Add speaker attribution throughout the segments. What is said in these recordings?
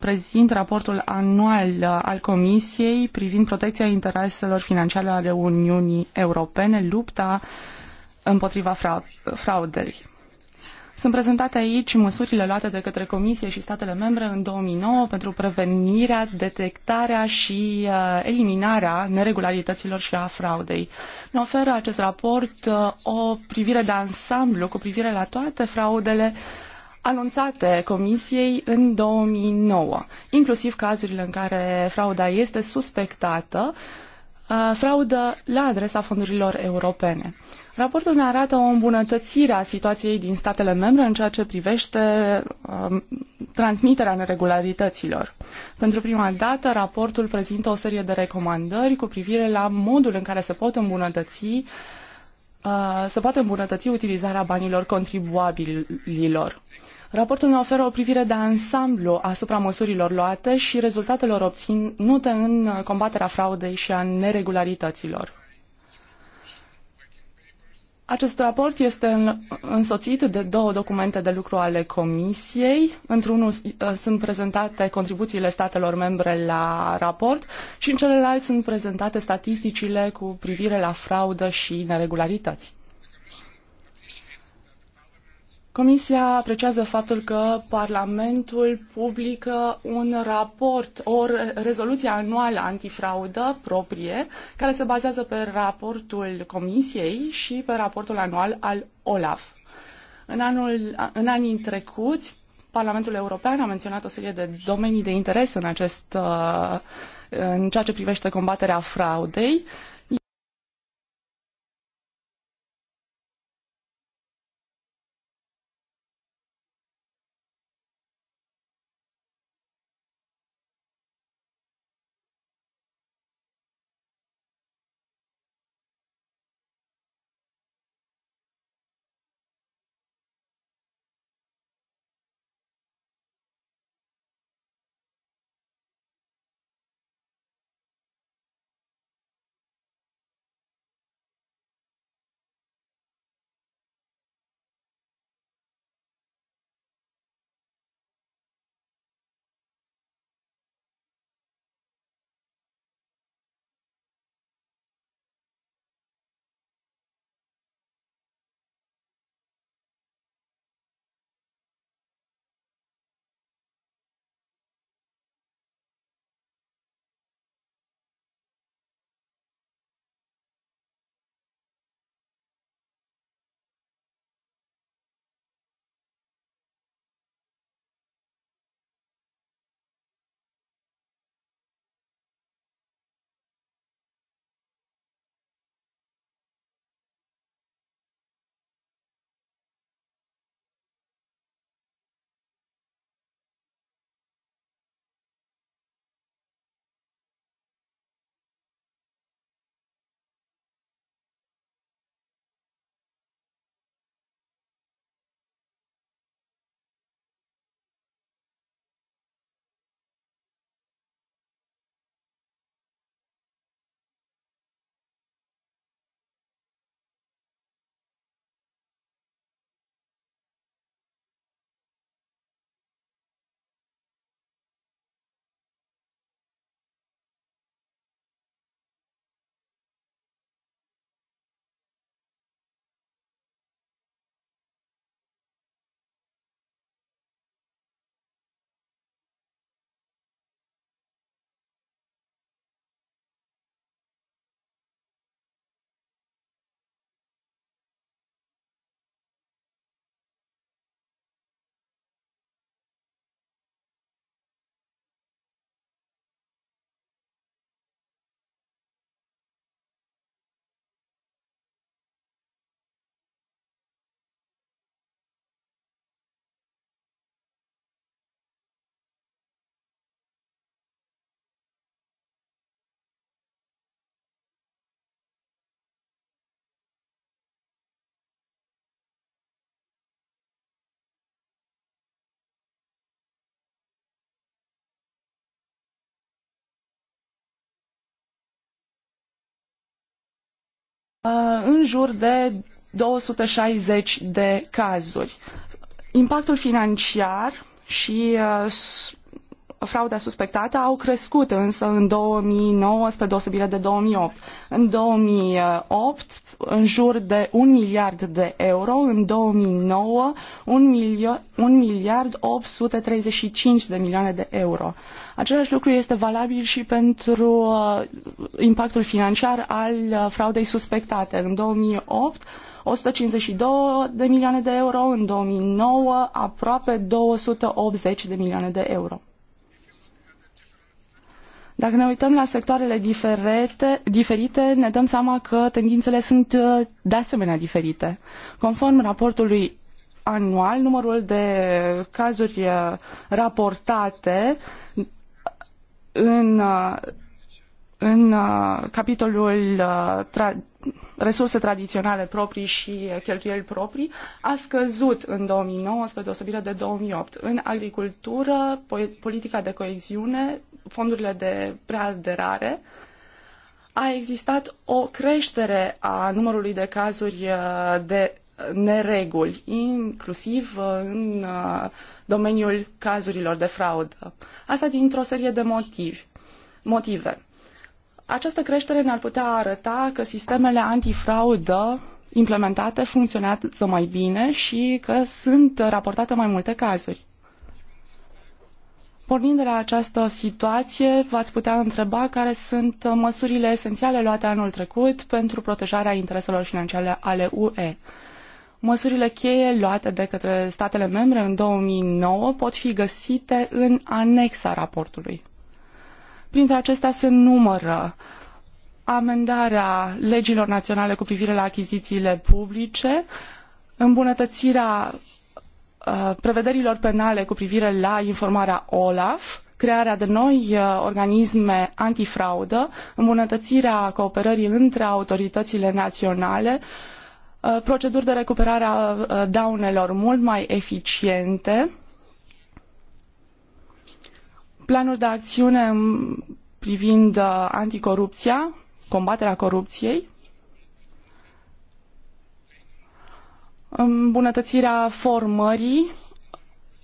Speaker 1: prezint raportul anual uh, al Comisiei privind protecția intereselor financiare ale Uniunii Europene, lupta împotriva fra- fraudei. Sunt prezentate aici măsurile luate de către Comisie și statele membre în 2009 pentru prevenirea, detectarea și uh, eliminarea neregularităților și a fraudei. Ne oferă acest raport uh, o privire de ansamblu cu privire la toate fraudele anunțate Comisiei în 2009, inclusiv cazurile în care frauda este suspectată, uh, fraudă la adresa fondurilor europene. Raportul ne arată o îmbunătățire a situației din statele membre în ceea ce privește um, transmiterea neregularităților. Pentru prima dată, raportul prezintă o serie de recomandări cu privire la modul în care se pot îmbunătăți uh, Uh, să poate îmbunătăți utilizarea banilor contribuabililor. Raportul ne oferă o privire de ansamblu asupra măsurilor luate și rezultatelor obținute în combaterea fraudei și a neregularităților. Acest raport este însoțit de două documente de lucru ale Comisiei. Într-unul uh, sunt prezentate contribuțiile statelor membre la raport și în celălalt sunt prezentate statisticile cu privire la fraudă și neregularități. Comisia apreciază faptul că Parlamentul publică un raport, o rezoluție anuală antifraudă proprie, care se bazează pe raportul Comisiei și pe raportul anual al OLAF. În, anul, în anii trecuți, Parlamentul European a menționat o serie de domenii de interes în acest uh, în ceea ce privește combaterea fraudei. Uh, în jur de 260 de cazuri. Impactul financiar și uh, fraude suspectate au crescut însă în 2009 spre deosebire de 2008. În 2008 în jur de un miliard de euro, în 2009 un milio- 1 miliard 835 de milioane de euro. Același lucru este valabil și pentru uh, impactul financiar al uh, fraudei suspectate. În 2008 152 de milioane de euro, în 2009 aproape 280 de milioane de euro. Dacă ne uităm la sectoarele diferite, diferite, ne dăm seama că tendințele sunt uh, de asemenea diferite. Conform raportului anual, numărul de cazuri uh, raportate în, uh, în capitolul tra resurse tradiționale proprii și cheltuieli proprii a scăzut în 2009 spre deosebire de 2008. În agricultură, politica de coeziune fondurile de preaderare, a existat o creștere a numărului de cazuri uh, de nereguli, inclusiv uh, în uh, domeniul cazurilor de fraudă. Asta dintr-o serie de motivi, motive. Această creștere ne-ar putea arăta că sistemele antifraudă implementate funcționează mai bine și că sunt raportate mai multe cazuri. Pornind de la această situație, v-ați putea întreba care sunt uh, măsurile esențiale luate anul trecut pentru protejarea intereselor financiare ale UE. Măsurile cheie luate de către statele membre în 2009 pot fi găsite în anexa raportului. Printre acestea se numără amendarea legilor naționale cu privire la achizițiile publice, îmbunătățirea Uh, prevederilor penale cu privire la informarea OLAF, crearea de noi uh, organisme antifraudă, îmbunătățirea cooperării între autoritățile naționale, uh, proceduri de recuperare a daunelor mult mai eficiente, planuri de acțiune privind anticorupția, combaterea corupției, îmbunătățirea formării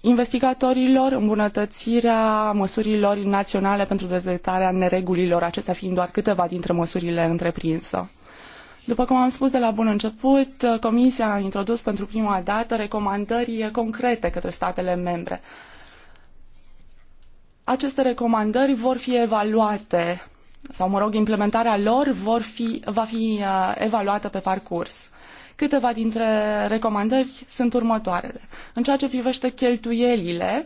Speaker 1: investigatorilor, îmbunătățirea măsurilor naționale pentru dezvoltarea neregulilor, acestea fiind doar câteva dintre măsurile întreprinse. După cum am spus de la bun început, Comisia a introdus pentru prima dată recomandări concrete către statele membre. Aceste recomandări vor fi evaluate sau, mă rog, implementarea lor vor fi, va fi uh, evaluată pe parcurs. Câteva dintre recomandări sunt următoarele. În ceea ce privește cheltuielile,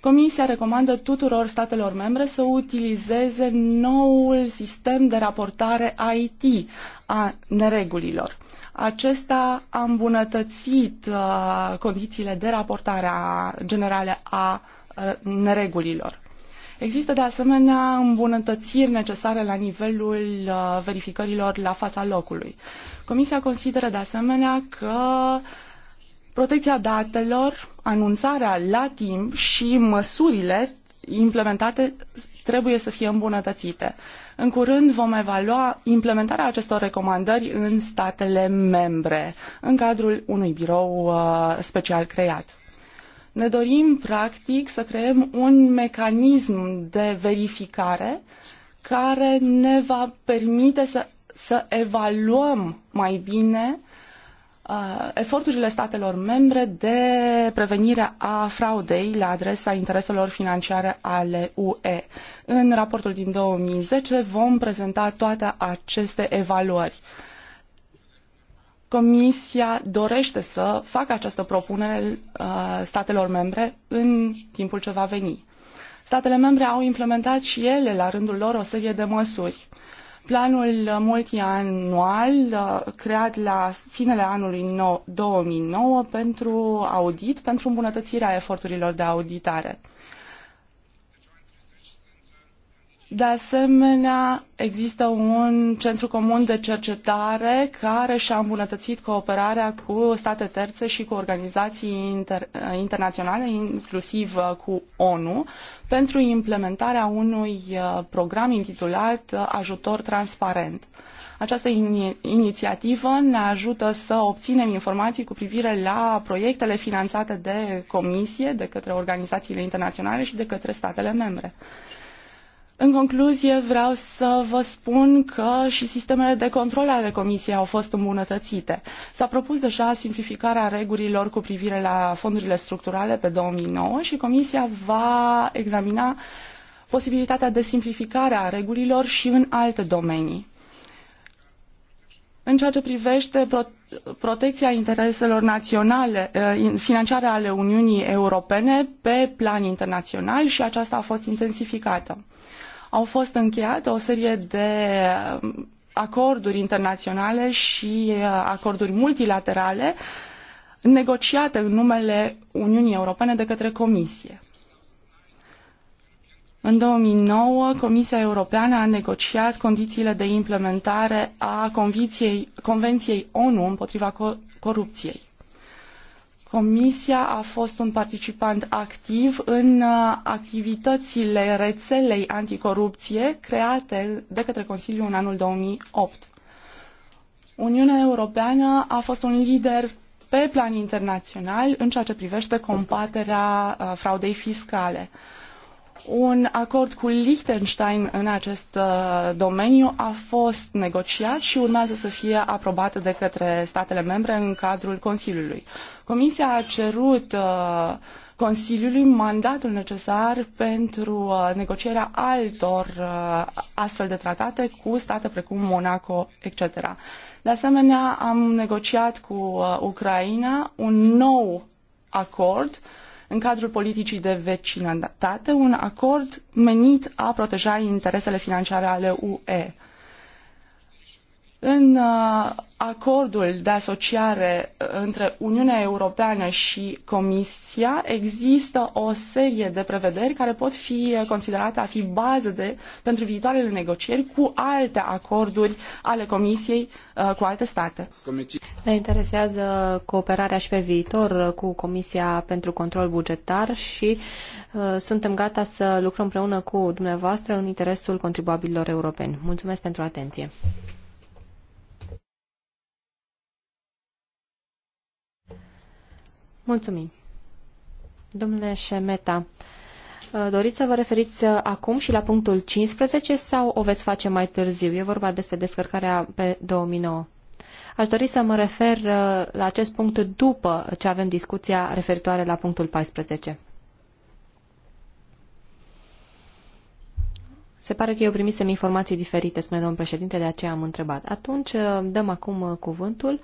Speaker 1: Comisia recomandă tuturor statelor membre să utilizeze noul sistem de raportare IT a neregulilor. Acesta a îmbunătățit uh, condițiile de raportare a, generale a uh, neregulilor. Există de asemenea îmbunătățiri necesare la nivelul uh, verificărilor la fața locului. Comisia consideră de asemenea că protecția datelor, anunțarea la timp și măsurile implementate trebuie să fie îmbunătățite. În curând vom evalua implementarea acestor recomandări în statele membre, în cadrul unui birou uh, special creat. Ne dorim, practic, să creăm un mecanism de verificare care ne va permite să, să evaluăm mai bine uh, eforturile statelor membre de prevenire a fraudei la adresa intereselor financiare ale UE. În raportul din 2010 vom prezenta toate aceste evaluări. Comisia dorește să facă această propunere uh, statelor membre în timpul ce va veni. Statele membre au implementat și ele, la rândul lor, o serie de măsuri. Uh, Planul multianual uh, creat la finele anului 2009 pentru audit, pentru îmbunătățirea eforturilor de auditare. De asemenea, există un centru comun de cercetare care și-a îmbunătățit cooperarea cu state terțe și cu organizații inter- internaționale, inclusiv uh, cu ONU, pentru implementarea unui uh, program intitulat uh, Ajutor Transparent. Această in- inițiativă ne ajută să obținem informații cu privire la proiectele finanțate de comisie, de către organizațiile internaționale și de către statele membre. În concluzie, vreau să vă spun că și sistemele de control ale Comisiei au fost îmbunătățite. S-a propus deja simplificarea regulilor cu privire la fondurile structurale pe 2009 și Comisia va examina posibilitatea de simplificare a regulilor și în alte domenii. În ceea ce privește protecția intereselor naționale, eh, financiare ale Uniunii Europene pe plan internațional și aceasta a fost intensificată au fost încheiate o serie de um, acorduri internaționale și uh, acorduri multilaterale negociate în numele Uniunii Europene de către Comisie. În 2009, Comisia Europeană a negociat condițiile de implementare a Convenției ONU împotriva corupției. Comisia a fost un participant activ în uh, activitățile rețelei anticorupție create de către Consiliu în anul 2008. Uniunea Europeană a fost un lider pe plan internațional în ceea ce privește combaterea uh, fraudei fiscale. Un acord cu Liechtenstein în acest uh, domeniu a fost negociat și urmează să fie aprobat de către statele membre în cadrul Consiliului. Comisia a cerut uh, Consiliului mandatul necesar pentru uh, negocierea altor uh, astfel de tratate cu state precum Monaco, etc. De asemenea, am negociat cu uh, Ucraina un nou acord în cadrul politicii de vecinătate, un acord menit a proteja interesele financiare ale UE. În uh, acordul de asociare uh, între Uniunea Europeană și Comisia există o serie de prevederi care pot fi uh, considerate a fi bază de, pentru viitoarele negocieri cu alte acorduri ale Comisiei cu alte state.
Speaker 2: Ne interesează cooperarea și pe viitor cu Comisia pentru Control Bugetar și suntem gata să lucrăm împreună cu dumneavoastră în interesul contribuabililor europeni. Mulțumesc pentru atenție. Mulțumim. Domnule Șemeta, uh, doriți să vă referiți uh, acum și la punctul 15 sau o veți face mai târziu? E vorba despre descărcarea pe 2009. Aș dori să mă refer uh, la acest punct după ce avem discuția referitoare la punctul 14. Se pare că eu primisem informații diferite, spune domnul președinte, de aceea am întrebat. Atunci dăm acum cuvântul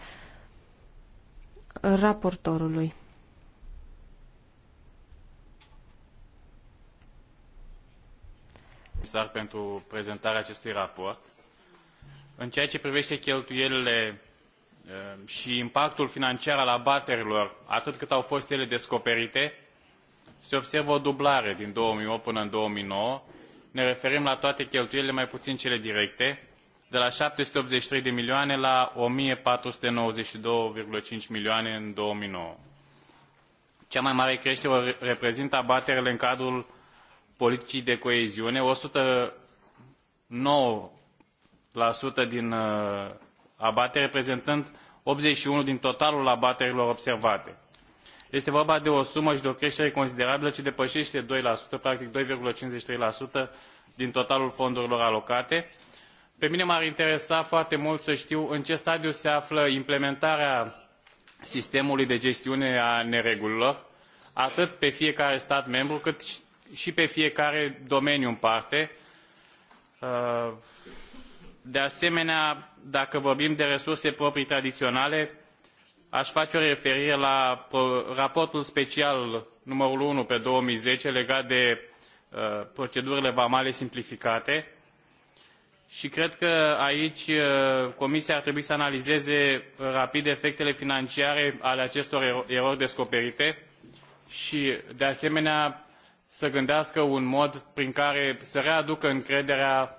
Speaker 2: raportorului.
Speaker 3: comisar pentru prezentarea acestui raport. În ceea ce privește cheltuielile uh, și impactul financiar al abaterilor, atât cât au fost ele descoperite, se observă o dublare din 2008 până în 2009. Ne referim la toate cheltuielile, mai puțin cele directe, de la 783 de milioane la 1492,5 milioane în 2009. Cea mai mare creștere o reprezintă abaterele în cadrul politicii de coeziune, 109% din uh, abatere, reprezentând 81% din totalul abaterilor observate. Este vorba de o sumă și de o creștere considerabilă ce depășește 2%, practic 2,53% din totalul fondurilor alocate. Pe mine m-ar interesa foarte mult să știu în ce stadiu se află implementarea sistemului de gestiune a neregulilor, atât pe fiecare stat membru, cât și pe fiecare domeniu în parte. Uh, de asemenea, dacă vorbim de resurse proprii tradiționale, aș face o referire la uh, raportul special numărul unu pe 2010 legat de uh, procedurile vamale simplificate și cred că aici Comisia ar trebui să analizeze rapid efectele financiare ale acestor erori descoperite și, de asemenea, să gândească un mod prin care să readucă încrederea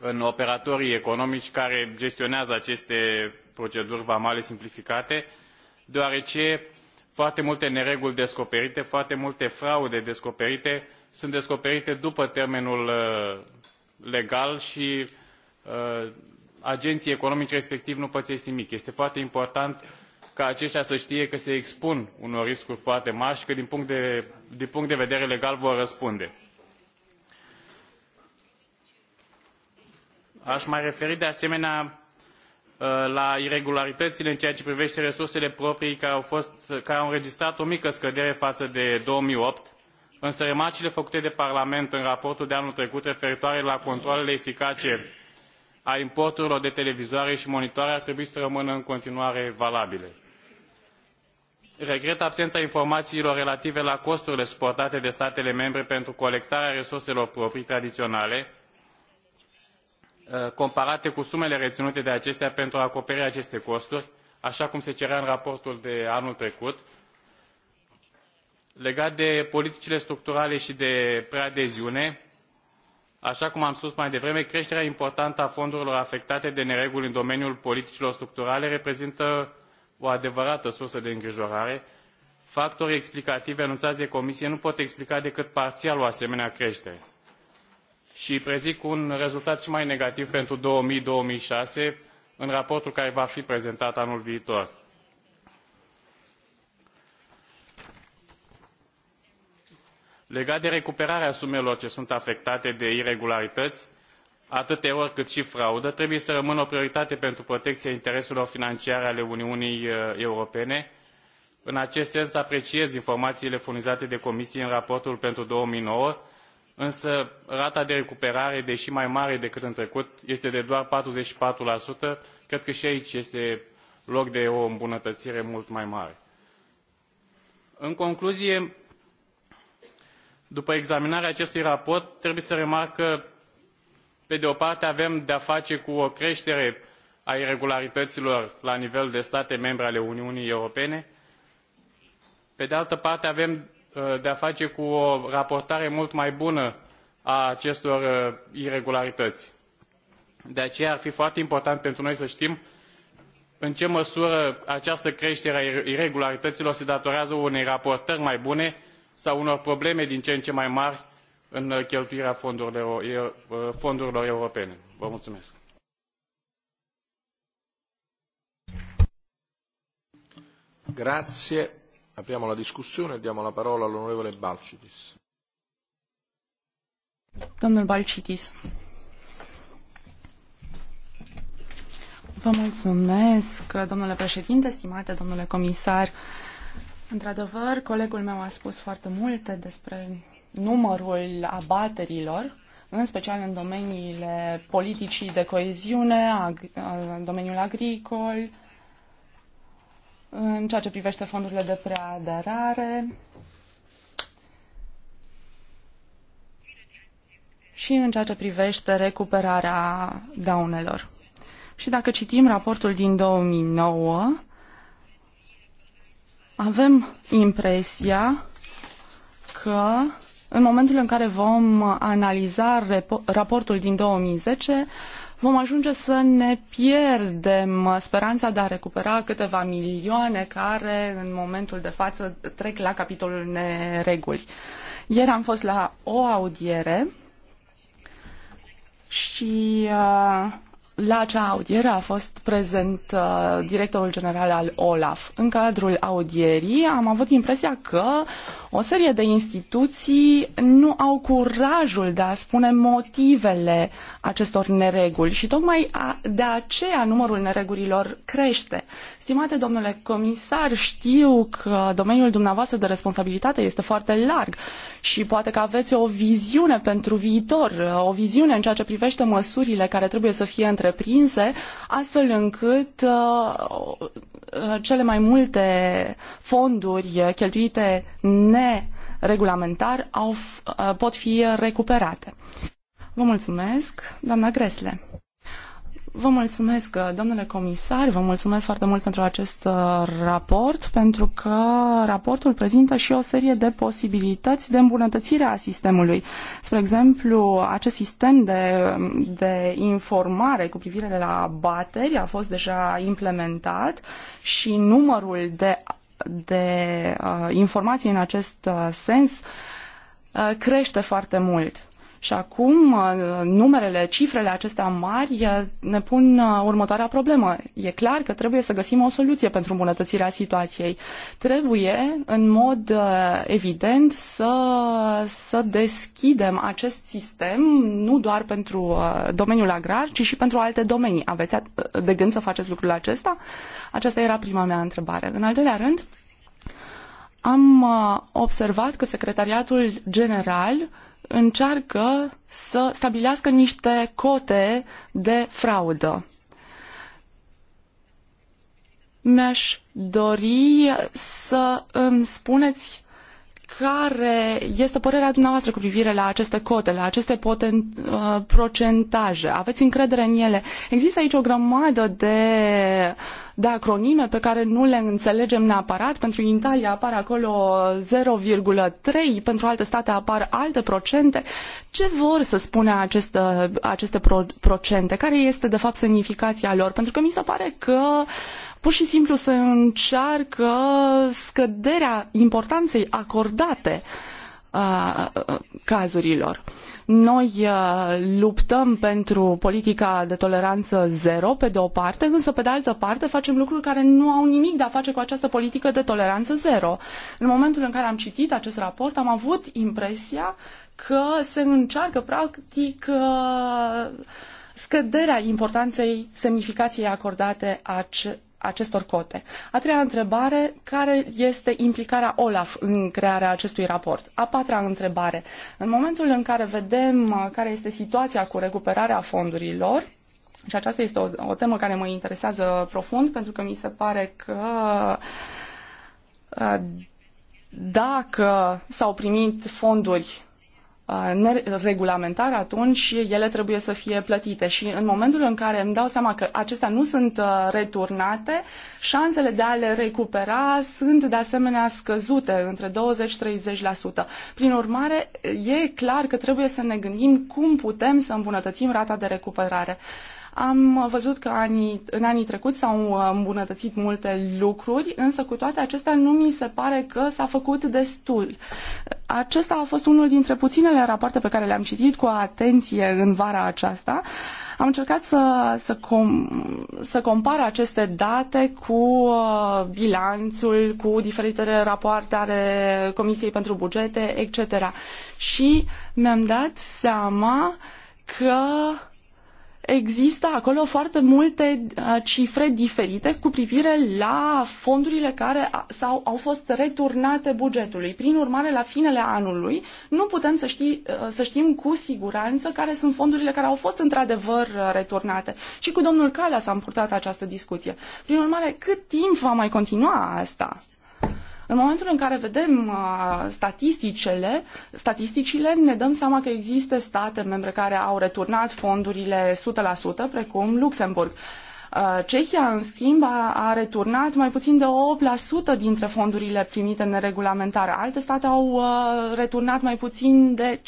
Speaker 3: în operatorii economici care gestionează aceste proceduri vamale simplificate deoarece foarte multe nereguli descoperite foarte multe fraude descoperite sunt descoperite după termenul uh, legal i uh, agenii economici respectivi nu păesc nimic. este foarte important ca acetia să tie că se expun unor riscuri foarte mari i că din punct, de, din punct de vedere legal vor răspunde. a mai referi de asemenea uh, la iregularităile în ceea ce privete resursele proprii care au, fost, care au înregistrat o mică scădere faă de două mii opt însă remarcile făcute de parlament în raportul de anul trecut referitoare la controalele eficace a importurilor de televizoare i monitoare ar trebui să rămână în continuare valabile regret absena informaiilor relative la costurile suportate de statele membre pentru colectarea resurselor proprii tradiionale uh, comparate cu sumele reinute de acestea pentru a acoperi aceste costuri aa cum se cerea în raportul de anul trecut. legat de politicile structurale i de preadeziune aa cum am spus mai devreme creterea importantă a fondurilor afectate de nereguli în domeniul politicilor structurale reprezintă o adevărată sursă de îngrijorare, factorii explicativi anunțați de Comisie nu pot explica decât parțial o asemenea creștere. Și prezic un rezultat și mai negativ pentru 2000-2006 în raportul care va fi prezentat anul viitor. Legat de recuperarea sumelor ce sunt afectate de irregularități. Atât ori cât i fraudă trebuie să rămână o prioritate pentru protecia intereselor financiare ale uniunii uh, europene în acest sens apreciez informaiile furnizate de comisie în raportul pentru două mii nouă însă rata de recuperare dei mai mare decât în trecut este de doar patruzeci și patru cred că i aici este loc de o îmbunătăire mult mai mare. în concluzie după examinarea acestui raport trebuie să remarc că pe de o parte avem de a face cu o cretere a iregularităilor la nivel de state membre ale uniunii europene pe de altă parte avem uh, de a face cu o raportare mult mai bună a acestor uh, iregularităi. de aceea ar fi foarte important pentru noi să tim în ce măsură această cretere a iregularităilor se datorează unei raportări mai bune sau unor probleme din ce în ce mai mari în uh, cheltuirea uh, fondurilor, europene. Vă mulțumesc.
Speaker 4: Grazie. Apriamo la discussione. Diamo la parola all'onorevole Balcitis.
Speaker 1: Domnul Balcitis. Vă mulțumesc, domnule președinte, stimate domnule comisar. Într-adevăr, colegul meu a spus foarte multe despre numărul abaterilor, în special în domeniile politicii de coeziune, ag- domeniul agricol, în ceea ce privește fondurile de preaderare și în ceea ce privește recuperarea daunelor. Și dacă citim raportul din 2009, avem impresia că în momentul în care vom analiza raportul din 2010, vom ajunge să ne pierdem speranța de a recupera câteva milioane care în momentul de față trec la capitolul nereguli. Ieri am fost la o audiere și uh, la acea audiere a fost prezent uh, directorul general al OLAF. În cadrul audierii am avut impresia că o serie de instituții nu au curajul de a spune motivele acestor nereguli și tocmai de aceea numărul neregulilor crește. Stimate domnule comisar, știu că domeniul dumneavoastră de responsabilitate este foarte larg și poate că aveți o viziune pentru viitor, o viziune în ceea ce privește măsurile care trebuie să fie întreprinse, astfel încât uh, uh, cele mai multe fonduri cheltuite neregulamentar au, uh, pot fi recuperate. Vă mulțumesc, doamna Gresle. Vă mulțumesc, domnule comisar, vă mulțumesc foarte mult pentru acest uh, raport, pentru că raportul prezintă și o serie de posibilități de îmbunătățire a sistemului. Spre exemplu, acest sistem de, de informare cu privire la abateri a fost deja implementat și numărul de, de uh, informații în acest uh, sens uh, crește foarte mult. Și acum uh, numerele, cifrele acestea mari uh, ne pun uh, următoarea problemă. E clar că trebuie să găsim o soluție pentru îmbunătățirea situației. Trebuie, în mod evident, să, să deschidem acest sistem nu doar pentru domeniul agrar, ci și pentru alte domenii. Aveți de gând să faceți lucrul acesta? Aceasta era prima mea întrebare. În al doilea rând, am observat că Secretariatul General încearcă să stabilească niște cote de fraudă. Mi-aș dori să îmi spuneți care este părerea dumneavoastră cu privire la aceste cote, la aceste poten, uh, procentaje? Aveți încredere în ele? Există aici o grămadă de uh, de acronime pe care nu le înțelegem neapărat. Pentru Italia apar acolo 0,3, pentru alte state apar alte procente. Ce vor să spună aceste, aceste pro, procente? Care este de fapt semnificația lor? Pentru că mi se pare că pur și simplu se încearcă scăderea importanței acordate uh, a, cazurilor. Noi luptăm pentru politica de toleranță zero, pe de o parte, însă pe de altă parte facem lucruri care nu au nimic de a face cu această politică de toleranță zero. În momentul în care am citit acest raport, am avut impresia că se încearcă practic scăderea importanței semnificației acordate ace- acestor cote. A treia întrebare, care este implicarea OLAF în crearea acestui raport? A patra întrebare, în momentul în care vedem uh, care este situația cu recuperarea fondurilor, și aceasta este o, o temă care mă interesează profund, pentru că mi se pare că uh, dacă s-au primit fonduri Uh, neregulamentar atunci ele trebuie să fie plătite și în momentul în care îmi dau seama că acestea nu sunt uh, returnate, șansele de a le recupera sunt de asemenea scăzute între 20-30%. Prin urmare, e clar că trebuie să ne gândim cum putem să îmbunătățim rata de recuperare. Am văzut că anii, în anii trecuți s-au uh, îmbunătățit multe lucruri, însă cu toate acestea nu mi se pare că s-a făcut destul. Acesta a fost unul dintre puținele rapoarte pe care le-am citit cu atenție în vara aceasta. Am încercat să, să, com, să compar aceste date cu uh, bilanțul, cu diferitele rapoarte ale Comisiei pentru Bugete, etc. Și mi-am dat seama că uh, există acolo foarte multe uh, cifre diferite cu privire la fondurile care s au fost returnate bugetului. Prin urmare, la finele anului nu putem să, ști, uh, să știm cu siguranță care sunt fondurile care au fost într-adevăr uh, returnate. Și cu domnul s am purtat această discuție. Prin urmare, cât timp va mai continua asta? În momentul în care vedem uh, statisticele, statisticile, ne dăm seama că există state membre care au returnat fondurile 100%, precum Luxemburg. Uh, Cehia, în schimb, a, a returnat mai puțin de 8% dintre fondurile primite neregulamentare. Alte state au uh, returnat mai puțin de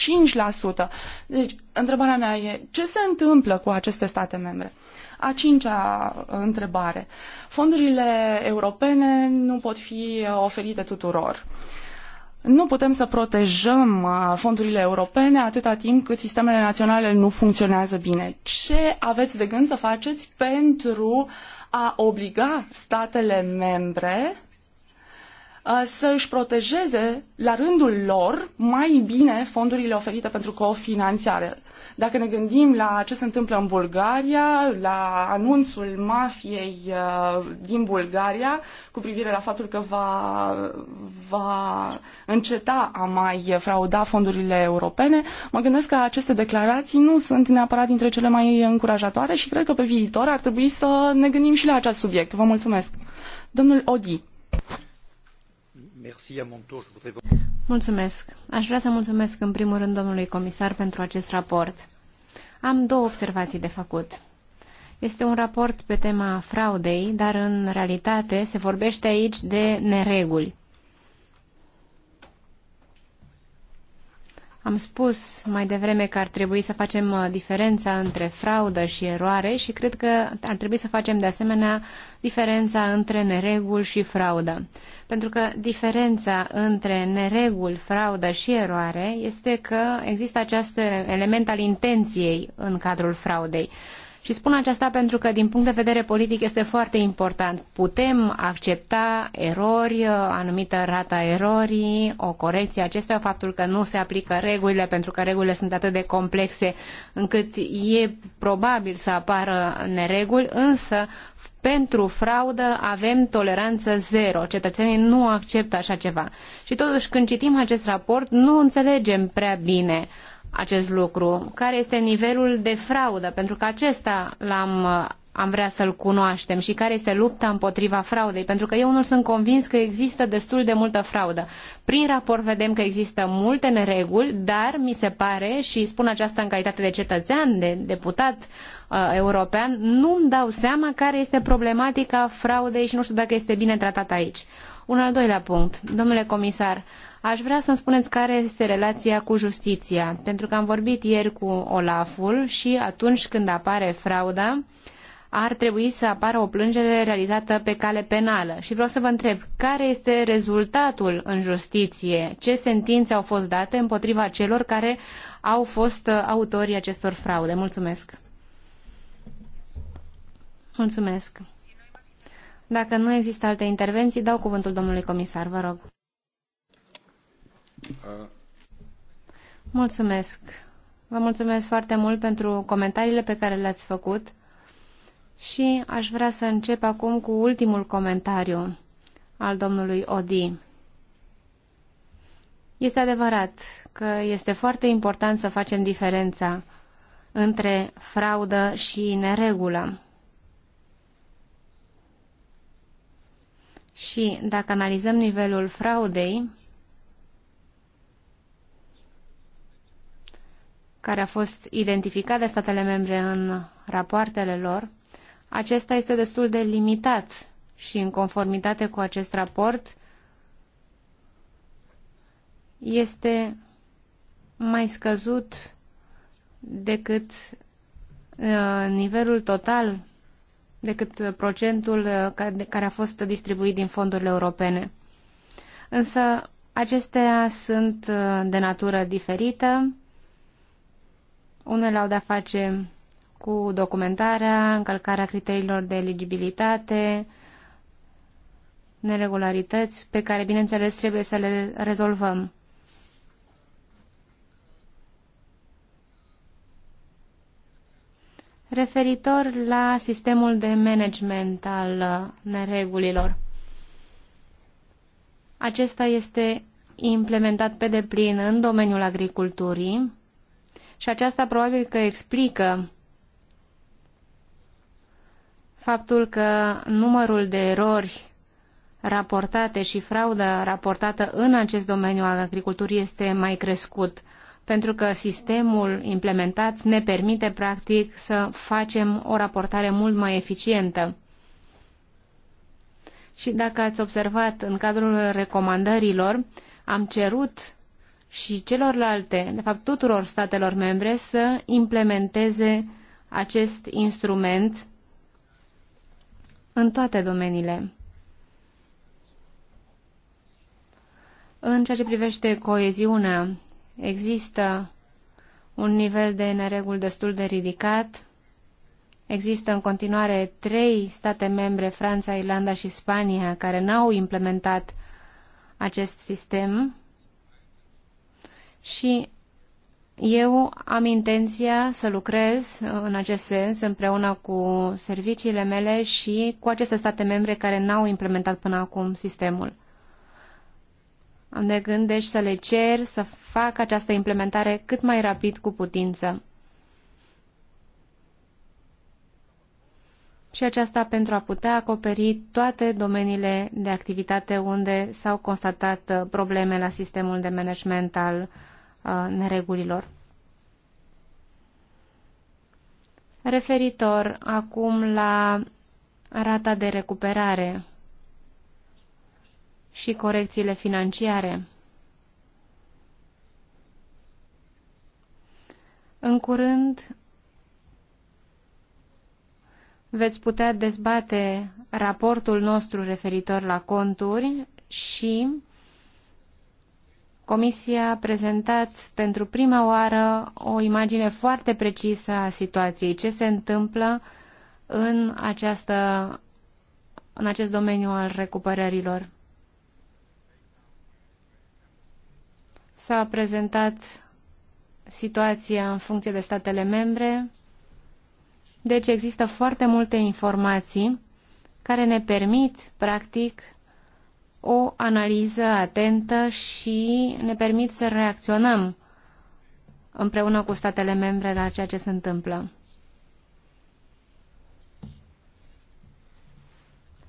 Speaker 1: 5%. Deci, întrebarea mea e, ce se întâmplă cu aceste state membre? Uh, a cincea uh, întrebare. Fondurile europene nu pot fi uh, oferite tuturor. Nu putem să protejăm uh, fondurile europene atâta timp cât sistemele naționale nu funcționează bine. Ce aveți de gând să faceți pentru a obliga statele membre să își protejeze la rândul lor mai bine fondurile oferite pentru cofinanțare? Dacă ne gândim la ce se întâmplă în Bulgaria, la anunțul mafiei uh, din Bulgaria cu privire la faptul că va, va înceta a mai frauda fondurile europene, mă gândesc că aceste declarații nu sunt neapărat dintre cele mai încurajatoare și cred că pe viitor ar trebui să ne gândim și la acest subiect. Vă mulțumesc. Domnul Odi.
Speaker 5: Mulțumesc. Aș vrea să mulțumesc în primul rând domnului comisar pentru acest raport. Am două observații de făcut. Este un raport pe tema fraudei, dar în realitate se vorbește aici de nereguli. Am spus mai devreme că ar trebui să facem uh, diferența între fraudă și eroare și cred că ar trebui să facem de asemenea diferența între neregul și fraudă. Pentru că diferența între neregul, fraudă și eroare este că există acest element al intenției în cadrul fraudei. Și spun aceasta pentru că, din punct de vedere politic, este foarte important. Putem accepta erori, anumită rata erorii, o corecție acestea, faptul că nu se aplică regulile, pentru că regulile sunt atât de complexe încât e probabil să apară nereguli, însă pentru fraudă avem toleranță zero. Cetățenii nu acceptă așa ceva. Și totuși, când citim acest raport, nu înțelegem prea bine acest lucru, care este nivelul de fraudă, pentru că acesta l-am uh, am vrea să-l cunoaștem și care este lupta împotriva fraudei, pentru că eu nu sunt convins că există destul de multă fraudă. Prin raport vedem că există multe nereguli, dar mi se pare, și spun aceasta în calitate de cetățean, de deputat uh, european, nu-mi dau seama care este problematica fraudei și nu știu dacă este bine tratată aici. Un al doilea punct, domnule comisar, uh, Aș vrea să-mi spuneți care este relația cu justiția, pentru că am vorbit ieri cu Olaful și atunci când apare frauda, ar trebui să apară o plângere realizată pe cale penală. Și vreau să vă întreb, care este rezultatul în justiție? Ce sentințe au fost date împotriva celor care au fost autorii acestor fraude? Mulțumesc! Mulțumesc! Dacă nu există alte intervenții, dau cuvântul domnului comisar, vă rog. Mulțumesc. Vă mulțumesc foarte mult pentru comentariile pe care le-ați făcut și aș vrea să încep acum cu ultimul comentariu al domnului Odi. Este adevărat că este foarte important să facem diferența între fraudă și neregulă. Și dacă analizăm nivelul fraudei, care a fost identificat de statele membre în rapoartele lor, acesta este destul de limitat și în conformitate cu acest raport este mai scăzut decât uh, nivelul total, decât procentul uh, care a fost distribuit din fondurile europene. Însă acestea sunt uh, de natură diferită, unele au de-a face cu documentarea, încălcarea criteriilor de eligibilitate, neregularități pe care, bineînțeles, trebuie să le rezolvăm. Referitor la sistemul de management al neregulilor. Acesta este implementat pe deplin în domeniul agriculturii, și aceasta probabil că explică faptul că numărul de erori raportate și frauda raportată în acest domeniu al agriculturii este mai crescut, pentru că sistemul implementat ne permite practic să facem o raportare mult mai eficientă. Și dacă ați observat în cadrul recomandărilor, am cerut și celorlalte, de fapt tuturor statelor membre, să implementeze acest instrument în toate domeniile. În ceea ce privește coeziunea, există un nivel de nereguli destul de ridicat. Există în continuare trei state membre, Franța, Irlanda și Spania, care n-au implementat acest sistem și eu am intenția să lucrez uh, în acest sens împreună cu serviciile mele și cu aceste state membre care n-au implementat până acum sistemul. Am de gând deci să le cer să facă această implementare cât mai rapid cu putință. și aceasta pentru a putea acoperi toate domeniile de activitate unde s-au constatat uh, probleme la sistemul de management al uh, neregulilor. Referitor acum la rata de recuperare și corecțiile financiare. În curând veți putea dezbate raportul nostru referitor la conturi și Comisia a prezentat pentru prima oară o imagine foarte precisă a situației, ce se întâmplă în, această, în acest domeniu al recuperărilor. S-a prezentat situația în funcție de statele membre, deci există foarte multe informații care ne permit, practic, o analiză atentă și ne permit să reacționăm împreună cu statele membre la ceea ce se întâmplă.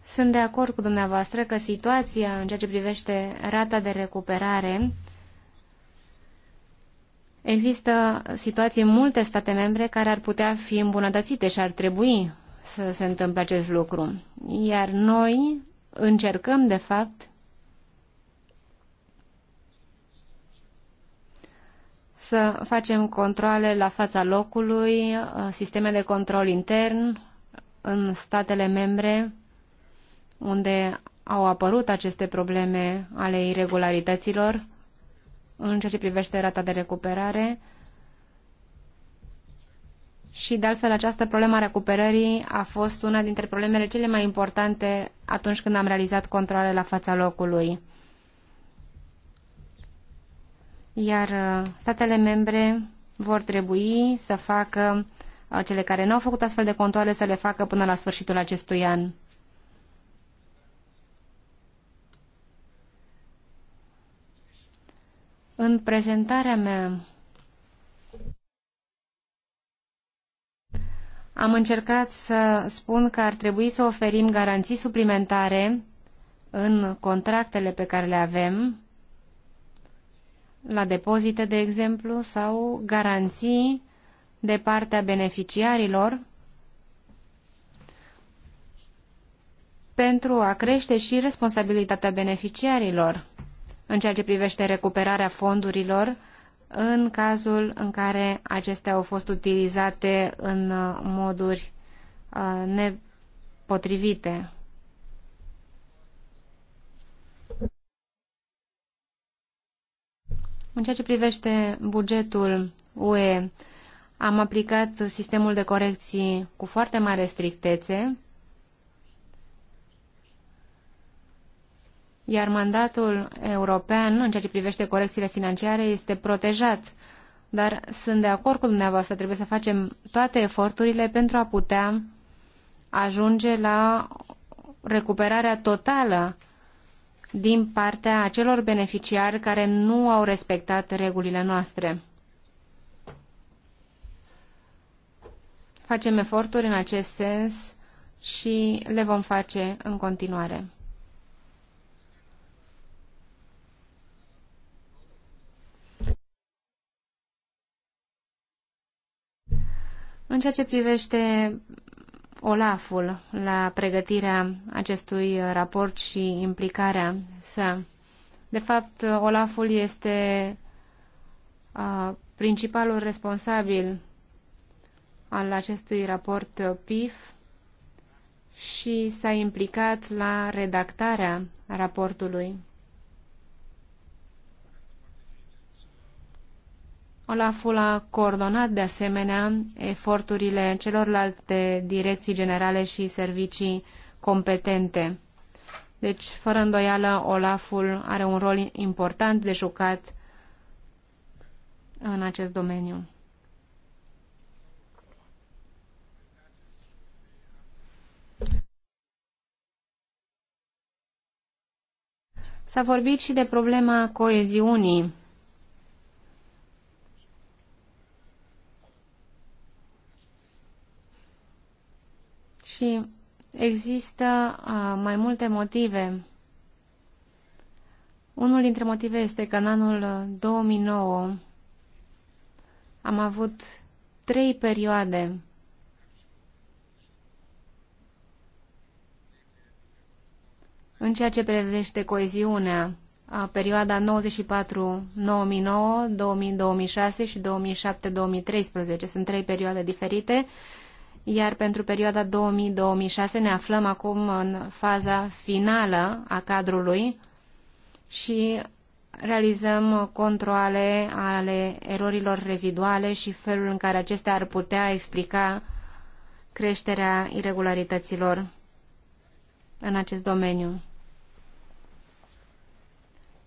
Speaker 5: Sunt de acord cu dumneavoastră că situația în ceea ce privește rata de recuperare Există situații în multe state membre care ar putea fi îmbunătățite și ar trebui să se întâmple acest lucru. Iar noi încercăm, de fapt, să facem controle la fața locului, sisteme de control intern în statele membre unde au apărut aceste probleme ale irregularităților în ceea ce privește rata de recuperare. Și, de altfel, această problemă a recuperării a fost una dintre problemele cele mai importante atunci când am realizat controle la fața locului. Iar uh, statele membre vor trebui să facă uh, cele care nu au făcut astfel de controle, să le facă până la sfârșitul acestui an. În prezentarea mea am încercat să spun că ar trebui să oferim garanții suplimentare în contractele pe care le avem, la depozite, de exemplu, sau garanții de partea beneficiarilor pentru a crește și responsabilitatea beneficiarilor în ceea ce privește recuperarea fondurilor în cazul în care acestea au fost utilizate în uh, moduri uh, nepotrivite. În ceea ce privește bugetul UE, am aplicat sistemul de corecții cu foarte mare strictețe iar mandatul european în ceea ce privește corecțiile financiare este protejat. Dar sunt de acord cu dumneavoastră, trebuie să facem toate eforturile pentru a putea ajunge la recuperarea totală din partea acelor beneficiari care nu au respectat regulile noastre. Facem eforturi în acest sens și le vom face în continuare. În ceea ce privește Olaful la pregătirea acestui raport și implicarea sa, de fapt, Olaful este a, principalul responsabil al acestui raport PIF și s-a implicat la redactarea raportului. Olaful a coordonat de asemenea eforturile celorlalte direcții generale și servicii competente. Deci, fără îndoială, Olaful are un rol important de jucat în acest domeniu. S-a vorbit și de problema coeziunii și există mai multe motive. Unul dintre motive este că în anul 2009 am avut trei perioade în ceea ce privește coeziunea, a perioada 94-2009, 2006 și 2007-2013. Sunt trei perioade diferite iar pentru perioada 2000-2006 ne aflăm acum în faza finală a cadrului și realizăm controle ale erorilor reziduale și felul în care acestea ar putea explica creșterea irregularităților în acest domeniu.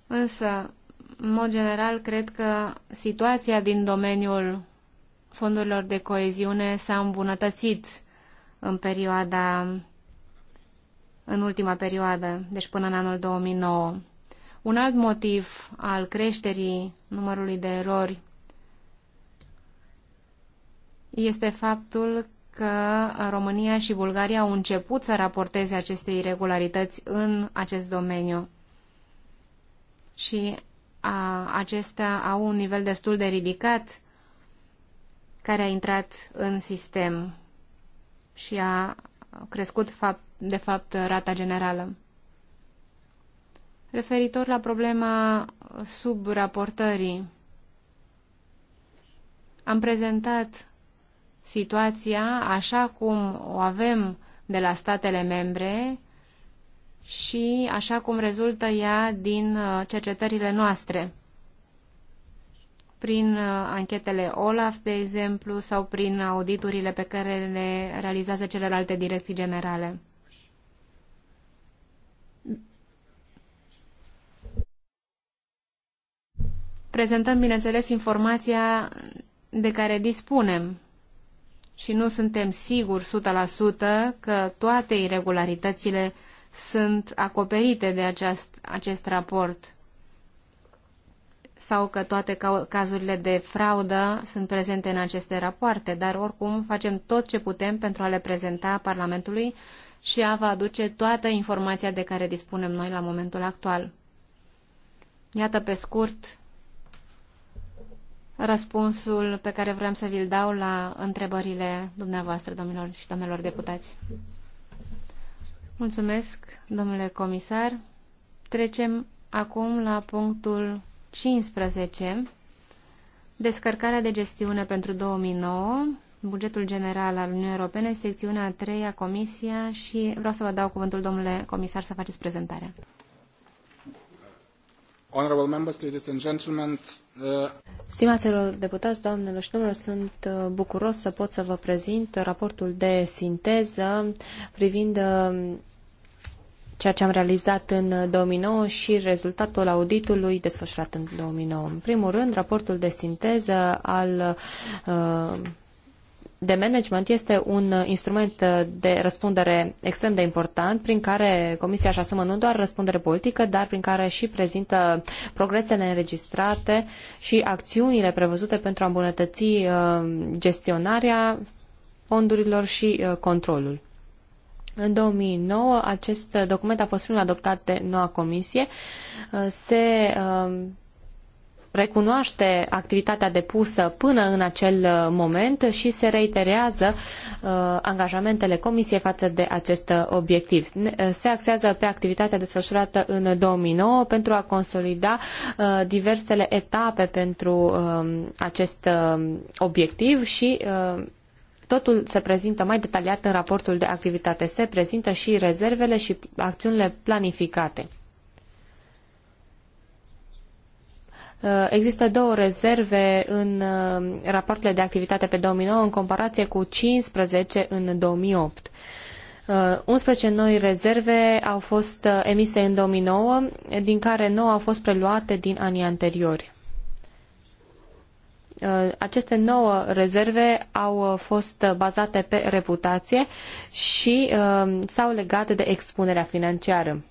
Speaker 5: Însă, în mod general, cred că situația din domeniul fondurilor de coeziune s-a îmbunătățit în perioada în ultima perioadă, deci până în anul 2009. Un alt motiv al creșterii numărului de erori este faptul că România și Bulgaria au început să raporteze aceste irregularități în acest domeniu. Și a, acestea au un nivel destul de ridicat care a intrat în sistem și a crescut, de fapt, rata generală. Referitor la problema subraportării, am prezentat situația așa cum o avem de la statele membre și așa cum rezultă ea din uh, cercetările noastre prin uh, anchetele OLAF, de exemplu, sau prin auditurile pe care le realizează celelalte direcții generale. Prezentăm, bineînțeles, informația de care dispunem și nu suntem siguri 100% că toate irregularitățile sunt acoperite de aceast, acest raport sau că toate cazurile de fraudă sunt prezente în aceste rapoarte, dar oricum facem tot ce putem pentru a le prezenta Parlamentului și a vă aduce toată informația de care dispunem noi la momentul actual. Iată pe scurt răspunsul pe care vreau să vi-l dau la întrebările dumneavoastră, domnilor și domnilor deputați. Mulțumesc, domnule comisar. Trecem acum la punctul 15, descărcarea de gestiune pentru 2009, bugetul general al Uniunii Europene, secțiunea a treia, comisia și vreau să vă dau cuvântul, domnule comisar, să faceți
Speaker 2: prezentarea.
Speaker 3: Honorable members, ladies and gentlemen, uh...
Speaker 2: Stimați deputați, doamnelor și domnilor, sunt uh, bucuros să pot să vă prezint raportul de sinteză privind uh, ceea ce am realizat în 2009 uh, și rezultatul auditului desfășurat în 2009. În primul rând, raportul de sinteză al uh, de management este un uh, instrument de răspundere extrem de important prin care Comisia își asumă nu doar răspundere politică, dar prin care și prezintă progresele înregistrate și acțiunile prevăzute pentru a îmbunătăți gestionarea fondurilor și controlul. În 2009, acest document a fost primul adoptat de noua comisie. Se um, recunoaște activitatea depusă până în acel moment și se reiterează uh, angajamentele comisiei față de acest obiectiv. Uh, se axează pe activitatea desfășurată în 2009 pentru a consolida uh, diversele etape pentru um, acest um, obiectiv și Totul se prezintă mai detaliat în raportul de activitate. Se prezintă și rezervele și acțiunile planificate. Uh, există două rezerve în uh, rapoartele de activitate pe 2009 în comparație cu 15 în 2008. 11 uh, noi rezerve au fost emise în 2009, din care 9 au fost preluate din anii anteriori. Uh, aceste nouă rezerve au uh, fost uh, bazate pe reputație și s-au legat de expunerea financiară.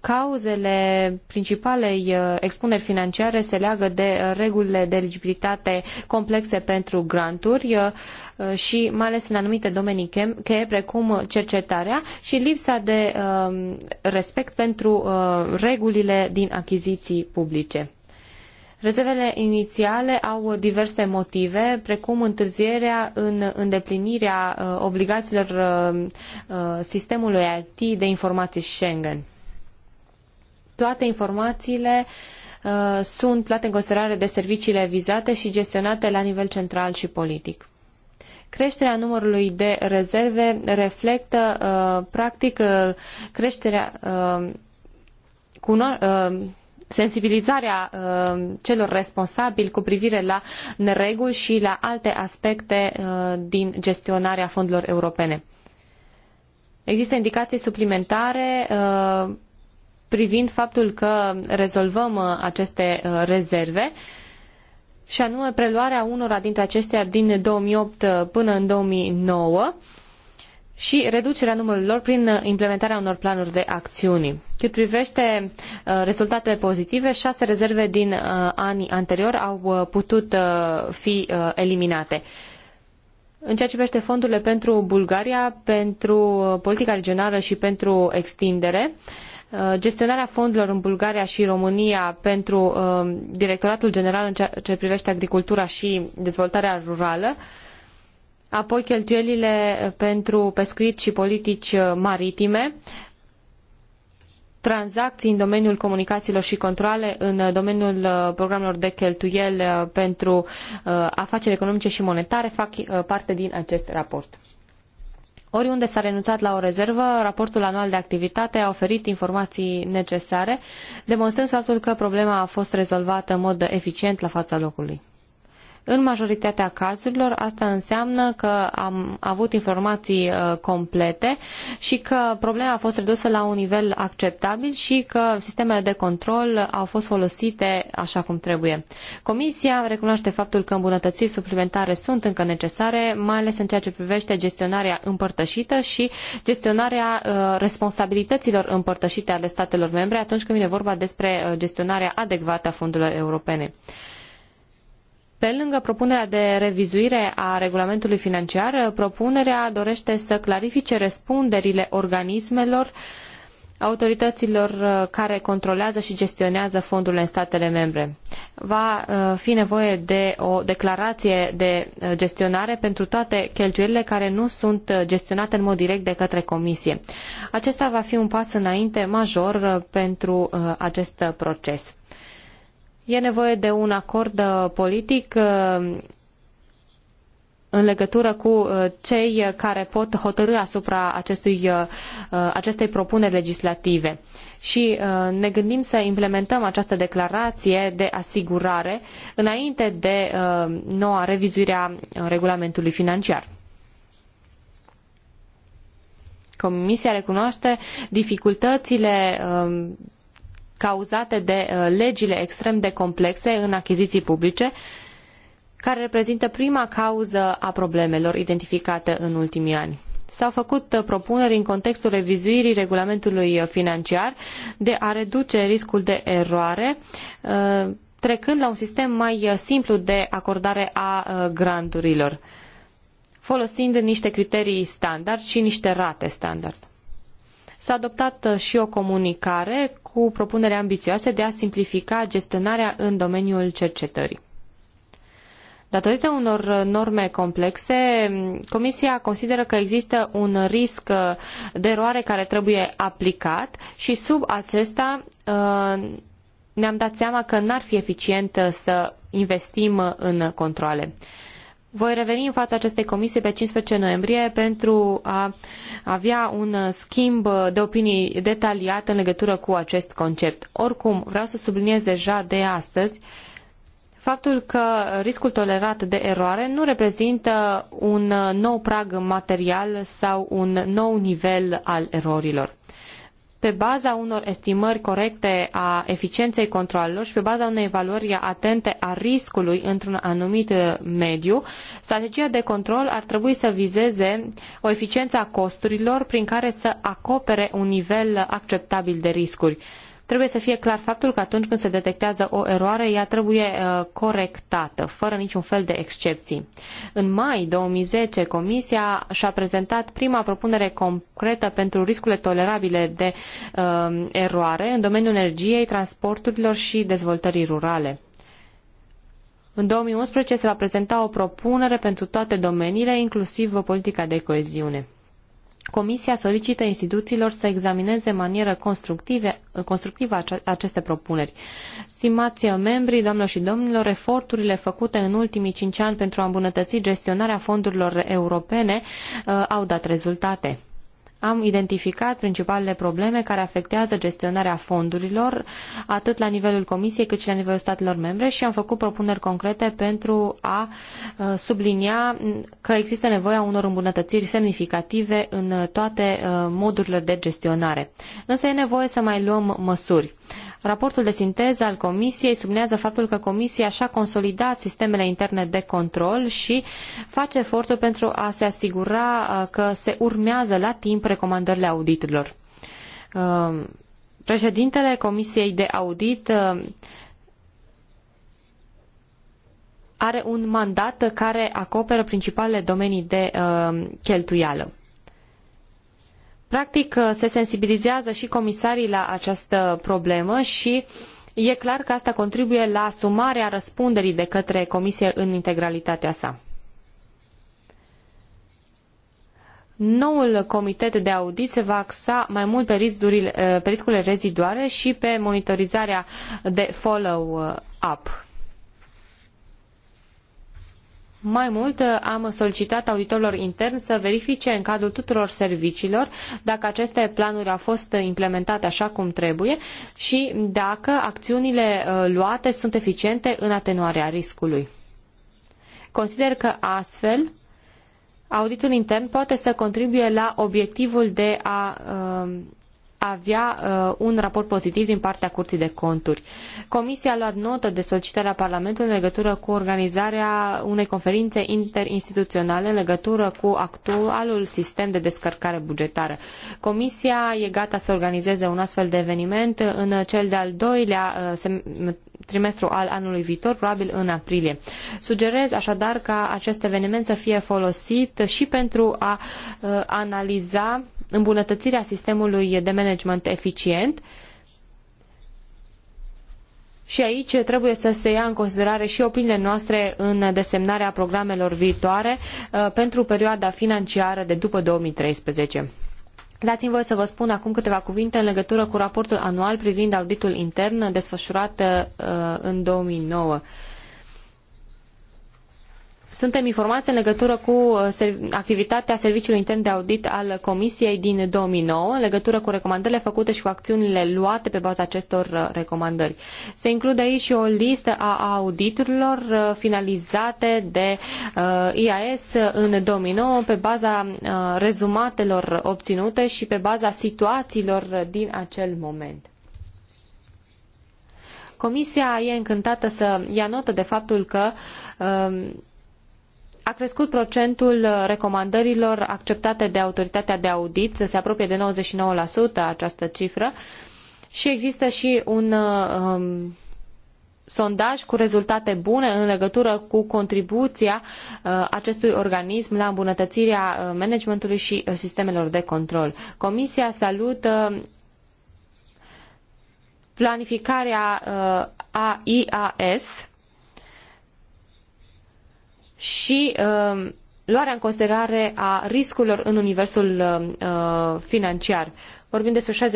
Speaker 2: Cauzele principalei expuneri financiare se leagă de regulile de eligibilitate complexe pentru granturi și mai ales în anumite domenii cheie, precum cercetarea și lipsa de respect pentru regulile din achiziții publice. Rezervele inițiale au diverse motive, precum întârzierea în îndeplinirea uh, obligațiilor uh, uh, sistemului IT de informații Schengen. Toate informațiile sunt luate în considerare de serviciile vizate și gestionate la nivel central și politic. Creșterea numărului de rezerve reflectă, practic, creșterea, cuno- sensibilizarea uh, celor responsabili cu privire la nereguli și la alte aspecte uh, din gestionarea fondurilor europene. Există indicații suplimentare uh, privind faptul că rezolvăm aceste rezerve și anume preluarea unora dintre acestea din 2008 până în 2009 și reducerea numărului lor prin uh, implementarea unor planuri de acțiuni. Cât privește uh, rezultatele pozitive, șase rezerve din uh, anii anterior au putut fi eliminate. În ceea ce privește fondurile pentru Bulgaria, pentru politica regională și pentru extindere, gestionarea fondurilor în Bulgaria și România pentru Directoratul General în ceea ce privește agricultura și dezvoltarea rurală, apoi cheltuielile pentru pescuit și politici maritime, tranzacții în domeniul comunicațiilor și controle, în domeniul uh, programelor de cheltuieli uh, pentru uh, afaceri economice și monetare fac parte din acest raport. Oriunde s-a renunțat la o rezervă, raportul anual de activitate a oferit informații necesare, demonstrând faptul că problema a fost rezolvată în mod eficient la fața locului. În majoritatea cazurilor, asta înseamnă că am avut informații uh, complete și că problema a fost redusă la un nivel acceptabil și că sistemele de control au fost folosite așa cum trebuie. Comisia recunoaște faptul că îmbunătățiri suplimentare sunt încă necesare, mai ales în ceea ce privește gestionarea împărtășită și gestionarea uh, responsabilităților împărtășite ale statelor membre atunci când vine vorba despre uh, gestionarea adecvată a fondurilor europene. Pe lângă propunerea de revizuire a regulamentului financiar, propunerea dorește să clarifice răspunderile organismelor autorităților uh, care controlează și gestionează fondurile în statele membre. Va uh, fi nevoie de o declarație de uh, gestionare pentru toate cheltuielile care nu sunt gestionate în mod direct de către Comisie. Acesta va fi un pas înainte major pentru acest proces. E nevoie de un acord uh, politic uh, în legătură cu uh, cei care pot hotărâ asupra acestui, acestei propuneri legislative. Și ne gândim să implementăm această declarație de asigurare înainte de noua revizuire a regulamentului financiar. Comisia recunoaște dificultățile um, cauzate de uh, legile extrem de complexe în achiziții publice, care reprezintă prima cauză a problemelor identificate în ultimii ani. S-au făcut uh, propuneri în contextul revizuirii regulamentului uh, financiar de a reduce riscul de eroare, trecând la un sistem mai simplu de acordare a granturilor, folosind niște criterii standard și niște rate standard. S-a adoptat uh, și o comunicare cu propunere ambițioase de a simplifica gestionarea în domeniul cercetării. Datorită unor uh, norme complexe, Comisia consideră că există un risc uh, de eroare care trebuie aplicat și sub acesta ne-am dat seama că n-ar fi eficient să investim în controle. Voi reveni în fața acestei comisii pe 15 noiembrie pentru a avea un schimb de opinii detaliat în legătură cu acest concept. Oricum, vreau să subliniez deja de astăzi faptul că riscul tolerat de eroare nu reprezintă un nou prag material sau un nou nivel al erorilor pe baza unor estimări corecte a eficienței controlelor și pe baza unei evaluări atente a riscului într-un anumit uh, mediu, strategia de control ar trebui să vizeze o eficiență a costurilor prin care să acopere un nivel acceptabil de riscuri. Trebuie să fie clar faptul că atunci când se detectează o eroare, ea trebuie uh, corectată, fără niciun fel de excepții. În mai 2010, Comisia și-a prezentat prima propunere concretă pentru riscurile tolerabile de uh, eroare în domeniul energiei, transporturilor și dezvoltării rurale. În 2011 se va prezenta o propunere pentru toate domeniile, inclusiv politica de coeziune. Comisia solicită instituțiilor să examineze în manieră constructivă aceste propuneri. Stimați membri, doamnelor și domnilor, eforturile făcute în ultimii cinci ani pentru a îmbunătăți gestionarea fondurilor europene uh, au dat rezultate am identificat principalele probleme care afectează gestionarea fondurilor, atât la nivelul Comisiei cât și la nivelul statelor membre și am făcut propuneri concrete pentru a uh, sublinia că există nevoia unor îmbunătățiri semnificative în toate uh, modurile de gestionare. Însă e nevoie să mai luăm măsuri. Raportul de sinteză al Comisiei sublinează faptul că Comisia și-a consolidat sistemele interne de control și face eforturi pentru a se asigura uh, că se urmează la timp recomandările auditelor. Uh, președintele Comisiei de Audit uh, are un mandat care acoperă principalele domenii de uh, cheltuială. Practic, uh, se sensibilizează și comisarii la această problemă și e clar că asta contribuie la asumarea răspunderii de către comisie în integralitatea sa. Noul comitet de audit se va axa mai mult pe, riscurile reziduare și pe monitorizarea de follow-up. Mai mult, am solicitat auditorilor interni să verifice în cadrul tuturor serviciilor dacă aceste planuri au fost implementate așa cum trebuie și dacă acțiunile uh, luate sunt eficiente în atenuarea riscului. Consider că astfel, auditul intern poate să contribuie la obiectivul de a uh, avea uh, un raport pozitiv din partea Curții de Conturi. Comisia a luat notă de solicitarea Parlamentului în legătură cu organizarea unei conferințe interinstituționale în legătură cu actualul sistem de descărcare bugetară. Comisia e gata să organizeze un astfel de eveniment în cel de-al doilea uh, trimestru al anului viitor, probabil în aprilie. Sugerez așadar ca acest eveniment să fie folosit și pentru a uh, analiza îmbunătățirea sistemului de management eficient și aici trebuie să se ia în considerare și opiniile noastre în desemnarea programelor viitoare uh, pentru perioada financiară de după 2013. Dați-mi voie să vă spun acum câteva cuvinte în legătură cu raportul anual privind auditul intern desfășurat uh, în 2009 suntem informați în legătură cu uh, activitatea Serviciului Intern de Audit al Comisiei din 2009, în legătură cu recomandările făcute și cu acțiunile luate pe baza acestor uh, recomandări. Se include aici și o listă a auditurilor uh, finalizate de IAS în 2009 pe baza rezumatelor obținute și pe baza situațiilor din acel moment. Comisia e încântată să ia notă de faptul că um, a crescut procentul uh, recomandărilor acceptate de autoritatea de audit, să se apropie de 99% această cifră și există și un uh, um, sondaj cu rezultate bune în legătură cu contribuția uh, acestui organism la îmbunătățirea uh, managementului și sistemelor de control. Comisia salută planificarea uh, AIAS și uh, luarea în considerare a riscurilor în universul um, uh, financiar. Vorbim despre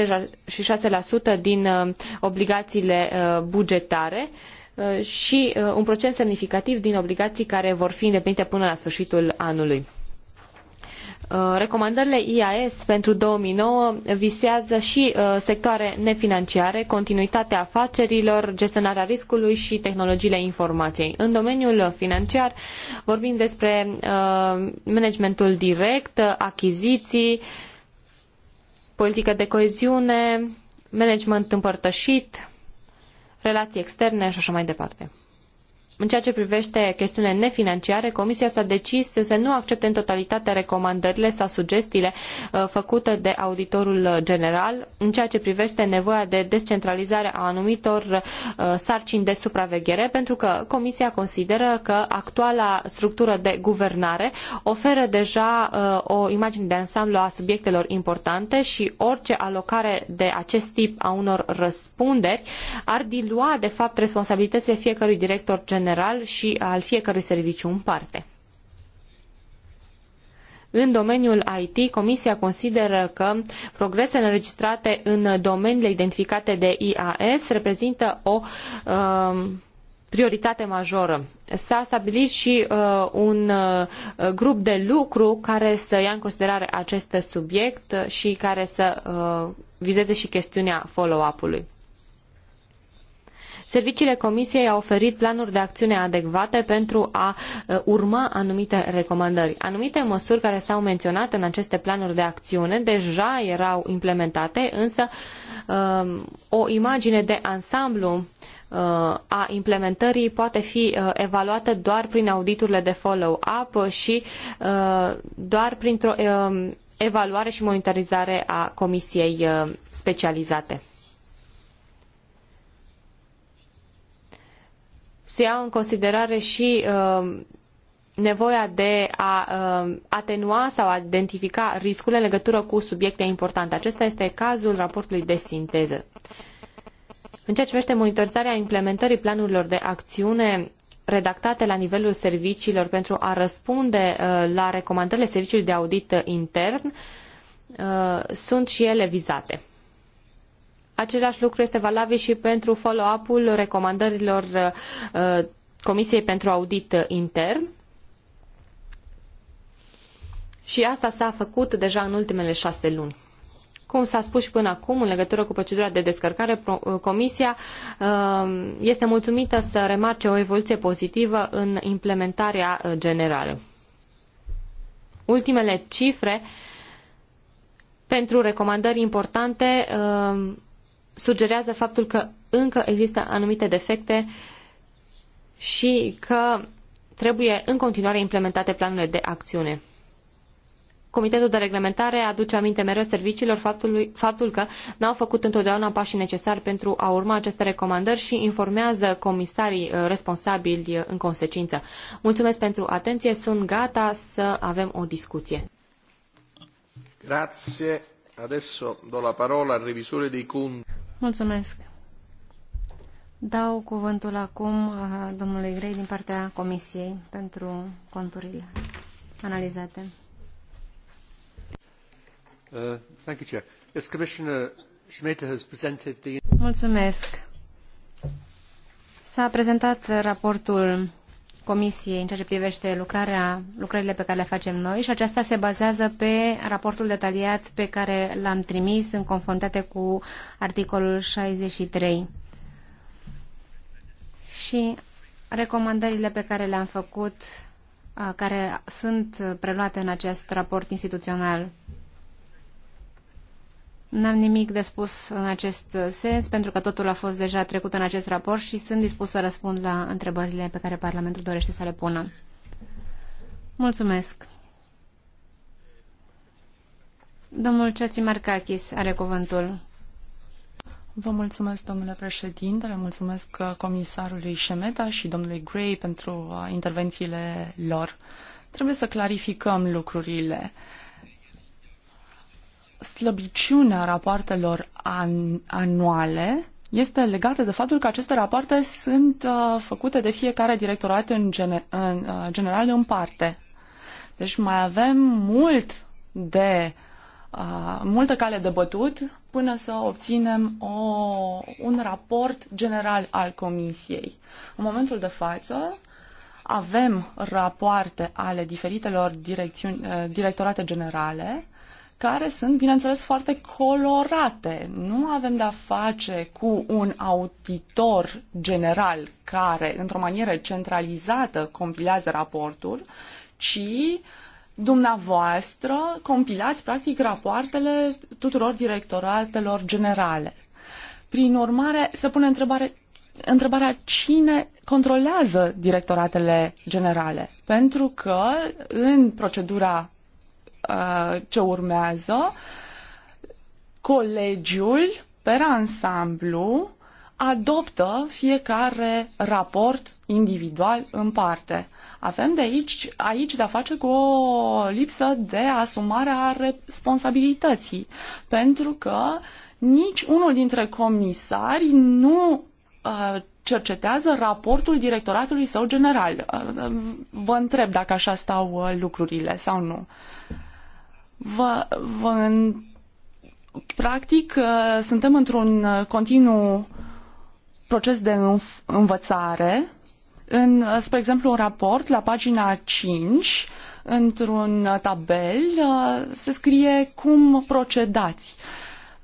Speaker 2: 66% din uh, obligațiile uh, bugetare uh, și uh, un procent semnificativ din obligații care vor fi îndeplinite până la sfârșitul anului. Uh, recomandările IAS pentru 2009 visează și uh, sectoare nefinanciare, continuitatea afacerilor, gestionarea riscului și tehnologiile informației. În domeniul financiar vorbim despre uh, managementul direct, achiziții, politică de coeziune, management împărtășit, relații externe și așa mai departe. În ceea ce privește chestiunile nefinanciare, Comisia s-a decis să nu accepte în totalitate recomandările sau sugestiile uh, făcute de auditorul general în ceea ce privește nevoia de descentralizare a anumitor uh, sarcini de supraveghere, pentru că Comisia consideră că actuala structură de guvernare oferă deja uh, o imagine de ansamblu a subiectelor importante și orice alocare de acest tip a unor răspunderi ar dilua, de fapt, responsabilitățile fiecărui director general general și al fiecărui serviciu în parte. În domeniul IT, Comisia consideră că progresele înregistrate în domeniile identificate de IAS reprezintă o uh, prioritate majoră. S-a stabilit și uh, un uh, grup de lucru care să ia în considerare acest subiect și care să uh, vizeze și chestiunea follow-up-ului. Serviciile Comisiei au oferit planuri de acțiune adecvate pentru a uh, urma anumite recomandări. Anumite măsuri care s-au menționat în aceste planuri de acțiune deja erau implementate, însă um, o imagine de ansamblu uh, a implementării poate fi uh, evaluată doar prin auditurile de follow-up și doar printr-o um, evaluare și monitorizare a Comisiei specializate. se iau în considerare și uh, nevoia de a uh, atenua sau a identifica riscurile în legătură cu subiecte importante. Acesta este cazul raportului de sinteză. În ceea ce privește monitorizarea implementării planurilor de acțiune redactate la nivelul serviciilor pentru a răspunde uh, la recomandările serviciului de audit intern, sunt și ele vizate. Același lucru este valabil și pentru follow-up-ul recomandărilor uh, Comisiei pentru Audit Intern. Și asta s-a făcut deja în ultimele șase luni. Cum s-a spus și până acum, în legătură cu procedura de descărcare, uh, Comisia uh, este mulțumită să remarce o evoluție pozitivă în implementarea generală. Ultimele cifre pentru recomandări importante sugerează faptul că încă există anumite defecte și că trebuie în continuare implementate planurile de acțiune. Comitetul de reglementare aduce aminte mereu serviciilor faptului, faptul că n-au făcut întotdeauna pașii necesari pentru a urma aceste recomandări și informează comisarii uh, responsabili uh, în consecință. Mulțumesc pentru atenție, sunt gata să avem o discuție.
Speaker 4: Grazie. Adesso do la parola al revisore dei conti.
Speaker 5: Mulțumesc. Dau cuvântul acum a domnului Grei din partea Comisiei pentru conturile analizate.
Speaker 4: Uh, thank you, Chair. Yes, Commissioner has presented the...
Speaker 5: Mulțumesc. S-a prezentat raportul Comisiei în ceea ce privește lucrarea, lucrările pe care le facem noi și aceasta se bazează pe raportul detaliat pe care l-am trimis în confruntate cu articolul 63. Și recomandările pe care le-am făcut, care sunt preluate în acest raport instituțional. N-am nimic de spus în acest sens, pentru că totul a fost deja trecut în acest raport și sunt dispus să răspund la întrebările pe care Parlamentul dorește să le pună. Mulțumesc.
Speaker 1: Domnul Ceați Marcachis are cuvântul. Vă mulțumesc, domnule președinte, le mulțumesc comisarului Șemeta și domnului Gray pentru uh, intervențiile lor. Trebuie să clarificăm lucrurile. Uh, slăbiciune a rapoartelor an- anuale este legată de faptul că aceste rapoarte sunt uh, făcute de fiecare directorat în, gene- în uh, general în parte. Deci mai avem mult de uh, multă cale de bătut până să obținem o, un raport general al comisiei. În momentul de față avem rapoarte ale diferitelor uh, directorate generale uh, care sunt, bineînțeles, foarte colorate. Nu avem de-a face cu un auditor general care, într-o manieră centralizată, compilează raportul, ci dumneavoastră compilați practic rapoartele tuturor directoratelor generale. Prin urmare, se pune întrebare, întrebarea cine controlează directoratele generale. Pentru că în procedura Uh, ce urmează, colegiul, per ansamblu, adoptă fiecare raport individual în parte. Avem de aici, aici de-a face cu o lipsă de asumare a responsabilității, pentru că nici unul dintre comisari nu uh, cercetează raportul directoratului său general. Uh, vă întreb dacă așa stau uh, lucrurile sau nu. Uh, Vă, vă, practic, uh, suntem într-un uh, continuu proces de învățare. În, uh, spre exemplu, un raport la pagina 5 într-un tabel se scrie cum procedați.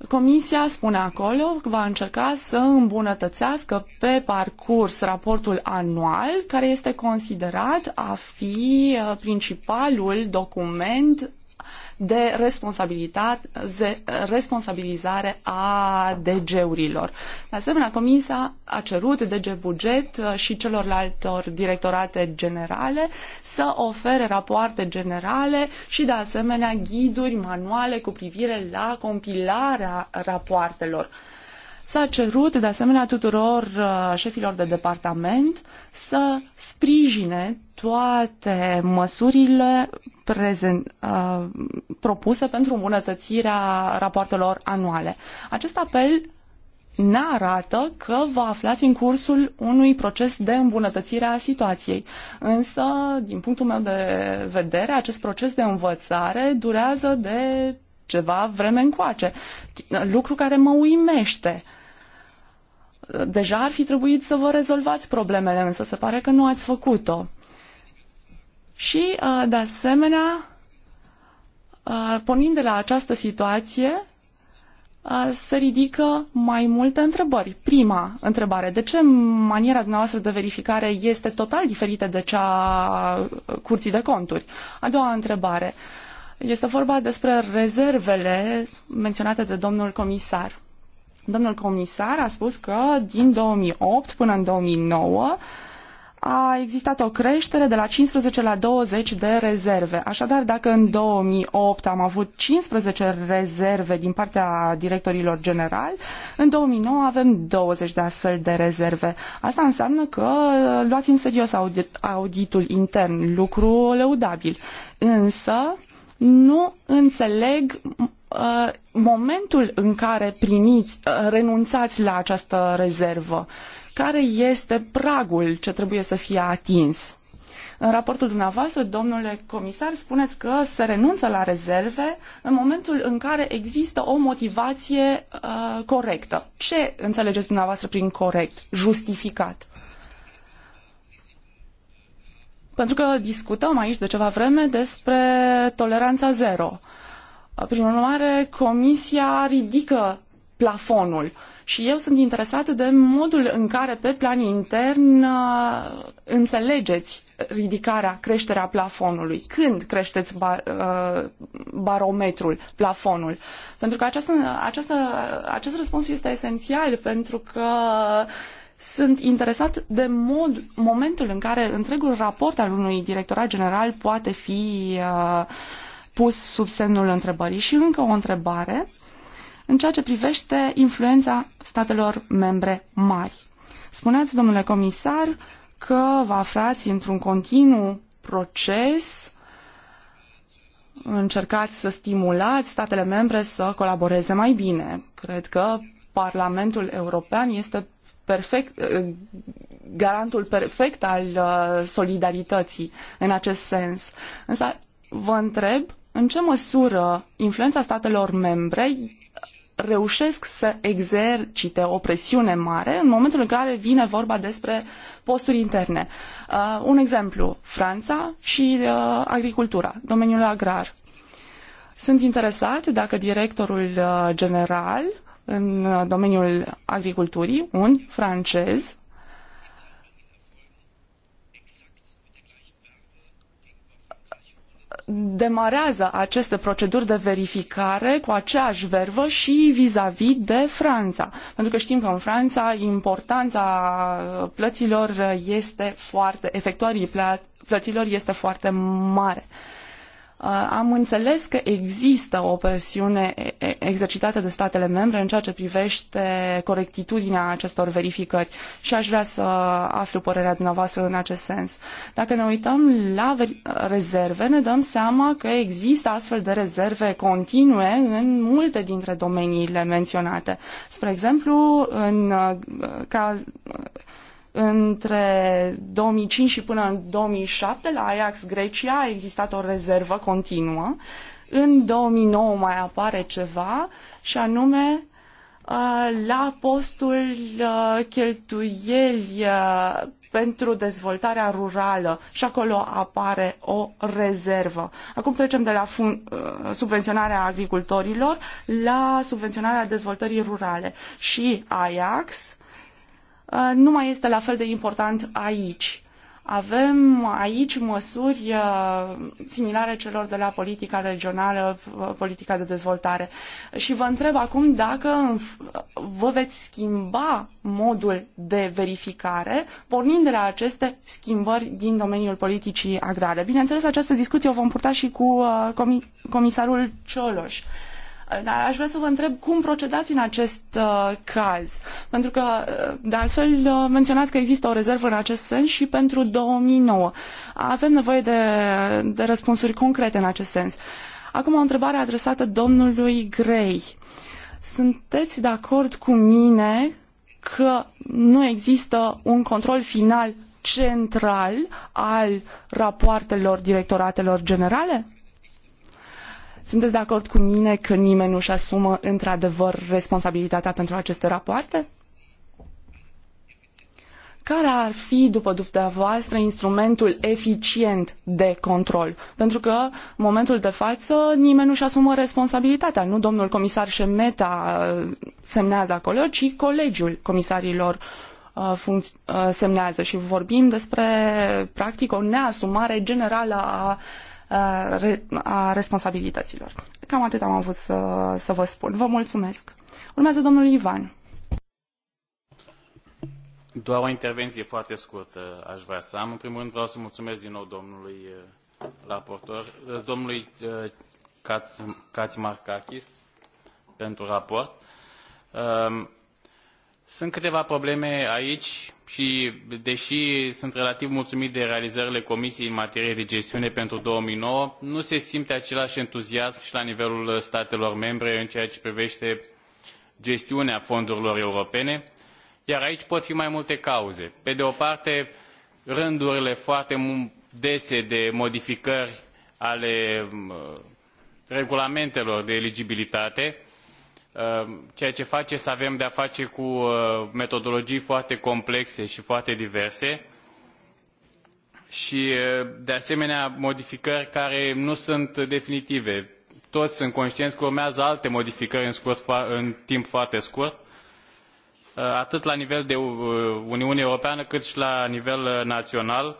Speaker 1: Comisia spune acolo că va încerca să îmbunătățească pe parcurs raportul anual, care este considerat a fi principalul document de responsabilizare a DG-urilor. De asemenea, Comisia a cerut DG Buget uh, și celorlaltor directorate generale să ofere rapoarte generale și, de asemenea, ghiduri, manuale cu privire la compilarea rapoartelor S-a cerut de asemenea tuturor uh, șefilor de departament să sprijine toate măsurile prezent, uh, propuse pentru îmbunătățirea rapoartelor anuale. Acest apel ne arată că vă aflați în cursul unui proces de îmbunătățire a situației. Însă, din punctul meu de vedere, acest proces de învățare durează de ceva vreme încoace, lucru care mă uimește. Uh, deja ar fi trebuit să vă rezolvați problemele, însă se pare că nu ați făcut-o. Și, uh, de asemenea, uh, pornind de la această situație, uh, se ridică mai multe întrebări. Prima întrebare, de ce maniera dumneavoastră de verificare este total diferită de cea a curții de conturi? A doua întrebare, este vorba despre rezervele menționate de domnul comisar. Domnul comisar a spus că din 2008 până în 2009 a existat o creștere de la 15 la 20 de rezerve. Așadar, dacă în 2008 am avut 15 rezerve din partea directorilor generali, în 2009 avem 20 de astfel de rezerve. Asta înseamnă că luați în serios auditul intern, lucru lăudabil. Însă, nu înțeleg Uh, momentul în care primiți, uh, renunțați la această rezervă? Care este pragul ce trebuie să fie atins? În raportul dumneavoastră, domnule comisar, spuneți că se renunță la rezerve în momentul în care există o motivație uh, corectă. Ce înțelegeți dumneavoastră prin corect, justificat? Pentru că discutăm aici de ceva vreme despre toleranța zero. Uh, prin urmare, Comisia ridică plafonul și eu sunt interesată de modul în care pe plan intern uh, înțelegeți ridicarea, creșterea plafonului. Când creșteți bar, uh, barometrul, plafonul? Pentru că această, această, acest răspuns este esențial pentru că sunt interesat de mod, momentul în care întregul raport al unui directorat general poate fi uh, pus sub semnul întrebării. Și încă o întrebare în ceea ce privește influența statelor membre mari. Spuneați, domnule comisar, că vă aflați într-un continuu proces, încercați să stimulați statele membre să colaboreze mai bine. Cred că Parlamentul European este perfect, garantul perfect al uh, solidarității în acest sens. Însă vă întreb în ce măsură influența statelor membre reușesc să exercite o presiune mare în momentul în care vine vorba despre posturi interne. Uh, un exemplu, Franța și uh, agricultura, domeniul agrar. Sunt interesat dacă directorul uh, general în uh, domeniul agriculturii, un francez, demarează aceste proceduri de verificare cu aceeași vervă și vis-a-vis de Franța. Pentru că știm că în Franța importanța plăților este foarte, efectuării plăților este foarte mare. Uh, am înțeles că există o presiune exercitată de statele membre în ceea ce privește corectitudinea acestor verificări și aș vrea să aflu părerea dumneavoastră în acest sens. Dacă ne uităm la rezerve, ne dăm seama că există astfel de rezerve continue în multe dintre domeniile menționate. Spre exemplu, în, uh, ca, între 2005 și până în 2007, la Ajax Grecia, a existat o rezervă continuă. În 2009 mai apare ceva și anume uh, la postul uh, cheltuieli uh, pentru dezvoltarea rurală și acolo apare o rezervă. Acum trecem de la subvenționarea agricultorilor la subvenționarea dezvoltării rurale și Ajax Uh, nu mai este la fel de important aici. Avem aici măsuri uh, similare celor de la politica regională, uh, politica de dezvoltare. Și vă întreb acum dacă vă veți schimba modul de verificare, pornind de la aceste schimbări din domeniul politicii agrare. Bineînțeles, această discuție o vom purta și cu comisarul Cioloș. Dar aș vrea să vă întreb cum procedați în acest uh, caz. Pentru că, uh, de altfel, uh, menționați că există o rezervă în acest sens și pentru 2009. Avem nevoie de, de răspunsuri concrete în acest sens. Acum o întrebare adresată domnului Grey. Sunteți de acord cu mine că nu există un control final central al rapoartelor directoratelor generale? Sunteți de acord cu mine că nimeni nu își asumă într-adevăr responsabilitatea pentru aceste rapoarte? care ar fi, după dumneavoastră, instrumentul eficient de control? Pentru că, în momentul de față, nimeni nu-și asumă responsabilitatea. Nu domnul comisar Șemeta uh, semnează acolo, ci colegiul comisarilor uh, uh, semnează și vorbim despre, practic, o neasumare generală a uh, a responsabilităților. Cam atât am avut să, să vă spun. Vă mulțumesc. Urmează domnul Ivan.
Speaker 3: Doar o intervenție foarte scurtă aș vrea să am. În primul rând vreau să mulțumesc din nou domnului raportor, domnului Katzmarkakis pentru raport. Sunt câteva probleme aici și, deși sunt relativ mulțumit de realizările Comisiei în materie de gestiune pentru 2009, nu se simte același entuziasm și la nivelul statelor membre în ceea ce privește gestiunea fondurilor europene, iar aici pot fi mai multe cauze. Pe de o parte, rândurile foarte dese de modificări ale uh, regulamentelor de eligibilitate, Ehm, ceea ce face să avem de a face cu uh, metodologii foarte complexe i foarte diverse i uh, de asemenea modificări care nu sunt definitive. toi sunt contieni că urmează alte modificări în, scurt, timp foarte scurt uh, atât la nivel de uniune europeană cât i la nivel naional.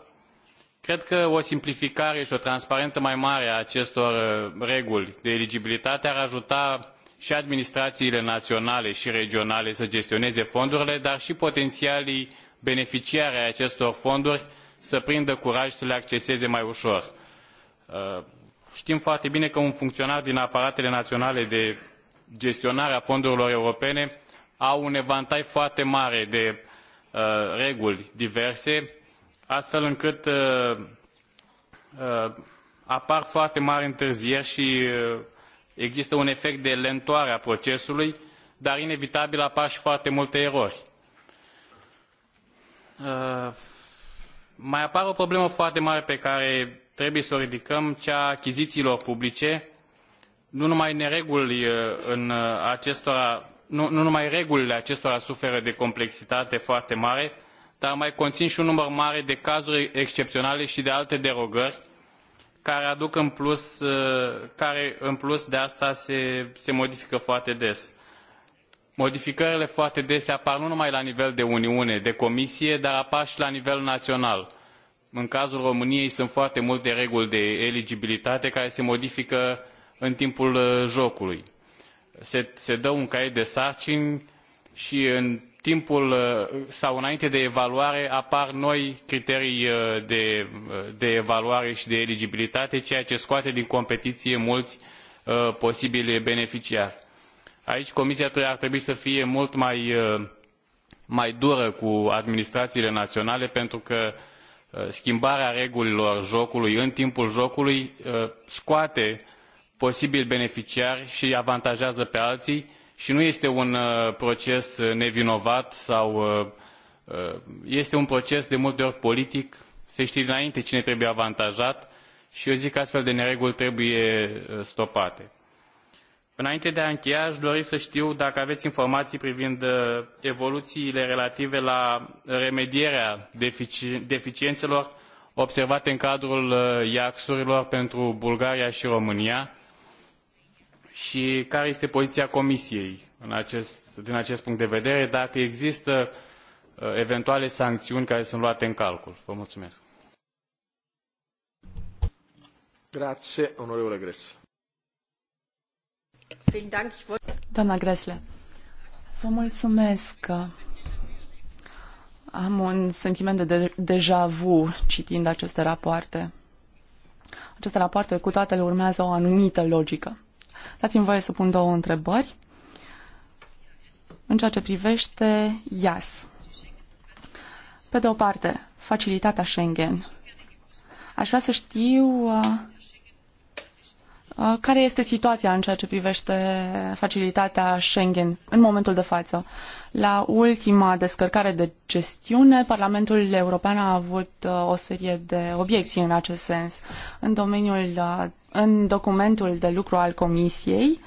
Speaker 3: cred că o simplificare i o transparenă mai mare a acestor reguli de eligibilitate ar ajuta i administraiile naionale i regionale să gestioneze fondurile dar i potenialii beneficiari ai acestor fonduri să prindă curaj să le acceseze mai uor. Uh, tim foarte bine că un funcionar din aparatele naionale de gestionare a fondurilor europene au un evantai foarte mare de uh, reguli diverse astfel încât uh, apar foarte mari întârzieri i există un efect de lentoare a procesului dar inevitabil apar i foarte multe erori. Uh, mai apare o problemă foarte mare pe care trebuie să o ridicăm cea a achiziiilor publice nu numai nereguli uh, în uh, acestora nu, nu numai regulile acestora suferă de complexitate foarte mare dar mai conin i un număr mare de cazuri excepionale i de alte derogări care aduc în plus, uh, care în plus de asta se, se modifică foarte des. Modificările foarte des apar nu numai la nivel de Uniune, de Comisie, dar apar și la nivel național. În cazul României sunt foarte multe reguli de eligibilitate care se modifică în timpul uh, jocului. Se, se dă un caiet de sarcini și în timpul uh, sau înainte de evaluare apar noi criterii uh, uh, de, evaluare și de eligibilitate, ceea ce scoate din competiție mulți posibili beneficiari. Aici Comisia ar trebui să fie mult mai, mai dură cu administrațiile naționale pentru că schimbarea regulilor jocului în timpul jocului scoate posibili beneficiari și avantajează pe alții și nu este un uh, proces uh, nevinovat sau uh, este un proces de multe ori politic, se tie dinainte cine trebuie avantajat și eu zic că astfel de nereguli trebuie stopate. Înainte de a încheia, a dori să știu dacă aveți informații privind evoluțiile relative la remedierea deficienelor deficiențelor observate în cadrul iax urilor pentru Bulgaria și România, i care este poziia comisiei acest, din acest punct de vedere dacă există uh, eventuale sanciuni care sunt luate în calcul. Vă mulțumesc.
Speaker 4: Grazie, onorevole Gres.
Speaker 1: Doamna Gresle, vă mulțumesc. Am un sentiment de, de deja vu citind aceste rapoarte. Aceste rapoarte cu toate urmează o anumită logică. Dați-mi voie să pun două întrebări. În ceea ce privește IAS. Pe de o parte, facilitatea Schengen. Aș vrea să știu uh, Uh, care este situația în ceea ce privește facilitatea Schengen în momentul de față? La ultima descărcare de gestiune, Parlamentul European a avut uh, o serie de obiecții în acest sens. În, domeniul, uh, în documentul de lucru al Comisiei, uh,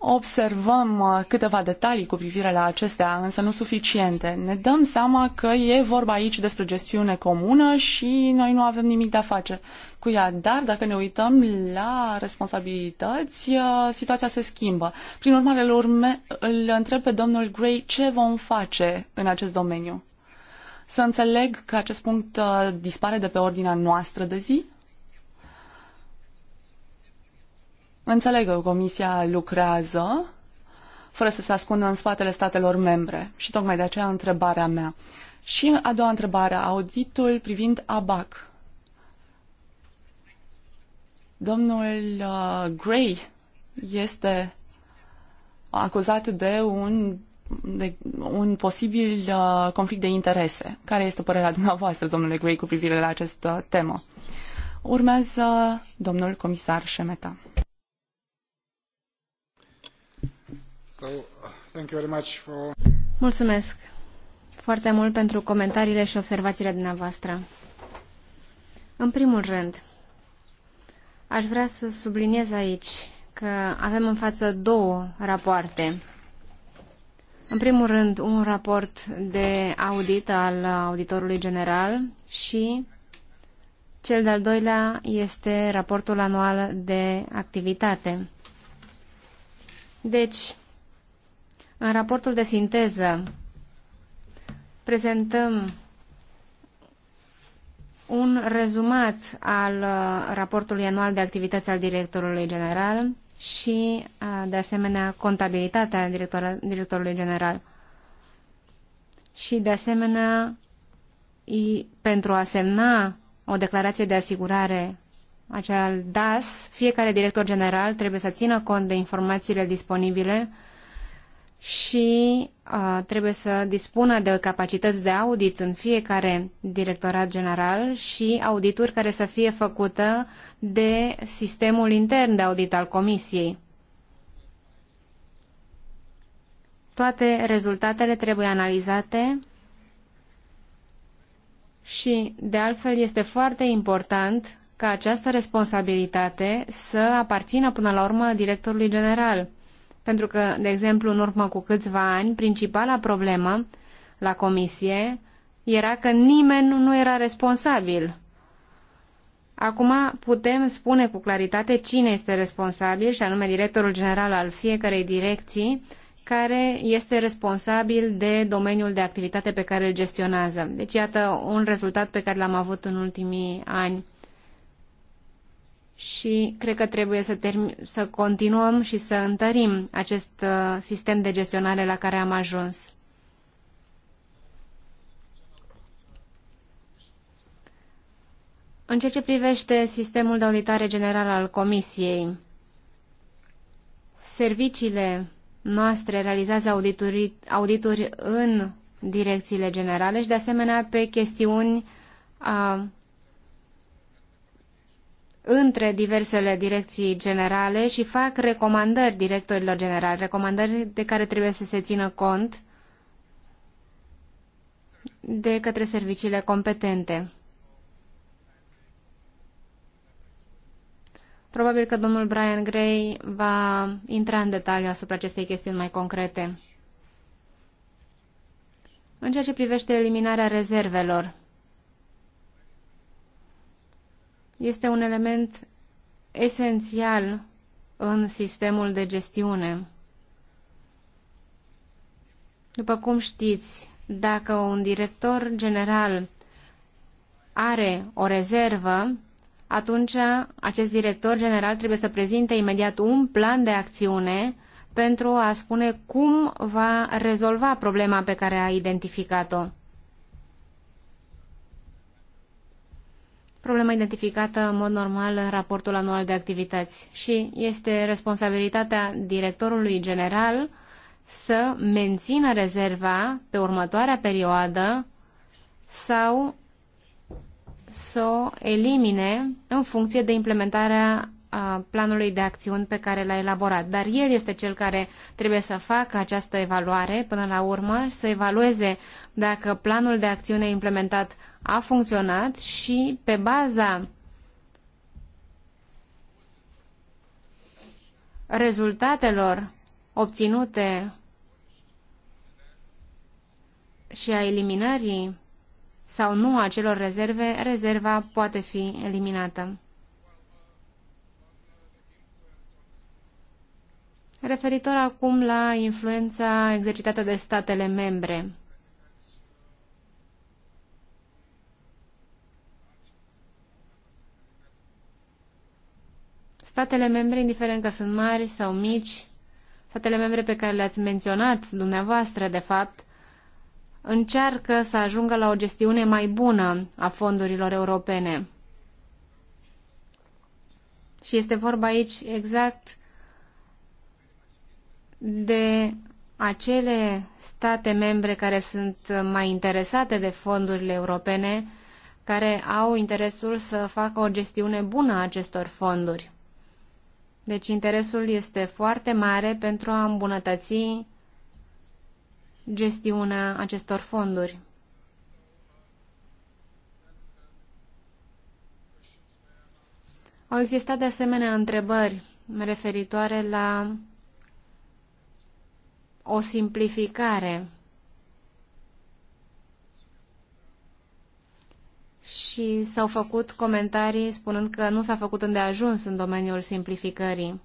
Speaker 1: observăm uh, câteva detalii cu privire la acestea, însă nu suficiente. Ne dăm seama că e vorba aici despre gestiune comună și noi nu avem nimic de a face cu ea. Dar dacă ne uităm la responsabilități, uh, situația se schimbă. Prin urmare, îl, urme, îl întreb pe domnul Gray ce vom face în acest domeniu. Să înțeleg că acest punct uh, dispare de pe ordinea noastră de zi? Înțeleg că Comisia lucrează fără să se ascundă în spatele statelor membre și tocmai de aceea întrebarea mea. Și a doua întrebare, auditul privind ABAC. Domnul uh, Gray este acuzat de un, de un posibil uh, conflict de interese. Care este părerea dumneavoastră, domnule Gray, cu privire la această temă? Urmează domnul comisar Șemeta.
Speaker 5: Mulțumesc foarte mult pentru comentariile și observațiile dumneavoastră. În primul rând, aș vrea să subliniez aici că avem în față două rapoarte. În primul rând, un raport de audit al auditorului general și cel de-al doilea este raportul anual de activitate. Deci, în raportul de sinteză prezentăm un rezumat al uh, raportului anual de activități al directorului general și, uh, de asemenea, contabilitatea directorului general. Și, de asemenea, pentru a semna o declarație de asigurare, acel DAS, fiecare director general trebuie să țină cont de informațiile disponibile și uh, trebuie să dispună de capacități de audit în fiecare directorat general și audituri care să fie făcută de sistemul intern de audit al Comisiei. Toate rezultatele trebuie analizate și, de altfel, este foarte important ca această responsabilitate să aparțină până la urmă directorului general pentru că, de exemplu, în urmă cu câțiva ani, principala problemă la comisie era că nimeni nu era responsabil. Acum putem spune cu claritate cine este responsabil, și anume directorul general al fiecarei direcții, care este responsabil de domeniul de activitate pe care îl gestionează. Deci, iată un rezultat pe care l-am avut în ultimii ani și cred că trebuie să, să continuăm și să întărim acest uh, sistem de gestionare la care am ajuns. În ceea ce privește sistemul de auditare general al Comisiei, serviciile noastre realizează audituri, audituri în direcțiile generale și, de asemenea, pe chestiuni uh, între diversele direcții generale și fac recomandări directorilor generali, recomandări de care trebuie să se țină cont de către serviciile competente. Probabil că domnul Brian Gray va intra în detaliu asupra acestei chestiuni mai concrete. În ceea ce privește eliminarea rezervelor, este un element esențial în sistemul de gestiune. După cum știți, dacă un director general are o rezervă, atunci acest director general trebuie să prezinte imediat un plan de acțiune pentru a spune cum va rezolva problema pe care a identificat-o. problemă identificată în mod normal în raportul anual de activități și este responsabilitatea directorului general să mențină rezerva pe următoarea perioadă sau să o elimine în funcție de implementarea planului de acțiuni pe care l-a elaborat. Dar el este cel care trebuie să facă această evaluare până la urmă, să evalueze dacă planul de acțiune implementat a funcționat și pe baza rezultatelor obținute și a eliminării sau nu a celor rezerve, rezerva poate fi eliminată. Referitor acum la influența exercitată de statele membre. Statele membre, indiferent că sunt mari sau mici, statele membre pe care le-ați menționat dumneavoastră, de fapt, încearcă să ajungă la o gestiune mai bună a fondurilor europene. Și este vorba aici exact de acele state membre care sunt mai interesate de fondurile europene, care au interesul să facă o gestiune bună a acestor fonduri. Deci interesul este foarte mare pentru a îmbunătăți gestiunea acestor fonduri. Au existat de asemenea întrebări referitoare la o simplificare și s-au făcut comentarii spunând că nu s-a făcut îndeajuns în domeniul simplificării.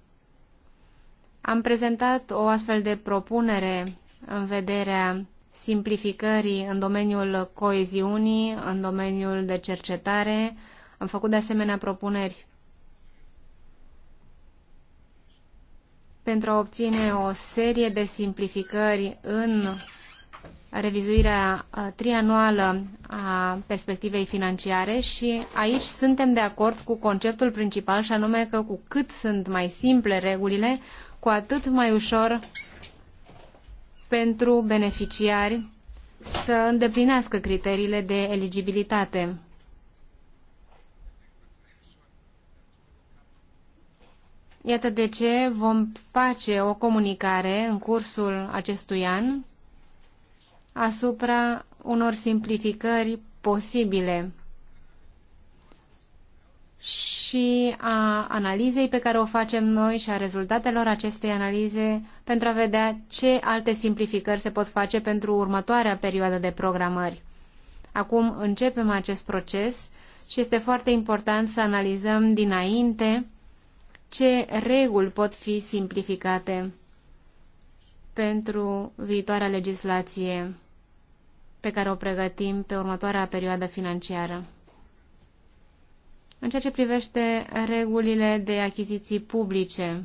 Speaker 5: Am prezentat o astfel de propunere în vederea simplificării în domeniul coeziunii, în domeniul de cercetare. Am făcut de asemenea propuneri pentru a obține o serie de simplificări în revizuirea trianuală a perspectivei financiare și aici suntem de acord cu conceptul principal și anume că cu cât sunt mai simple regulile, cu atât mai ușor pentru beneficiari să îndeplinească criteriile de eligibilitate. Iată de ce vom face o comunicare în cursul acestui an asupra unor simplificări posibile și a analizei pe care o facem noi și a rezultatelor acestei analize pentru a vedea ce alte simplificări se pot face pentru următoarea perioadă de programări. Acum începem acest proces și este foarte important să analizăm dinainte ce reguli pot fi simplificate pentru viitoarea legislație pe care o pregătim pe următoarea perioadă financiară. În ceea ce privește regulile de achiziții publice,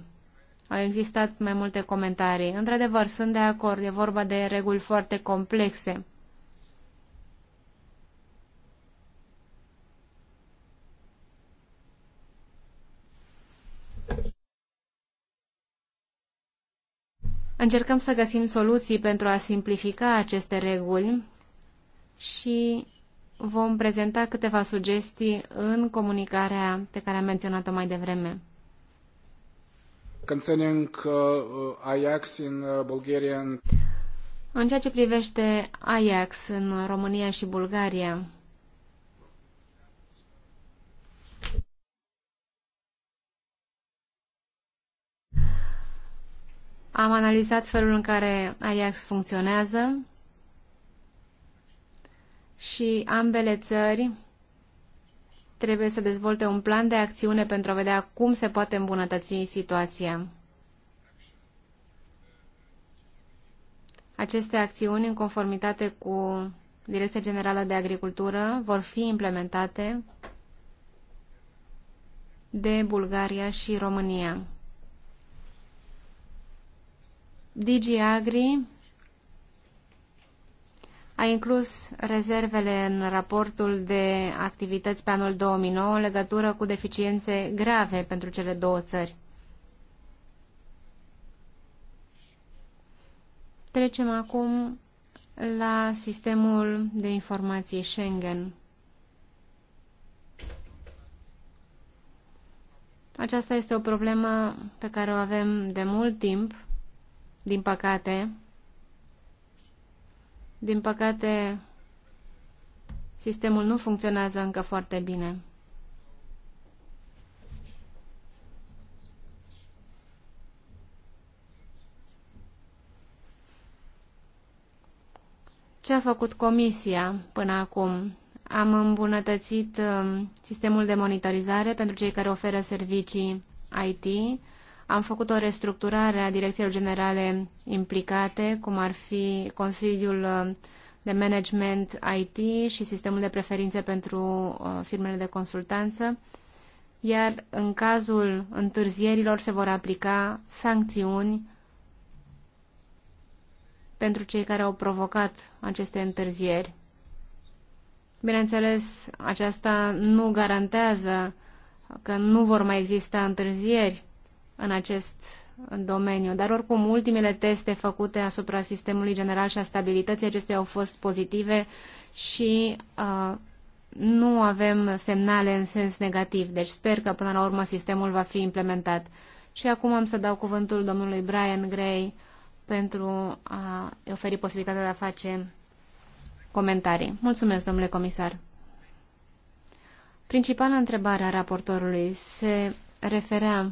Speaker 5: au existat mai multe comentarii. Într-adevăr, sunt de acord, e vorba de reguli foarte complexe. Încercăm să găsim soluții pentru a simplifica aceste reguli și vom prezenta câteva sugestii în comunicarea pe care am menționat-o mai devreme.
Speaker 3: Concerning uh, Ajax in uh, Bulgaria.
Speaker 5: În ceea ce privește Ajax în România și Bulgaria, am analizat felul în care Ajax funcționează și ambele țări trebuie să dezvolte un plan de acțiune pentru a vedea cum se poate îmbunătăți situația. Aceste acțiuni, în conformitate cu Direcția Generală de Agricultură, vor fi implementate de Bulgaria și România. DG Agri a inclus rezervele în raportul de activități pe anul 2009 în legătură cu deficiențe grave pentru cele două țări. Trecem acum la sistemul de informații Schengen. Aceasta este o problemă pe care o avem de mult timp, din păcate, din păcate, sistemul nu funcționează încă foarte bine. Ce a făcut Comisia până acum? Am îmbunătățit um, sistemul de monitorizare pentru cei care oferă servicii IT, am făcut o restructurare a direcțiilor generale implicate, cum ar fi Consiliul uh, de Management IT și Sistemul de Preferințe pentru uh, firmele de consultanță, iar în cazul întârzierilor se vor aplica sancțiuni pentru cei care au provocat aceste întârzieri. Bineînțeles, aceasta nu garantează că nu vor mai exista întârzieri, în acest în domeniu. Dar oricum, ultimele teste făcute asupra sistemului general și a stabilității acestea au fost pozitive și uh, nu avem semnale în sens negativ. Deci sper că până la urmă sistemul va fi implementat. Și acum am să dau cuvântul domnului Brian Gray pentru a oferi posibilitatea de a face comentarii. Mulțumesc, domnule comisar. Principala întrebare a raportorului se referea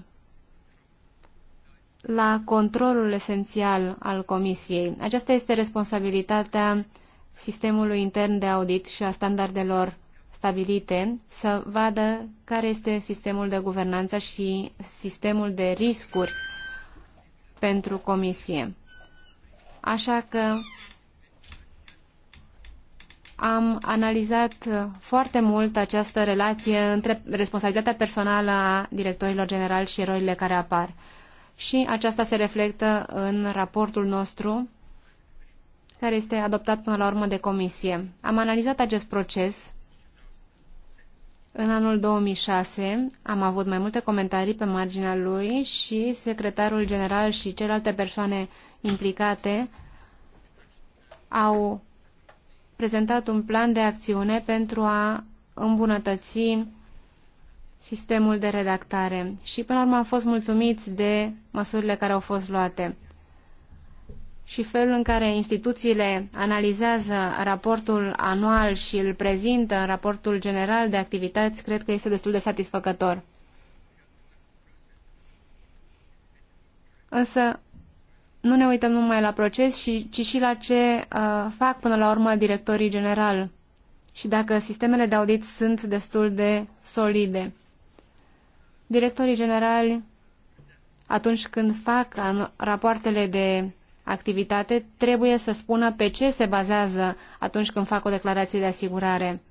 Speaker 5: la controlul esențial al Comisiei. Aceasta este responsabilitatea sistemului intern de audit și a standardelor stabilite să vadă care este sistemul de guvernanță și sistemul de riscuri pentru Comisie. Așa că am analizat foarte mult această relație între responsabilitatea personală a directorilor generali și erorile care apar și aceasta se reflectă în raportul nostru care este adoptat până la urmă de comisie. Am analizat acest proces în anul 2006 am avut mai multe comentarii pe marginea lui și secretarul general și celelalte persoane implicate au prezentat un plan de acțiune pentru a îmbunătăți sistemul de redactare și până la urmă am fost mulțumiți de măsurile care au fost luate și felul în care instituțiile analizează raportul anual și îl prezintă în raportul general de activități, cred că este destul de satisfăcător. Însă nu ne uităm numai la proces, și, ci și la ce uh, fac până la urmă directorii general și dacă sistemele de audit sunt destul de solide directorii generali, atunci când fac rapoartele de activitate, trebuie să spună pe ce se bazează atunci când fac o declarație de asigurare.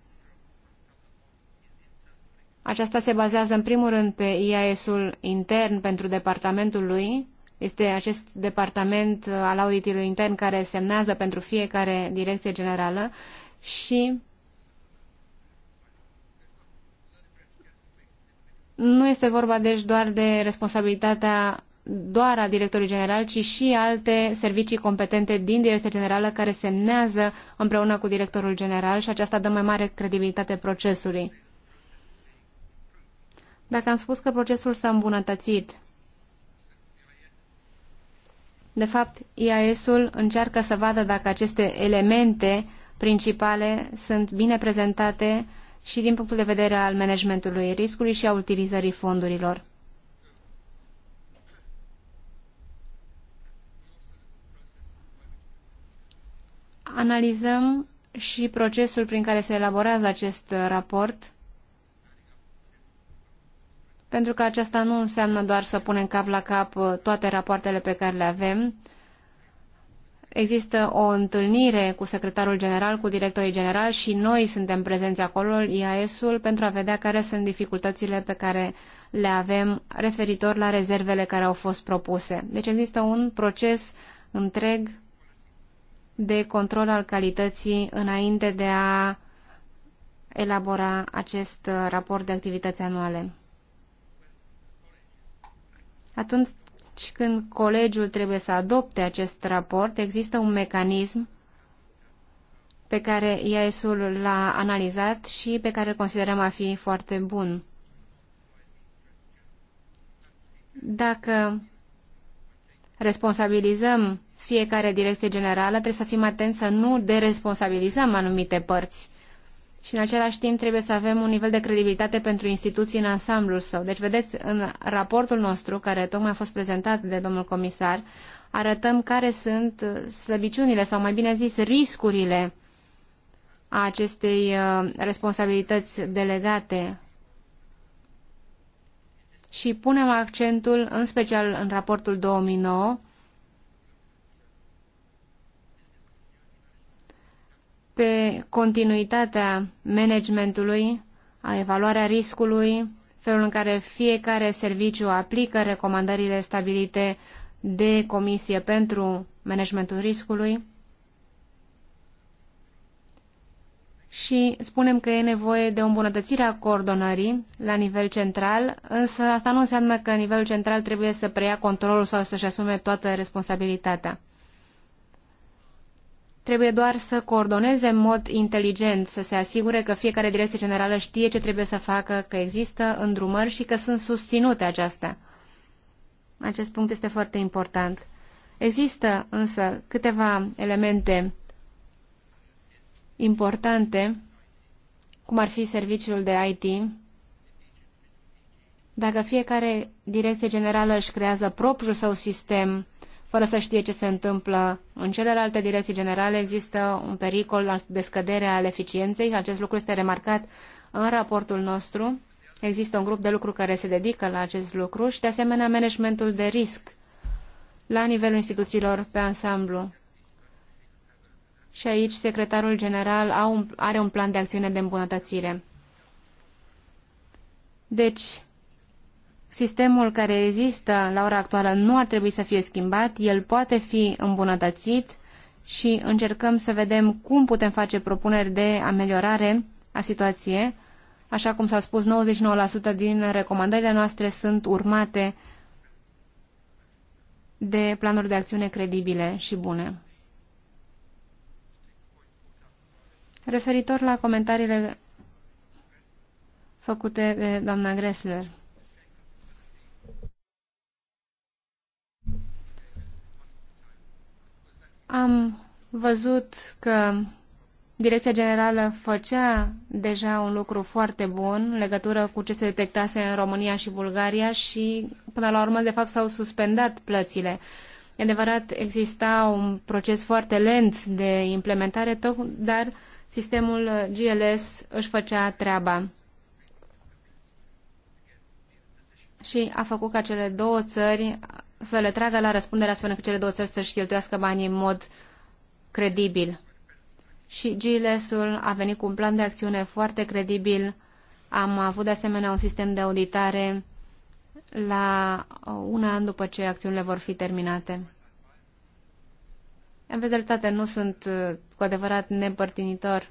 Speaker 5: Aceasta se bazează în primul rând pe IAS-ul intern pentru departamentul lui. Este acest departament uh, al auditului intern care semnează pentru fiecare direcție generală și Nu este vorba deci doar de responsabilitatea doar a directorului general, ci și alte servicii competente din direcția generală care semnează împreună cu directorul general și aceasta dă mai mare credibilitate procesului. Dacă am spus că procesul s-a îmbunătățit, de fapt, IAS-ul încearcă să vadă dacă aceste elemente principale sunt bine prezentate și din punctul de vedere al managementului riscului și a utilizării fondurilor. Analizăm și procesul prin care se elaborează acest raport, pentru că aceasta nu înseamnă doar să punem cap la cap toate rapoartele pe care le avem, Există o întâlnire cu secretarul general, cu directorii general și noi suntem prezenți acolo, IAS-ul, pentru a vedea care sunt dificultățile pe care le avem referitor la rezervele care au fost propuse. Deci există un proces întreg de control al calității înainte de a elabora acest raport de activități anuale. Atunci atunci când colegiul trebuie să adopte acest raport, există un mecanism pe care IAS-ul l-a analizat și pe care îl considerăm a fi foarte bun. Dacă responsabilizăm fiecare direcție generală, trebuie să fim atenți să nu deresponsabilizăm anumite părți și în același timp trebuie să avem un nivel de credibilitate pentru instituții în ansamblul său. Deci, vedeți, în raportul nostru, care tocmai a fost prezentat de domnul comisar, arătăm care sunt slăbiciunile sau, mai bine zis, riscurile a acestei uh, responsabilități delegate și punem accentul, în special în raportul 2009, pe continuitatea managementului, a evaluarea riscului, felul în care fiecare serviciu aplică recomandările stabilite de comisie pentru managementul riscului și spunem că e nevoie de o îmbunătățire a coordonării la nivel central, însă asta nu înseamnă că nivelul central trebuie să preia controlul sau să-și asume toată responsabilitatea. Trebuie doar să coordoneze în mod inteligent, să se asigure că fiecare direcție generală știe ce trebuie să facă, că există îndrumări și că sunt susținute acestea. Acest punct este foarte important. Există însă câteva elemente importante, cum ar fi serviciul de IT. Dacă fiecare direcție generală își creează propriul său sistem fără să știe ce se întâmplă în celelalte direcții generale, există un pericol de scădere al eficienței. Acest lucru este remarcat în raportul nostru. Există un grup de lucru care se dedică la acest lucru și, de asemenea, managementul de risc la nivelul instituțiilor pe ansamblu. Și aici secretarul general are un plan de acțiune de îmbunătățire. Deci, Sistemul care există la ora actuală nu ar trebui să fie schimbat, el poate fi îmbunătățit și încercăm să vedem cum putem face propuneri de ameliorare a situației. Așa cum s-a spus, 99% din recomandările noastre sunt urmate de planuri de acțiune credibile și bune. Referitor la comentariile făcute de doamna Gressler. Am văzut că Direcția Generală făcea deja un lucru foarte bun în legătură cu ce se detectase în România și Bulgaria și până la urmă, de fapt, s-au suspendat plățile. E adevărat, exista un proces foarte lent de implementare, dar sistemul GLS își făcea treaba. Și a făcut ca cele două țări să le tragă la răspundere astfel încât cele două țări să-și cheltuiască banii în mod credibil. Și GLS-ul a venit cu un plan de acțiune foarte credibil. Am avut de asemenea un sistem de auditare la un an după ce acțiunile vor fi terminate. În rezultate, nu sunt uh, cu adevărat nepărtinitor.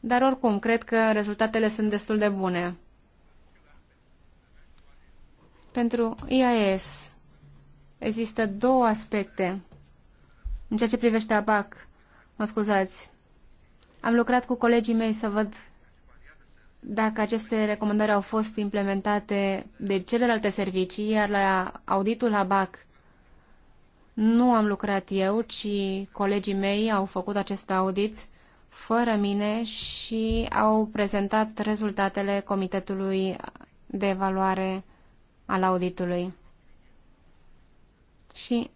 Speaker 5: Dar oricum, cred că rezultatele sunt destul de bune. Pentru IAS există două aspecte în ceea ce privește ABAC. Mă scuzați. Am lucrat cu colegii mei să văd dacă aceste recomandări au fost implementate de celelalte servicii, iar la auditul ABAC nu am lucrat eu, ci colegii mei au făcut acest audit fără mine și au prezentat rezultatele Comitetului de Evaluare al auditului. Și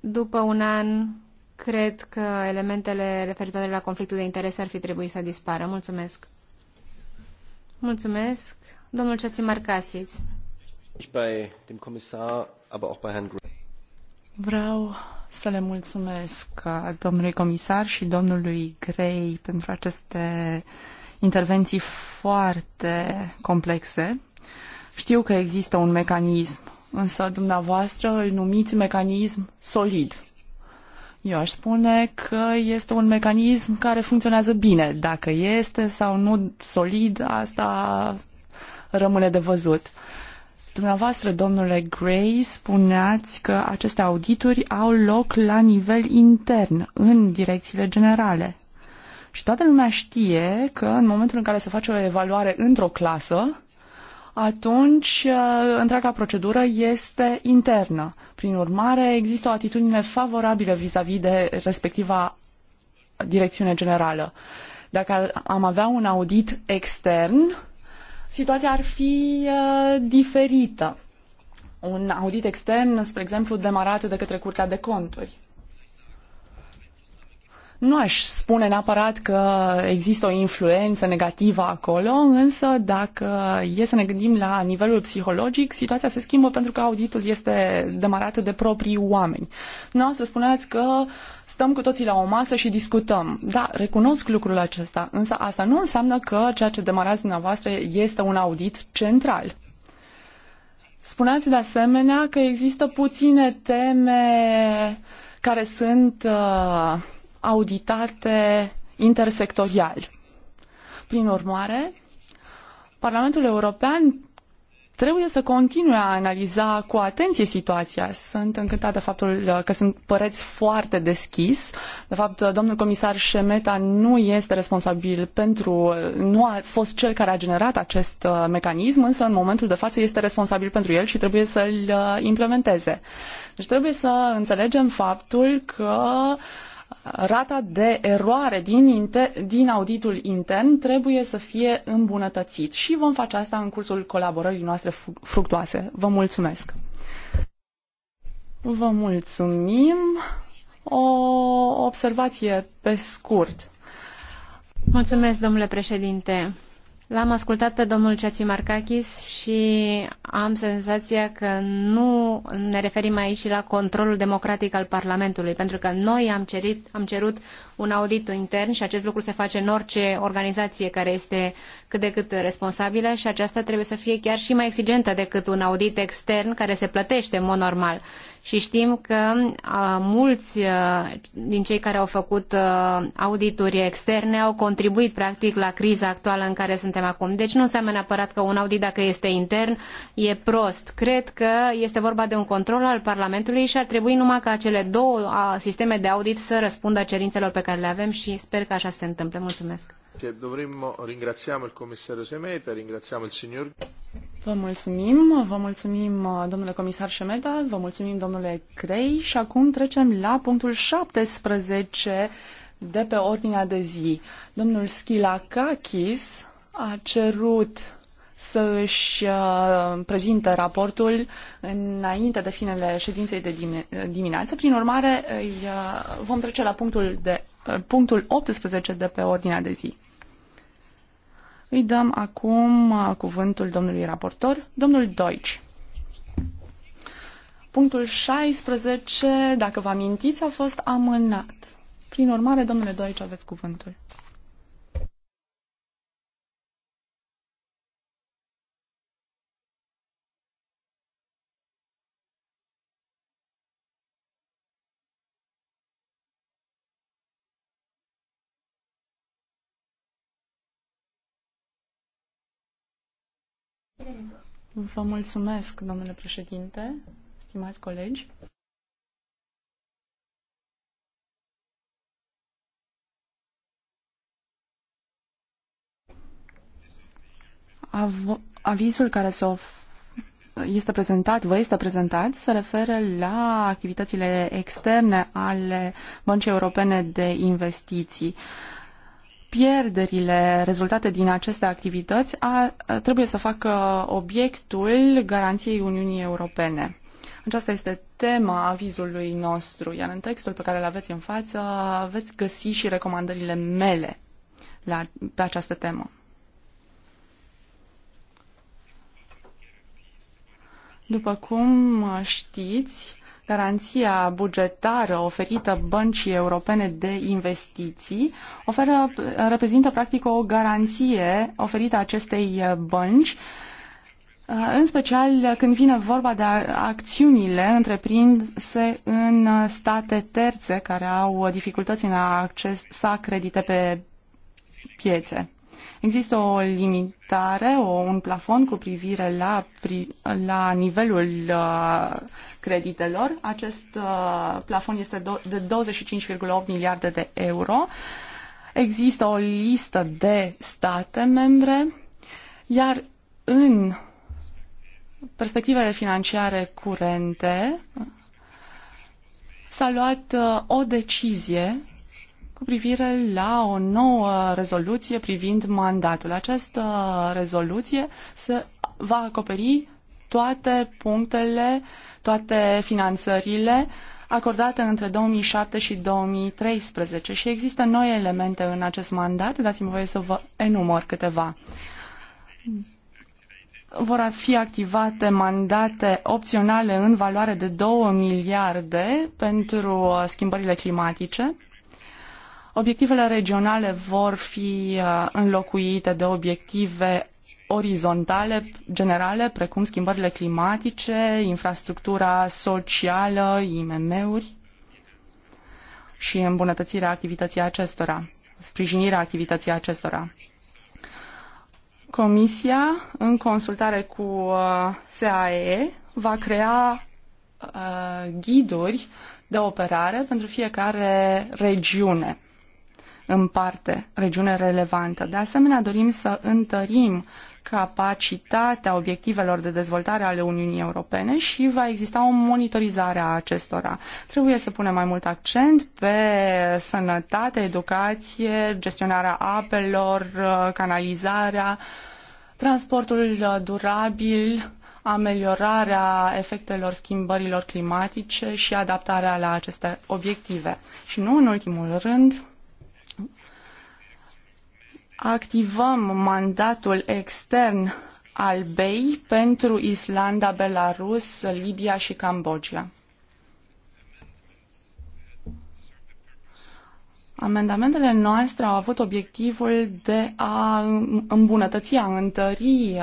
Speaker 5: după un an, cred că elementele referitoare la conflictul de interese ar fi trebuit să dispară. Mulțumesc! Mulțumesc! Domnul Ceații Marcasiți!
Speaker 1: Vreau să le mulțumesc uh, domnului comisar și domnului Grey pentru aceste intervenții foarte complexe știu că există un mecanism, însă dumneavoastră îl numiți mecanism solid. Eu aș spune că este un mecanism care funcționează bine. Dacă este sau nu solid, asta rămâne de văzut. Dumneavoastră, domnule Gray, spuneați că aceste audituri au loc la nivel intern, în direcțiile generale. Și toată lumea știe că în momentul în care se face o evaluare într-o clasă, atunci uh, întreaga procedură este internă. Prin urmare, există o atitudine favorabilă vis-a-vis de respectiva direcțiune generală. Dacă am avea un audit extern, situația ar fi uh, diferită. Un audit extern, spre exemplu, demarat de către Curtea de Conturi. Nu aș spune neapărat că există o influență negativă acolo, însă dacă e să ne gândim la nivelul psihologic, situația se schimbă pentru că auditul este demarat de proprii oameni. Nu să spuneați că stăm cu toții la o masă și discutăm. Da, recunosc lucrul acesta, însă asta nu înseamnă că ceea ce demarați dumneavoastră este un audit central. Spuneați de asemenea că există puține teme care sunt uh, auditate intersectorial. Prin urmare, Parlamentul European trebuie să continue a analiza cu atenție situația. Sunt încântat de faptul uh, că sunt păreți foarte deschis. De fapt, uh, domnul comisar Șemeta nu este responsabil pentru, uh, nu a fost cel care a generat acest mecanism, însă în momentul de față este responsabil pentru el și trebuie să-l implementeze. Deci trebuie să înțelegem faptul că uh, rata de eroare din, din auditul intern trebuie să fie îmbunătățit și vom face asta în cursul colaborării noastre fructuoase. Vă mulțumesc! Vă mulțumim! O observație pe scurt. Mulțumesc,
Speaker 5: domnule președinte. L-am ascultat pe domnul Markakis și am senzația că nu ne referim aici și la controlul democratic al Parlamentului, pentru că noi am, cerit, am cerut un audit intern și acest lucru se face în orice organizație care este cât de cât responsabilă și aceasta trebuie să fie chiar și mai exigentă decât un audit extern care se plătește în mod normal. Și știm că a, mulți a, din cei care au făcut a, audituri externe au contribuit practic la criza actuală în care suntem acum. Deci nu înseamnă neapărat că un audit dacă este intern e prost. Cred că este vorba de un control al Parlamentului și ar trebui numai ca acele două sisteme de audit să răspundă cerințelor pe care le avem și sper că așa se întâmplă. Mulțumesc!
Speaker 4: Dovremmo, ringraziamo il commissario Semeta, ringraziamo il signor...
Speaker 1: Vă mulțumim, vă mulțumim domnule comisar Șemeta, vă mulțumim domnule Crei și acum trecem la punctul 17 de pe ordinea de zi. Domnul Schilakakis a cerut să își uh, prezinte raportul înainte de finele ședinței de dimineață. Prin urmare, uh, vom trece la punctul, de, uh, punctul 18 de pe ordinea de zi. Îi dăm acum uh, cuvântul domnului raportor, domnul Deutsch. Punctul 16, dacă vă amintiți, a fost amânat. Prin urmare, domnule Deutsch, aveți cuvântul. Vă mulțumesc, domnule președinte, stimați colegi. Av- avizul care se of- este prezentat, vă este prezentat, se referă la activitățile externe ale Băncii Europene de Investiții. Uh, pierderile rezultate din aceste activități a, trebuie să facă obiectul garanției Uniunii Europene. Aceasta este tema avizului nostru, iar în textul pe care îl aveți în față veți găsi și recomandările mele la, pe această temă. După cum știți, Garanția bugetară oferită băncii europene de investiții oferă, reprezintă practic o garanție oferită acestei bănci în special când vine vorba de acțiunile întreprinse în state terțe care au dificultăți în a accesa credite pe piețe. Există o limitare, o, un plafon cu privire la, pri, la nivelul uh, creditelor. Acest uh, plafon este do, de 25,8 miliarde de euro. Există o listă de state membre, iar în perspectivele financiare curente s-a luat uh, o decizie cu privire la o nouă rezoluție privind mandatul. Această rezoluție se va acoperi toate punctele, toate finanțările acordate între 2007 și 2013 și există noi elemente în acest mandat, dați-mi voie să vă enumăr câteva. Vor fi activate mandate opționale în valoare de 2 miliarde pentru schimbările climatice, Obiectivele regionale vor fi uh, înlocuite de obiective orizontale, generale, precum schimbările climatice, infrastructura socială, IMM-uri și îmbunătățirea activității acestora, sprijinirea activității acestora. Comisia, în consultare cu uh, SAE, va crea uh, ghiduri de operare pentru fiecare regiune în parte regiune relevantă. De asemenea, dorim să întărim capacitatea obiectivelor de dezvoltare ale Uniunii Europene și va exista o monitorizare a acestora. Trebuie să punem mai mult accent pe sănătate, educație, gestionarea apelor, canalizarea, transportul durabil, ameliorarea efectelor schimbărilor climatice și adaptarea la aceste obiective. Și nu în ultimul rând, activăm mandatul extern al BEI pentru Islanda, Belarus, Libia și Cambodgia. Amendamentele noastre au avut obiectivul de a îmbunătăți, a întări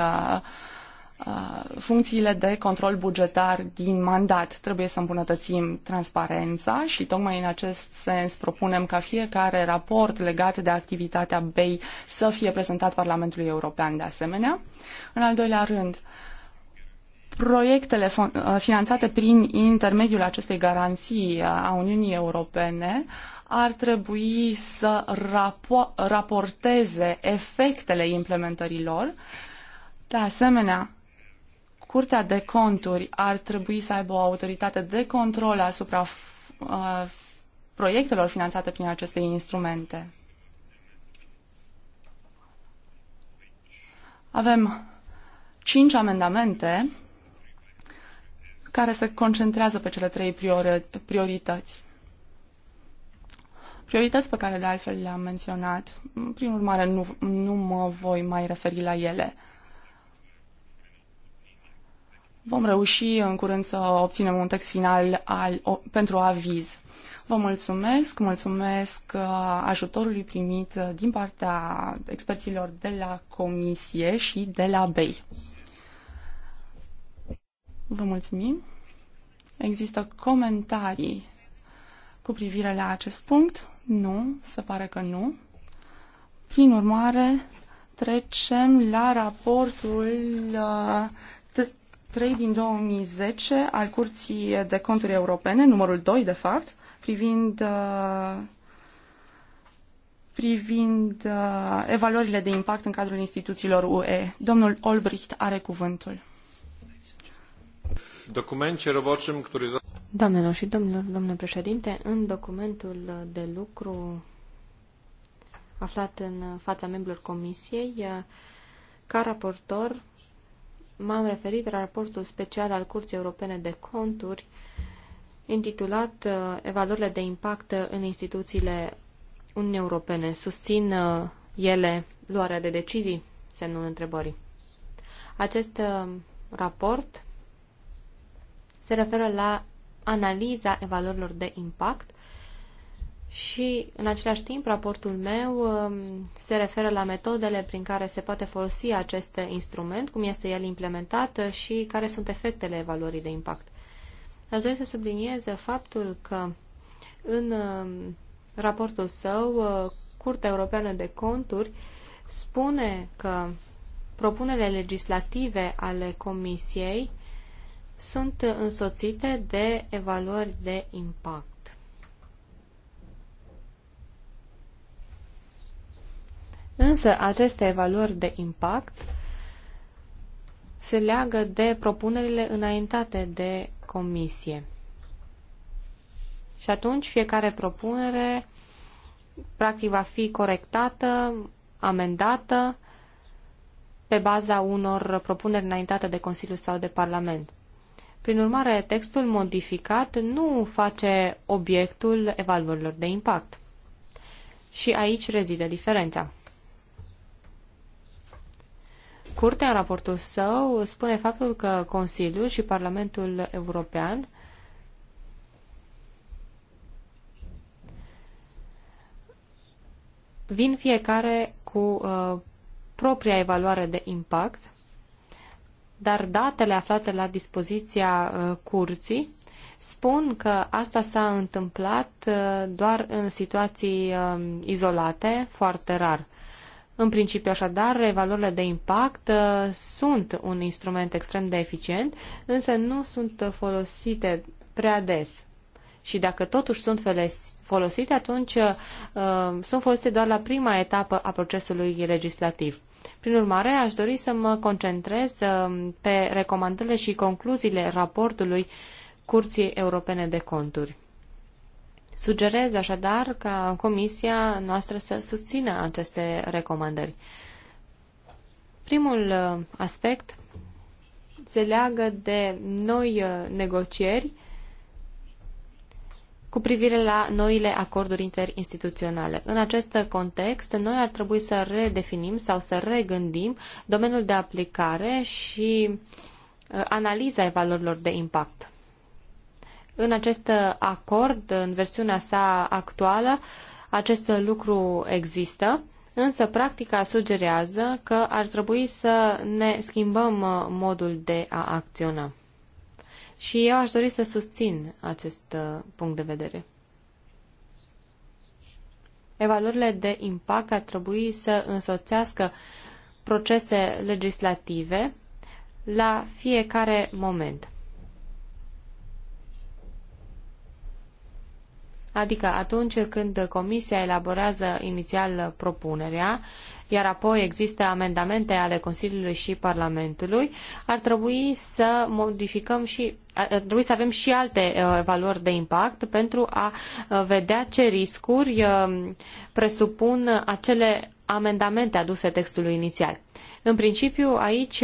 Speaker 1: Uh, funcțiile de control bugetar din mandat. Trebuie să îmbunătățim transparența și tocmai în acest sens propunem ca fiecare raport legat de activitatea BEI să fie prezentat Parlamentului European de asemenea. În al doilea rând, proiectele uh, finanțate prin intermediul acestei garanții uh, a Uniunii Europene ar trebui să rapo- raporteze efectele implementărilor. De asemenea, Curtea de conturi ar trebui să aibă o autoritate de control asupra uh, proiectelor finanțate prin aceste instrumente. Avem cinci amendamente care se concentrează pe cele trei priori priorități. Priorități pe care de altfel le-am menționat, prin urmare nu, nu mă voi mai referi la ele. Vom reuși în curând să obținem un text final al, o, pentru aviz. Vă mulțumesc, mulțumesc uh, ajutorului primit uh, din partea experților de la Comisie și de la BEI. Vă mulțumim. Există comentarii cu privire la acest punct? Nu, se pare că nu. Prin urmare, trecem la raportul uh, 3 din 2010 al Curții de Conturi Europene, numărul 2 de fapt, privind uh, privind uh, evaluările de impact în cadrul instituțiilor UE. Domnul Olbricht are cuvântul. Doamnelor și domnilor, domnule președinte, în
Speaker 2: documentul de lucru aflat în fața membrilor comisiei, ca raportor m-am referit la raportul special al Curții Europene de Conturi, intitulat uh, Evaluările de impact în instituțiile Uniunii Europene. Susțin uh, ele luarea de decizii? Semnul întrebării. Acest uh, raport se referă la analiza evaluărilor de impact și, în același timp, raportul meu um, se referă la metodele prin care se poate folosi acest instrument, cum este el implementat și care sunt efectele evaluării de impact. Aș dori să subliniez faptul că în um, raportul său, uh, Curtea Europeană de Conturi spune că propunerile legislative ale Comisiei sunt însoțite de evaluări de impact. Însă aceste evaluări de impact se leagă de propunerile înaintate de comisie. Și atunci fiecare propunere practic va fi corectată, amendată pe baza unor propuneri înaintate de Consiliu sau de Parlament. Prin urmare, textul modificat nu face obiectul evaluărilor de impact. Și aici rezide diferența. Curtea, în raportul său, spune faptul că Consiliul și Parlamentul European vin fiecare cu uh, propria evaluare de impact, dar datele aflate la dispoziția uh, curții spun că asta s-a întâmplat uh, doar în situații uh, izolate, foarte rar. În principiu, așadar, evaluările de impact uh, sunt un instrument extrem de eficient, însă nu sunt folosite prea des. Și dacă totuși sunt folosite, atunci uh, sunt folosite doar la prima etapă a procesului legislativ. Prin urmare, aș dori să mă concentrez uh, pe recomandările și concluziile raportului Curții Europene de Conturi. Sugerez așadar ca comisia noastră să susțină aceste recomandări. Primul uh, aspect se leagă de noi uh, negocieri cu privire la noile acorduri interinstituționale. În acest context, noi ar trebui să redefinim sau să regândim domeniul de aplicare și uh, analiza evaluărilor de impact. În acest acord, în versiunea sa actuală, acest lucru există, însă practica sugerează că ar trebui să ne schimbăm uh, modul de a acționa. Și eu aș dori să susțin acest uh, punct de vedere. Evaluările de impact ar trebui să însoțească procese legislative la fiecare moment. adică atunci când Comisia elaborează inițial propunerea, iar apoi există amendamente ale Consiliului și Parlamentului, ar trebui să modificăm și ar trebui să avem și alte uh, evaluări de impact pentru a uh, vedea ce riscuri uh, presupun acele amendamente aduse textului inițial. În principiu, aici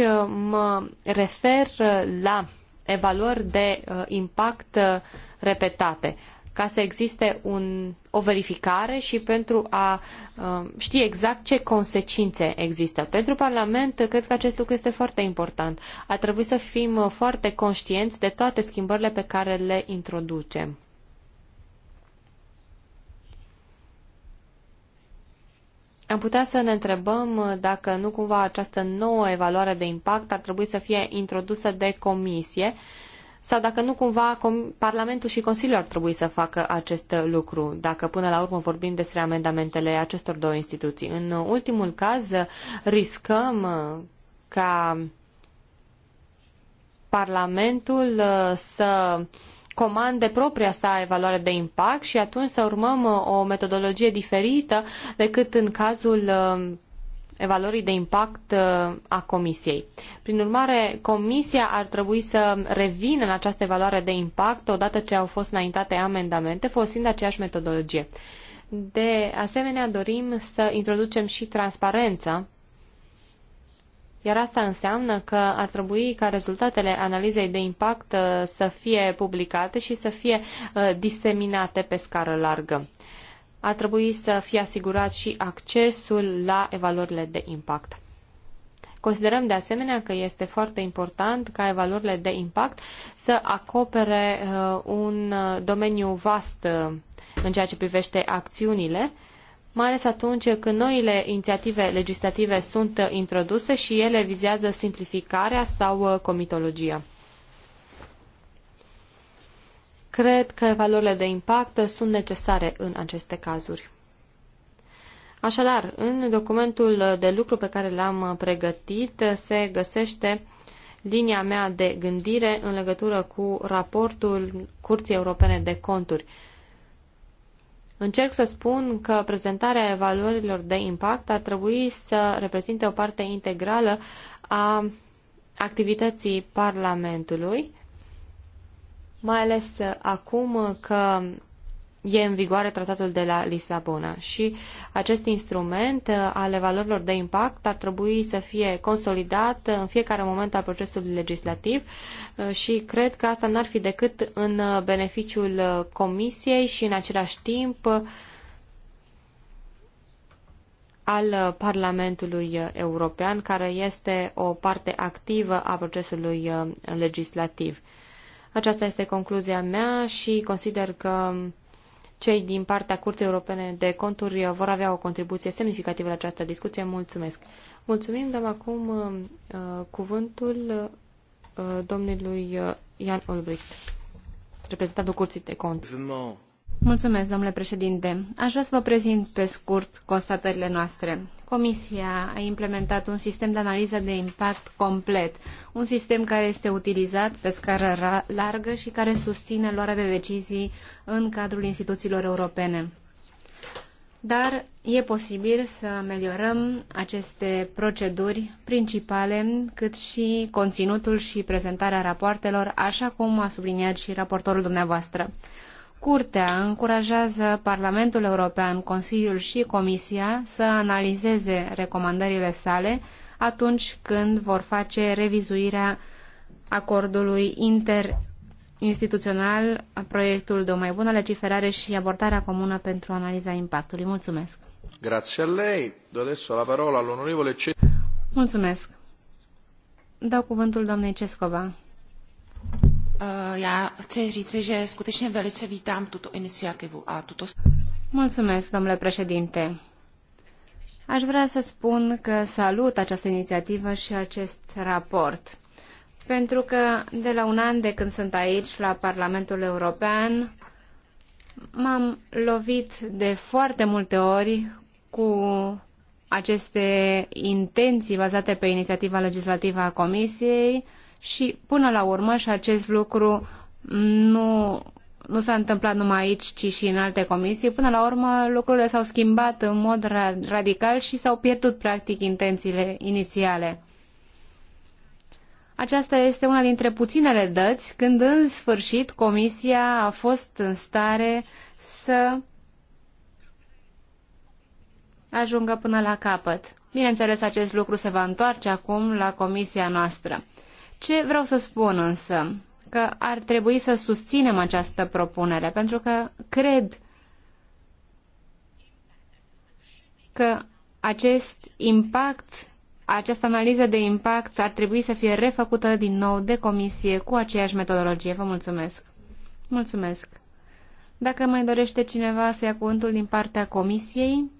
Speaker 2: mă refer la evaluări de impact repetate ca să existe un, o verificare și pentru a uh, ști exact ce consecințe există. Pentru Parlament, cred că acest lucru este foarte important. A trebuit să fim foarte conștienți de toate schimbările pe care le introducem. Am putea să ne întrebăm dacă nu cumva această nouă evaluare de impact ar trebui să fie introdusă de comisie uh, sau dacă nu cumva Parlamentul și Consiliul ar trebui să facă acest lucru, dacă până la urmă vorbim despre amendamentele acestor două instituții. În ultimul caz, riscăm uh, ca Parlamentul uh, să comande propria sa evaluare de impact și atunci să urmăm uh, o metodologie diferită decât în cazul evaluării de impact uh, a Comisiei. Prin urmare, Comisia ar trebui să revină în această evaluare de impact odată ce au fost înaintate amendamente, folosind aceeași metodologie. De asemenea, dorim să introducem și transparența iar asta înseamnă că ar trebui ca rezultatele analizei de impact uh, să fie publicate și să fie uh, diseminate pe scară largă ar trebui să fie asigurat și accesul la evaluările de impact. Considerăm de asemenea că este foarte important ca evaluările de impact să acopere uh, un uh, domeniu vast uh, în ceea ce privește acțiunile, mai ales atunci când noile inițiative legislative sunt introduse și ele vizează simplificarea sau comitologia. Cred că valorile de impact sunt necesare în aceste cazuri. Așadar, în documentul de lucru pe care l-am pregătit se găsește linia mea de gândire în legătură cu raportul Curții Europene de Conturi. Încerc să spun că prezentarea evaluărilor de impact ar trebui să reprezinte o parte integrală a activității Parlamentului mai ales uh, acum că e în vigoare tratatul de la Lisabona și acest instrument uh, ale valorilor de impact ar trebui să fie consolidat în fiecare moment al procesului legislativ uh, și cred că asta n-ar fi decât în beneficiul Comisiei și în același timp al Parlamentului European, care este o parte activă a procesului legislativ. Aceasta este concluzia mea și consider că cei din partea Curții Europene de Conturi vor avea o contribuție semnificativă la această discuție. Mulțumesc! Mulțumim, dăm acum uh, cuvântul uh, domnului uh, Ian Olbricht, reprezentantul Curții de Conturi. Mulțumesc,
Speaker 5: domnule președinte. Aș vrea să vă prezint pe scurt constatările noastre. Comisia a implementat un sistem de analiză de impact complet, un sistem care este utilizat pe scară largă și care susține luarea de decizii în cadrul instituțiilor europene. Dar e posibil să ameliorăm aceste proceduri principale, cât și conținutul și prezentarea rapoartelor, așa cum a subliniat și raportorul dumneavoastră. Curtea încurajează Parlamentul European, Consiliul și Comisia să analizeze recomandările sale atunci când vor face revizuirea acordului interinstituțional, proiectul de o mai bună legiferare și abordarea comună pentru analiza impactului. Mulțumesc!
Speaker 4: Grazie a lei. adesso la parola all'onorevole Ce...
Speaker 5: Mulțumesc! Dau cuvântul doamnei Cescova.
Speaker 2: Eh, já chci říci, že skutečně velice vítám tuto iniciativu a tuto...
Speaker 5: Mulțumesc, domnule președinte. Aș vrea să spun că salut această inițiativă și acest raport. Pentru că de la un an de când sunt aici, la Parlamentul European, m-am lovit de foarte multe ori cu aceste intenții bazate pe inițiativa legislativă a Comisiei, și până la urmă și acest lucru nu, nu s-a întâmplat numai aici, ci și în alte comisii. Până la urmă lucrurile s-au schimbat în mod ra- radical și s-au pierdut practic intențiile inițiale. Aceasta este una dintre puținele dăți când în sfârșit comisia a fost în stare să ajungă până la capăt. Bineînțeles, acest lucru se va întoarce acum la comisia noastră. Ce vreau să spun însă? Că ar trebui să susținem această propunere, pentru că cred că acest impact, această analiză de impact ar trebui să fie refăcută din nou de comisie cu aceeași metodologie. Vă mulțumesc! Mulțumesc! Dacă mai dorește cineva să ia cuvântul din partea comisiei...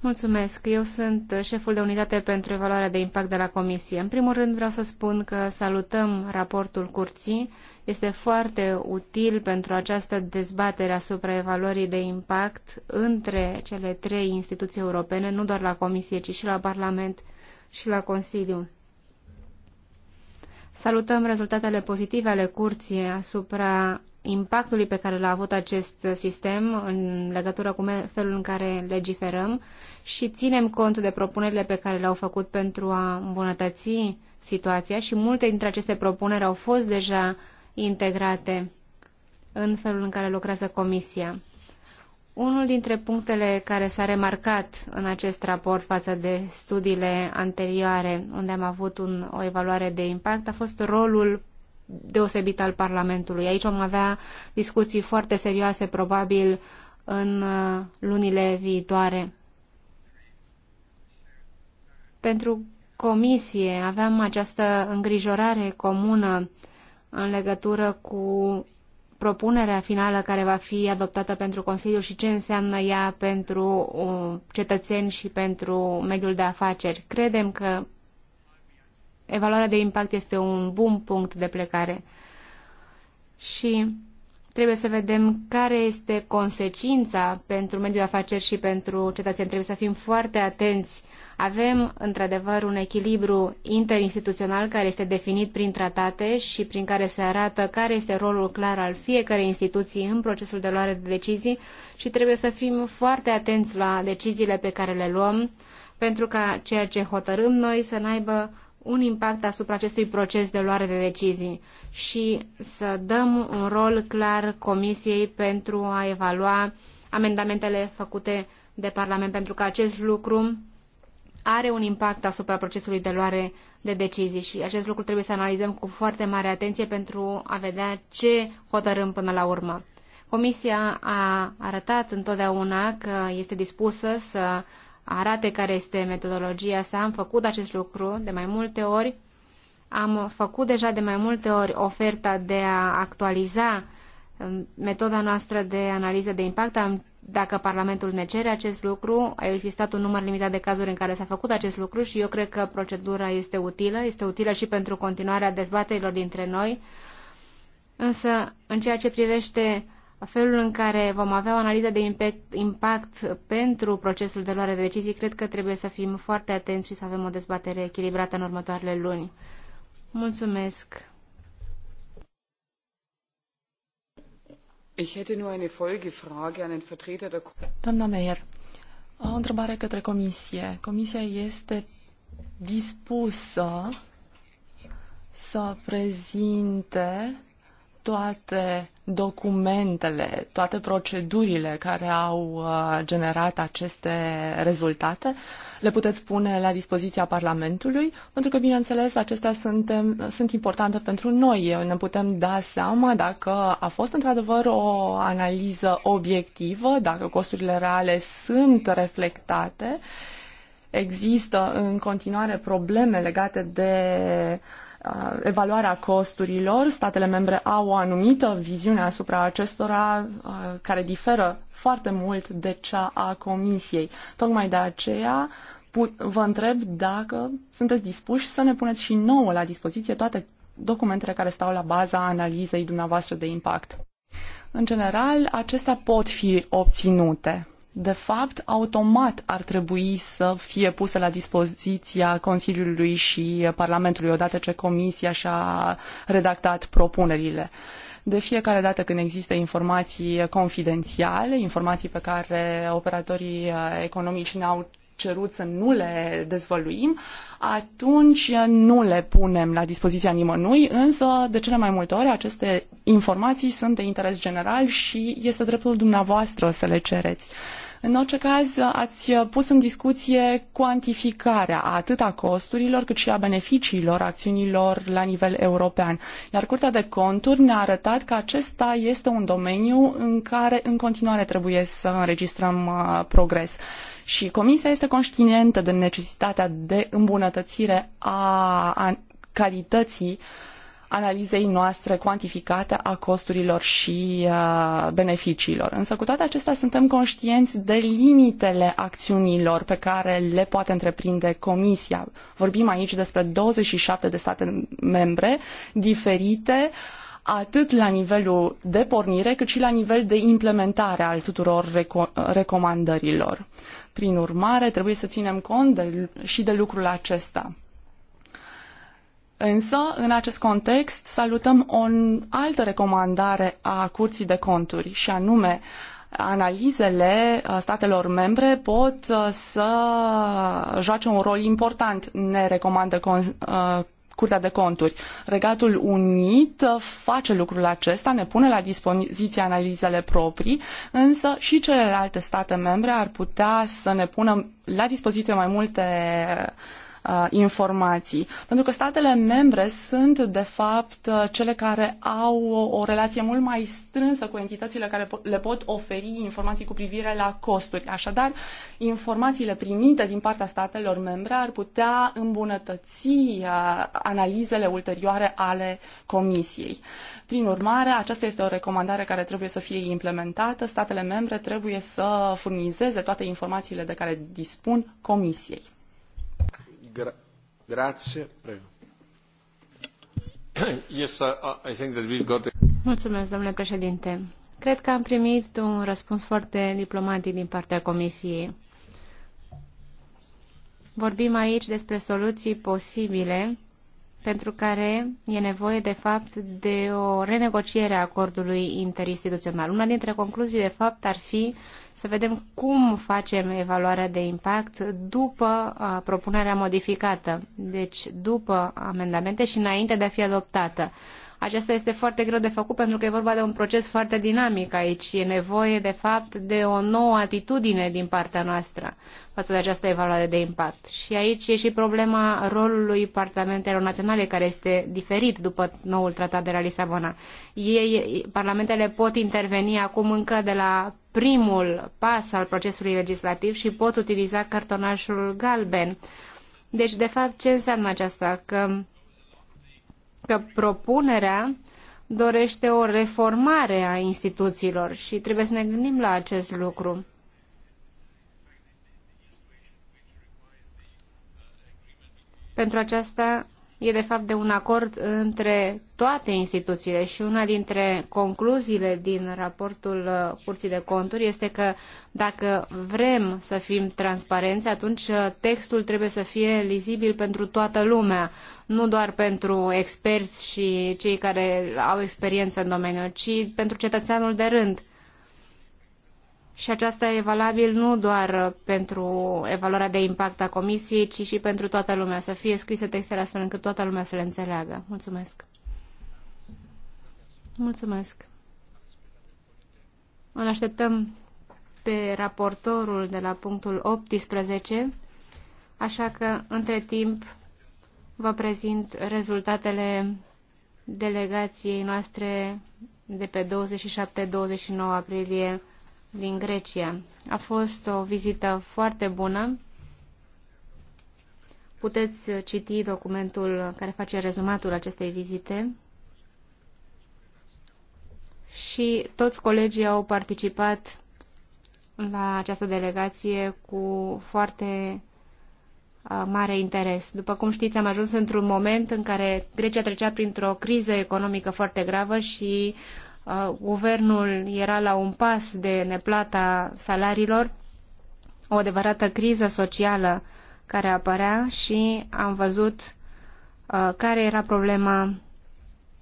Speaker 5: Mulțumesc. Eu sunt șeful de unitate pentru evaluarea de impact de la Comisie. În primul rând vreau să spun că salutăm raportul curții. Este foarte util pentru această dezbatere asupra evaluării de impact între cele trei instituții europene, nu doar la Comisie, ci și la Parlament și la Consiliu. Salutăm rezultatele pozitive ale curții asupra impactului pe care l-a avut acest sistem în legătură cu felul în care legiferăm și ținem cont de propunerile pe care le-au făcut pentru a îmbunătăți situația și multe dintre aceste propuneri au fost deja integrate în felul în care lucrează Comisia. Unul dintre punctele care s-a remarcat în acest raport față de studiile anterioare, unde am avut un, o evaluare de impact, a fost rolul deosebit al Parlamentului. Aici vom avea discuții foarte serioase, probabil, în uh, lunile viitoare. Pentru comisie aveam această îngrijorare comună în legătură cu propunerea finală care va fi adoptată pentru Consiliu și ce înseamnă ea pentru uh, cetățeni și pentru mediul de afaceri. Credem că evaluarea de impact este un bun punct de plecare. Și trebuie să vedem care este consecința pentru mediul de afaceri și pentru cetățeni. Trebuie să fim foarte atenți. Avem, într-adevăr, un echilibru interinstituțional care este definit prin tratate și prin care se arată care este rolul clar al fiecărei instituții în procesul de luare de decizii și trebuie să fim foarte atenți la deciziile pe care le luăm pentru ca ceea ce hotărâm noi să n-aibă un impact asupra acestui proces de luare de decizii și să dăm un rol clar Comisiei pentru a evalua amendamentele făcute de Parlament, pentru că acest lucru are un impact asupra procesului de luare de decizii și acest lucru trebuie să analizăm cu foarte mare atenție pentru a vedea ce hotărâm până la urmă. Comisia a arătat întotdeauna că este dispusă să arate care este metodologia sa. Am făcut acest lucru de mai multe ori. Am făcut deja de mai multe ori oferta de a actualiza um, metoda noastră de analiză de impact. Am, dacă Parlamentul ne cere acest lucru, a existat un număr limitat de cazuri în care s-a făcut acest lucru și eu cred că procedura este utilă, este utilă și pentru continuarea dezbaterilor dintre noi. Însă, în ceea ce privește felul în care vom avea o analiză de impact, impact pentru procesul de luare de decizii, cred că trebuie să fim foarte atenți și să avem o dezbatere echilibrată în următoarele luni.
Speaker 1: Mulțumesc! Doamna Meyer, o întrebare către Comisie. Comisia este dispusă să prezinte toate documentele, toate procedurile care au uh, generat aceste rezultate, le puteți pune la dispoziția Parlamentului, pentru că, bineînțeles, acestea sunt sunt importante pentru noi. Ne putem da seama dacă a fost într-adevăr o analiză obiectivă, dacă costurile reale sunt reflectate, există în continuare probleme legate de uh, Uh, evaluarea costurilor. Statele membre au o anumită viziune asupra acestora uh, care diferă foarte mult de cea a Comisiei. Tocmai de aceea vă întreb dacă sunteți dispuși să ne puneți și nouă la dispoziție toate documentele care stau la baza analizei dumneavoastră de impact. În general, acestea pot fi obținute de fapt, automat ar trebui să fie puse la dispoziția Consiliului și Parlamentului odată ce Comisia și-a redactat propunerile. De fiecare dată când există informații confidențiale, informații pe care operatorii economici ne-au cerut să nu le dezvăluim, atunci nu le punem la dispoziția nimănui, însă de cele mai multe ori aceste informații sunt de interes general și este dreptul dumneavoastră să le cereți. În orice caz, ați pus în discuție cuantificarea atât a costurilor cât și a beneficiilor acțiunilor la nivel european. Iar Curtea de Conturi ne-a arătat că acesta este un domeniu în care în continuare trebuie să înregistrăm uh, progres. Și Comisia este conștientă de necesitatea de îmbunătățire a calității uh, analizei noastre cuantificate a costurilor și uh, beneficiilor. Însă cu toate acestea suntem conștienți de limitele acțiunilor pe care le poate întreprinde Comisia. Vorbim aici despre 27 de state membre diferite atât la nivelul de pornire, cât și la nivel de implementare al tuturor reco recomandărilor. Prin urmare, trebuie să ținem cont de, și de lucrul acesta. Însă, în acest context, salutăm o altă recomandare a Curții de Conturi și anume analizele uh, statelor membre pot uh, să joace un rol important, ne recomandă uh, Curtea de Conturi. Regatul Unit face lucrul acesta, ne pune la dispoziție analizele proprii, însă și celelalte state membre ar putea să ne pună la dispoziție mai multe uh, uh, informații. Pentru că statele membre sunt, de fapt, uh, cele care au o, o relație mult mai strânsă cu entitățile care le pot oferi informații cu privire la costuri. Așadar, informațiile primite din partea statelor membre ar putea îmbunătăți uh, analizele ulterioare ale Comisiei. Prin urmare, aceasta este o recomandare care trebuie să fie implementată. Statele membre trebuie să furnizeze toate informațiile de care dispun Comisiei.
Speaker 4: Grazie. Prego. yes, uh, I think that we've got...
Speaker 5: Mulțumesc, domnule președinte. Cred că am primit un răspuns foarte diplomatic din partea Comisiei. Vorbim aici despre soluții posibile pentru care e nevoie, de fapt, de o renegociere a acordului interinstituțional. Una dintre concluzii, de fapt, ar fi să vedem cum facem evaluarea de impact după propunerea modificată, deci după amendamente și înainte de a fi adoptată. Aceasta este foarte greu de făcut pentru că e vorba de un proces foarte dinamic aici. E nevoie, de fapt, de o nouă atitudine din partea noastră față de această evaluare de impact. Și aici e și problema rolului parlamentelor naționale, care este diferit după noul tratat de la Lisabona. Ei, parlamentele pot interveni acum încă de la primul pas al procesului legislativ și pot utiliza cartonașul galben. Deci, de fapt, ce înseamnă aceasta? Că că propunerea dorește o reformare a instituțiilor și trebuie să ne gândim la acest lucru. Pentru aceasta e de fapt de un acord între toate instituțiile și una dintre concluziile din raportul uh, Curții de Conturi este că dacă vrem să fim transparenți, atunci uh, textul trebuie să fie lizibil pentru toată lumea, nu doar pentru experți și cei care au experiență în domeniu, ci pentru cetățeanul de rând. Și aceasta e valabil nu doar pentru evaluarea de impact a comisiei, ci și pentru toată lumea, să fie scrise textele astfel încât toată lumea să le înțeleagă. Mulțumesc. Mulțumesc. Îl așteptăm pe raportorul de la punctul 18, așa că între timp vă prezint rezultatele delegației noastre de pe 27-29 aprilie din Grecia. A fost o vizită foarte bună. Puteți citi documentul care face rezumatul acestei vizite. Și toți colegii au participat la această delegație cu foarte uh, mare interes. După cum știți, am ajuns într-un moment în care Grecia trecea printr-o criză economică foarte gravă și guvernul era la un pas de neplata salariilor, o adevărată criză socială care apărea și am văzut care era problema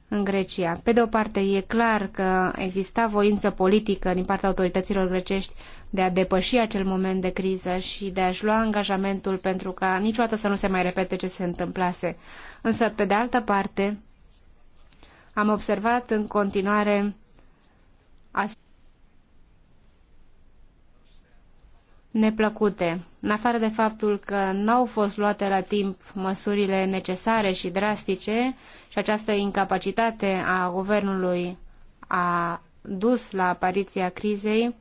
Speaker 5: în Grecia. Pe de o parte, e clar că exista voință politică din partea autorităților grecești de a depăși acel moment de criză și de a-și lua angajamentul pentru ca niciodată să nu se mai repete ce se întâmplase. Însă, pe de altă parte, am observat în continuare neplăcute, în afară de faptul că n-au fost luate la timp măsurile necesare și drastice și această incapacitate a guvernului a dus la apariția crizei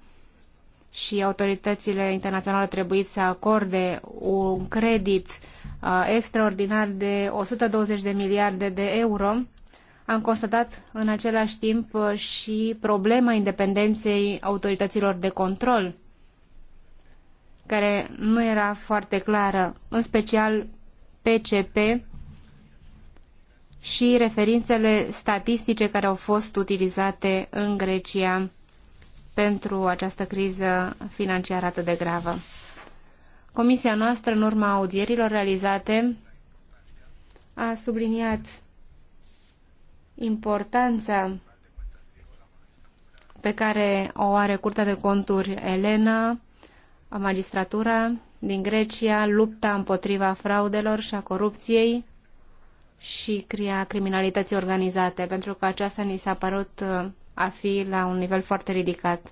Speaker 5: și autoritățile internaționale trebuie să acorde un credit uh, extraordinar de 120 de miliarde de euro am constatat în același timp uh, și problema independenței autorităților de control, care nu era foarte clară, în special PCP și referințele statistice care au fost utilizate în Grecia pentru această criză financiară atât de gravă. Comisia noastră, în urma audierilor realizate, a subliniat importanța pe care o are Curtea de Conturi Elena, magistratura din Grecia, lupta împotriva fraudelor și a corupției și cria criminalității organizate, pentru că aceasta ni s-a părut uh, a fi la un nivel foarte ridicat.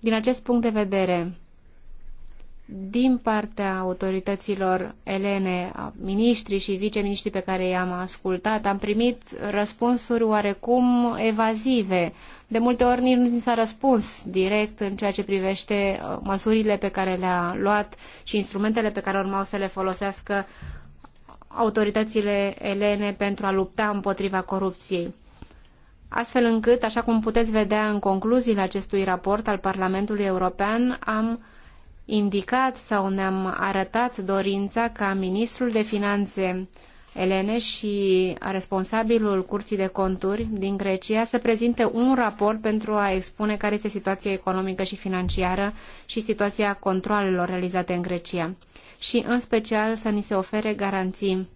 Speaker 5: Din acest punct de vedere, din partea autorităților elene, a miniștrii și viceministrii pe care i-am ascultat, am primit răspunsuri oarecum evazive. De multe ori nici nu s-a răspuns direct în ceea ce privește uh, măsurile pe care le-a luat și instrumentele pe care urmau să le folosească autoritățile elene pentru a lupta împotriva corupției astfel încât, așa cum puteți vedea în concluziile acestui raport al Parlamentului European, am indicat sau ne-am arătat dorința ca ministrul de finanțe Elene și responsabilul Curții de Conturi din Grecia să prezinte un raport pentru a expune care este situația economică și financiară și situația controalelor realizate în Grecia. Și, în special, să ni se ofere garanții,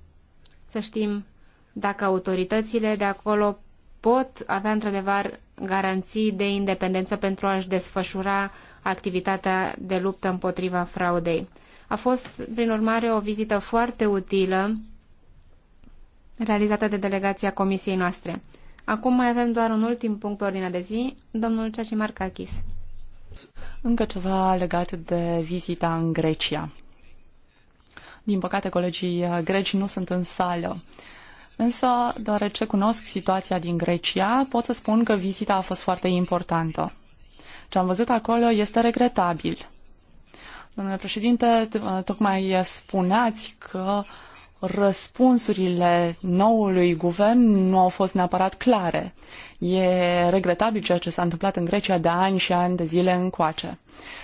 Speaker 5: să știm dacă autoritățile de acolo pot avea, într-adevăr, garanții de independență pentru a-și desfășura activitatea de luptă împotriva fraudei. A fost, prin urmare, o vizită foarte utilă realizată de delegația comisiei noastre. Acum mai avem doar un ultim punct pe ordinea de zi, domnul Ceași
Speaker 1: Marcachis. Încă ceva legat de vizita în Grecia. Din păcate, colegii uh, greci nu sunt în sală. Însă, deoarece cunosc situația din Grecia, pot să spun că vizita a fost foarte importantă. Ce am văzut acolo este regretabil. Domnule președinte, tocmai spuneați că răspunsurile noului guvern nu au fost neapărat clare. E regretabil ceea ce s-a întâmplat în Grecia de ani și ani de zile încoace.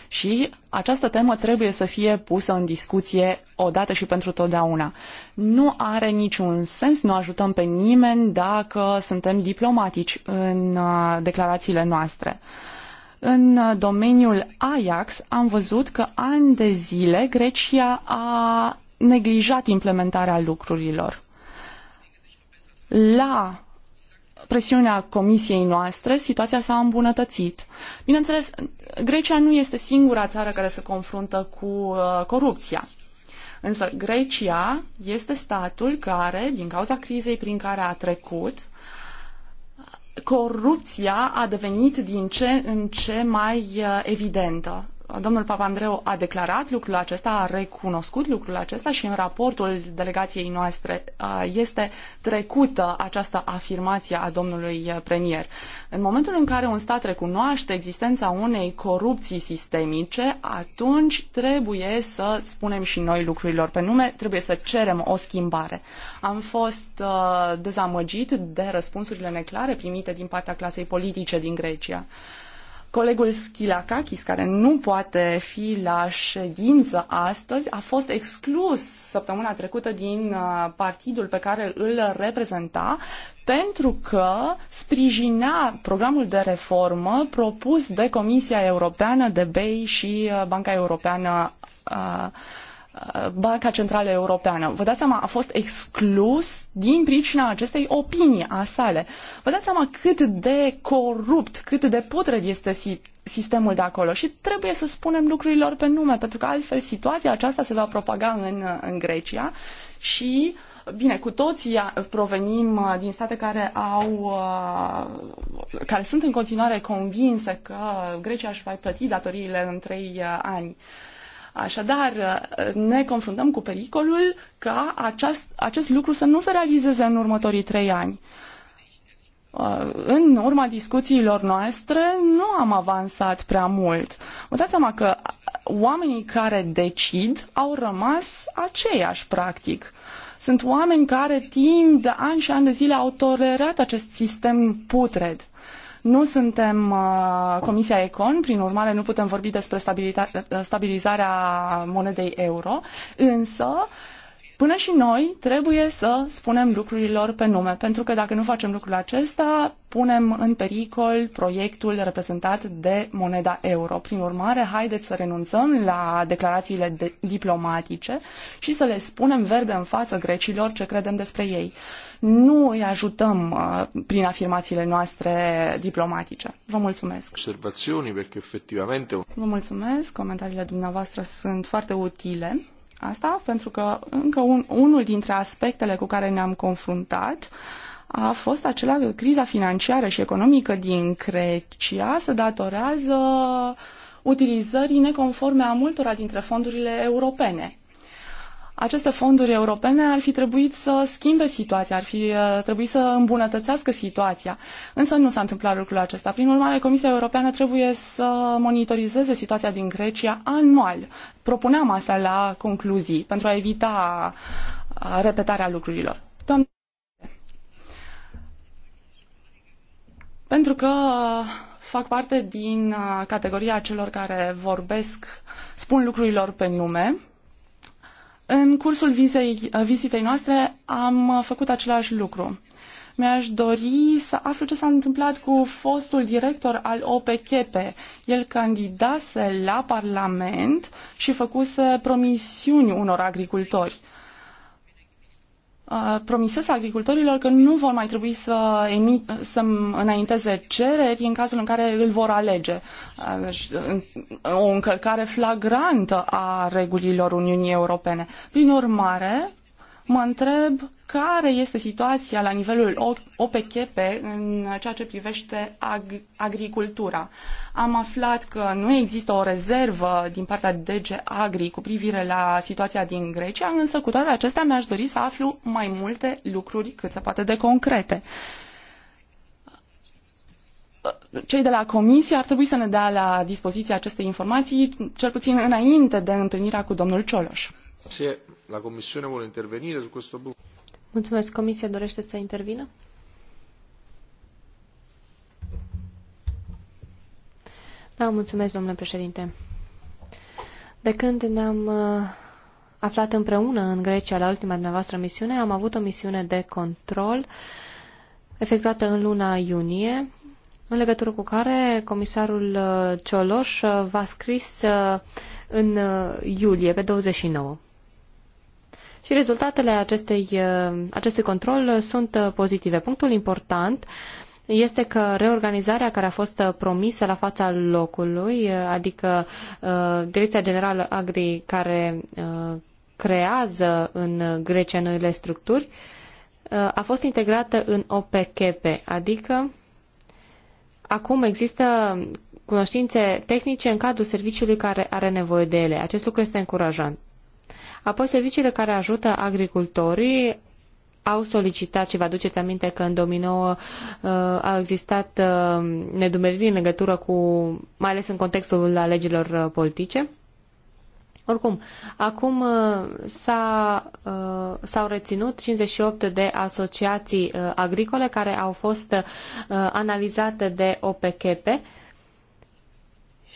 Speaker 1: Și această temă trebuie să fie pusă în discuție odată și pentru totdeauna. Nu are niciun sens, nu ajutăm pe nimeni dacă suntem diplomatici în uh, declarațiile noastre. Uh, în domeniul Ajax am văzut că ani de zile Grecia a neglijat implementarea lucrurilor. La presiunea comisiei noastre, situația s-a îmbunătățit. Bineînțeles, Grecia nu este singura țară care se confruntă cu uh, corupția. Însă Grecia este statul care, din cauza crizei prin care a trecut, corupția a devenit din ce în ce mai uh, evidentă domnul Papandreou a declarat lucrul acesta, a recunoscut lucrul acesta și în raportul delegației noastre este trecută această afirmație a domnului premier. În momentul în care un stat recunoaște existența unei corupții sistemice, atunci trebuie să spunem și noi lucrurilor pe nume, trebuie să cerem o schimbare. Am fost dezamăgit de răspunsurile neclare primite din partea clasei politice din Grecia. Colegul Schilakakis, care nu poate fi la ședință astăzi, a fost exclus săptămâna trecută din uh, partidul pe care îl reprezenta pentru că sprijinea programul de reformă propus de Comisia Europeană, de BEI și uh, Banca Europeană uh, Banca Centrală Europeană. Vă dați seama, a fost exclus din pricina acestei opinii a sale. Vă dați seama cât de corupt, cât de putred este sistemul de acolo și trebuie să spunem lucrurilor pe nume, pentru că altfel situația aceasta se va propaga în, în Grecia și Bine, cu toții provenim uh, din state care au, uh, care sunt în continuare convinse că Grecia își va plăti datoriile în trei uh, ani. Așadar, ne confruntăm cu pericolul ca aceast, acest lucru să nu se realizeze în următorii trei ani. În urma discuțiilor noastre nu am avansat prea mult. Vă dați seama că oamenii care decid au rămas aceiași, practic. Sunt oameni care timp de ani și ani de zile au tolerat acest sistem putred. Nu suntem uh, Comisia Econ, prin urmare nu putem vorbi despre stabilizarea monedei euro, însă uh, Până și noi trebuie să spunem lucrurilor pe nume, pentru că dacă nu facem lucrul acesta, punem în pericol proiectul reprezentat de moneda euro. Prin urmare, haideți să renunțăm la declarațiile de- diplomatice și să le spunem verde în față grecilor ce credem despre ei. Nu îi ajutăm uh, prin afirmațiile noastre diplomatice. Vă mulțumesc.
Speaker 4: Observațiuni, că effettivamente...
Speaker 1: Vă mulțumesc, comentariile dumneavoastră sunt foarte utile. Asta pentru că încă un, unul dintre aspectele cu care ne-am confruntat a fost acela că criza financiară și economică din Grecia se datorează utilizării neconforme a multora dintre fondurile europene aceste fonduri europene ar fi trebuit să schimbe situația, ar fi uh, trebuit să îmbunătățească situația. Însă nu s-a întâmplat lucrul acesta. Prin urmare, Comisia Europeană trebuie să monitorizeze situația din Grecia anual. Propuneam asta la concluzii pentru a evita uh, repetarea lucrurilor. Doamne... Pentru că uh, fac parte din categoria celor care vorbesc, spun lucrurilor pe nume, în cursul vizei, vizitei noastre am făcut același lucru. Mi-aș dori să aflu ce s-a întâmplat cu fostul director al OPCP. El candidase la Parlament și făcuse promisiuni unor agricultori promisese agricultorilor că nu vor mai trebui să, emit, să înainteze cereri în cazul în care îl vor alege. Deci, o încălcare flagrantă a regulilor Uniunii Europene. Prin urmare, mă întreb care este situația la nivelul OPCP în ceea ce privește ag- agricultura. Am aflat că nu există o rezervă din partea DG Agri cu privire la situația din Grecia, însă cu toate acestea mi-aș dori să aflu mai multe lucruri cât se poate de concrete cei de la comisie ar trebui să ne dea la dispoziție aceste informații, cel puțin înainte de întâlnirea cu domnul Cioloș.
Speaker 4: La Comisie vor intervenire su
Speaker 1: Mulțumesc. Comisia dorește să intervină?
Speaker 2: Da, mulțumesc, domnule președinte. De când ne-am uh, aflat împreună în Grecia la ultima dumneavoastră misiune, am avut o misiune de control efectuată în luna iunie, în legătură cu care comisarul uh, Cioloș uh, v-a scris în iulie, pe 29 și rezultatele acestei, uh, acestui control sunt uh, pozitive. Punctul important este că reorganizarea care a fost uh, promisă la fața locului, adică Direcția Generală Agri care creează în Grecia noile structuri, a fost integrată în OPKP, adică acum există cunoștințe tehnice în cadrul serviciului care are nevoie de ele. Acest lucru este încurajant. Apoi, serviciile care ajută agricultorii au solicitat și vă aduceți aminte că în 2009 uh, a existat uh, nedumeriri în legătură cu, mai ales în contextul alegerilor uh, politice. Oricum, acum uh, s-a, uh, s-au reținut 58 de asociații uh, agricole care au fost analizate de OPCP